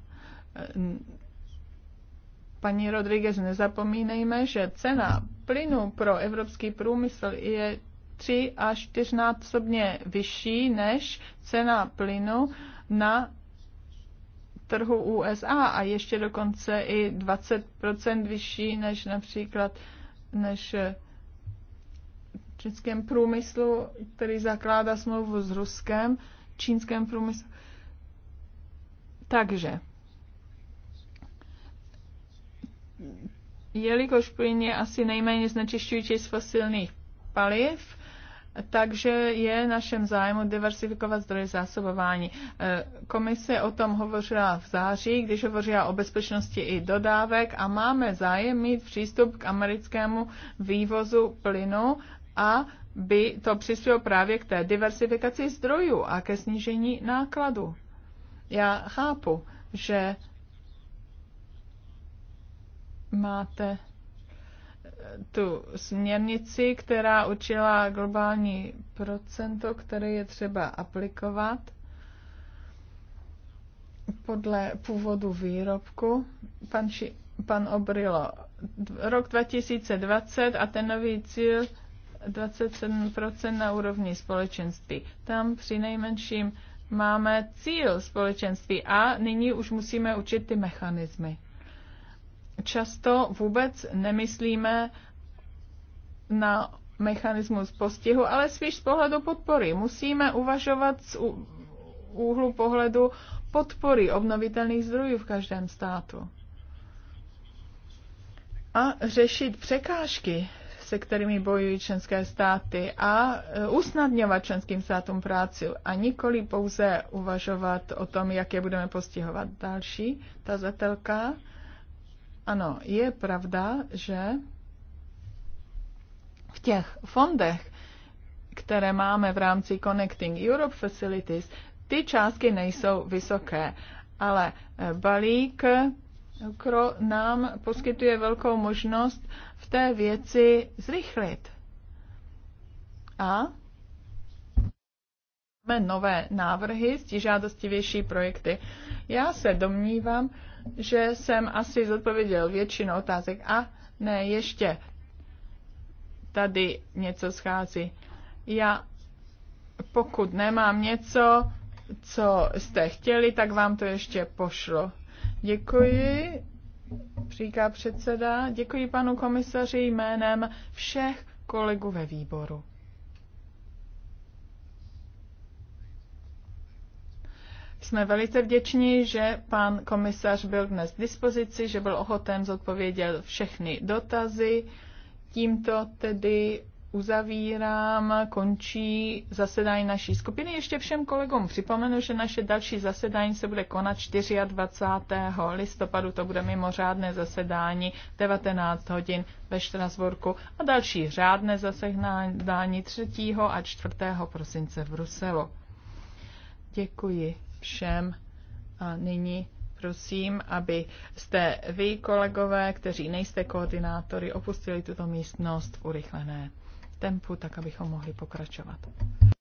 Paní Rodriguez, nezapomínejme, že cena plynu pro evropský průmysl je tři až čtyřnásobně vyšší než cena plynu na trhu USA a ještě dokonce i 20% vyšší než například než eh, v českém průmyslu, který zakládá smlouvu s Ruskem, čínském průmyslu. Takže, jelikož plyn je asi nejméně znečišťující z fosilních paliv, takže je našem zájmu diversifikovat zdroje zásobování. E, komise o tom hovořila v září, když hovořila o bezpečnosti i dodávek a máme zájem mít přístup k americkému vývozu plynu a by to přispělo právě k té diversifikaci zdrojů a ke snížení nákladu. Já chápu, že máte tu směrnici, která učila globální procento, které je třeba aplikovat podle původu výrobku. Pan, ši, pan Obrilo, rok 2020 a ten nový cíl 27% na úrovni společenství. Tam při nejmenším máme cíl společenství a nyní už musíme učit ty mechanismy často vůbec nemyslíme na mechanismus postihu, ale spíš z pohledu podpory. Musíme uvažovat z úhlu pohledu podpory obnovitelných zdrojů v každém státu. A řešit překážky, se kterými bojují členské státy a e, usnadňovat členským státům práci a nikoli pouze uvažovat o tom, jak je budeme postihovat. Další tazatelka. Ano, je pravda, že v těch fondech, které máme v rámci Connecting Europe Facilities, ty částky nejsou vysoké, ale eh, balík eh, Kro nám poskytuje velkou možnost v té věci zrychlit. A máme nové návrhy, stižádostivější projekty. Já se domnívám, že jsem asi zodpověděl většinu otázek. A ne, ještě tady něco schází. Já, pokud nemám něco, co jste chtěli, tak vám to ještě pošlo. Děkuji, říká předseda. Děkuji panu komisaři jménem všech kolegů ve výboru. Jsme velice vděční, že pan komisař byl dnes k dispozici, že byl ochoten zodpovědět všechny dotazy. Tímto tedy uzavírám, končí zasedání naší skupiny. Ještě všem kolegům připomenu, že naše další zasedání se bude konat 24. listopadu, to bude mimořádné zasedání 19 hodin ve Štrasburku a další řádné zasedání 3. a 4. prosince v Bruselu. Děkuji všem. A nyní prosím, aby jste vy, kolegové, kteří nejste koordinátory, opustili tuto místnost v urychlené tempu, tak abychom mohli pokračovat.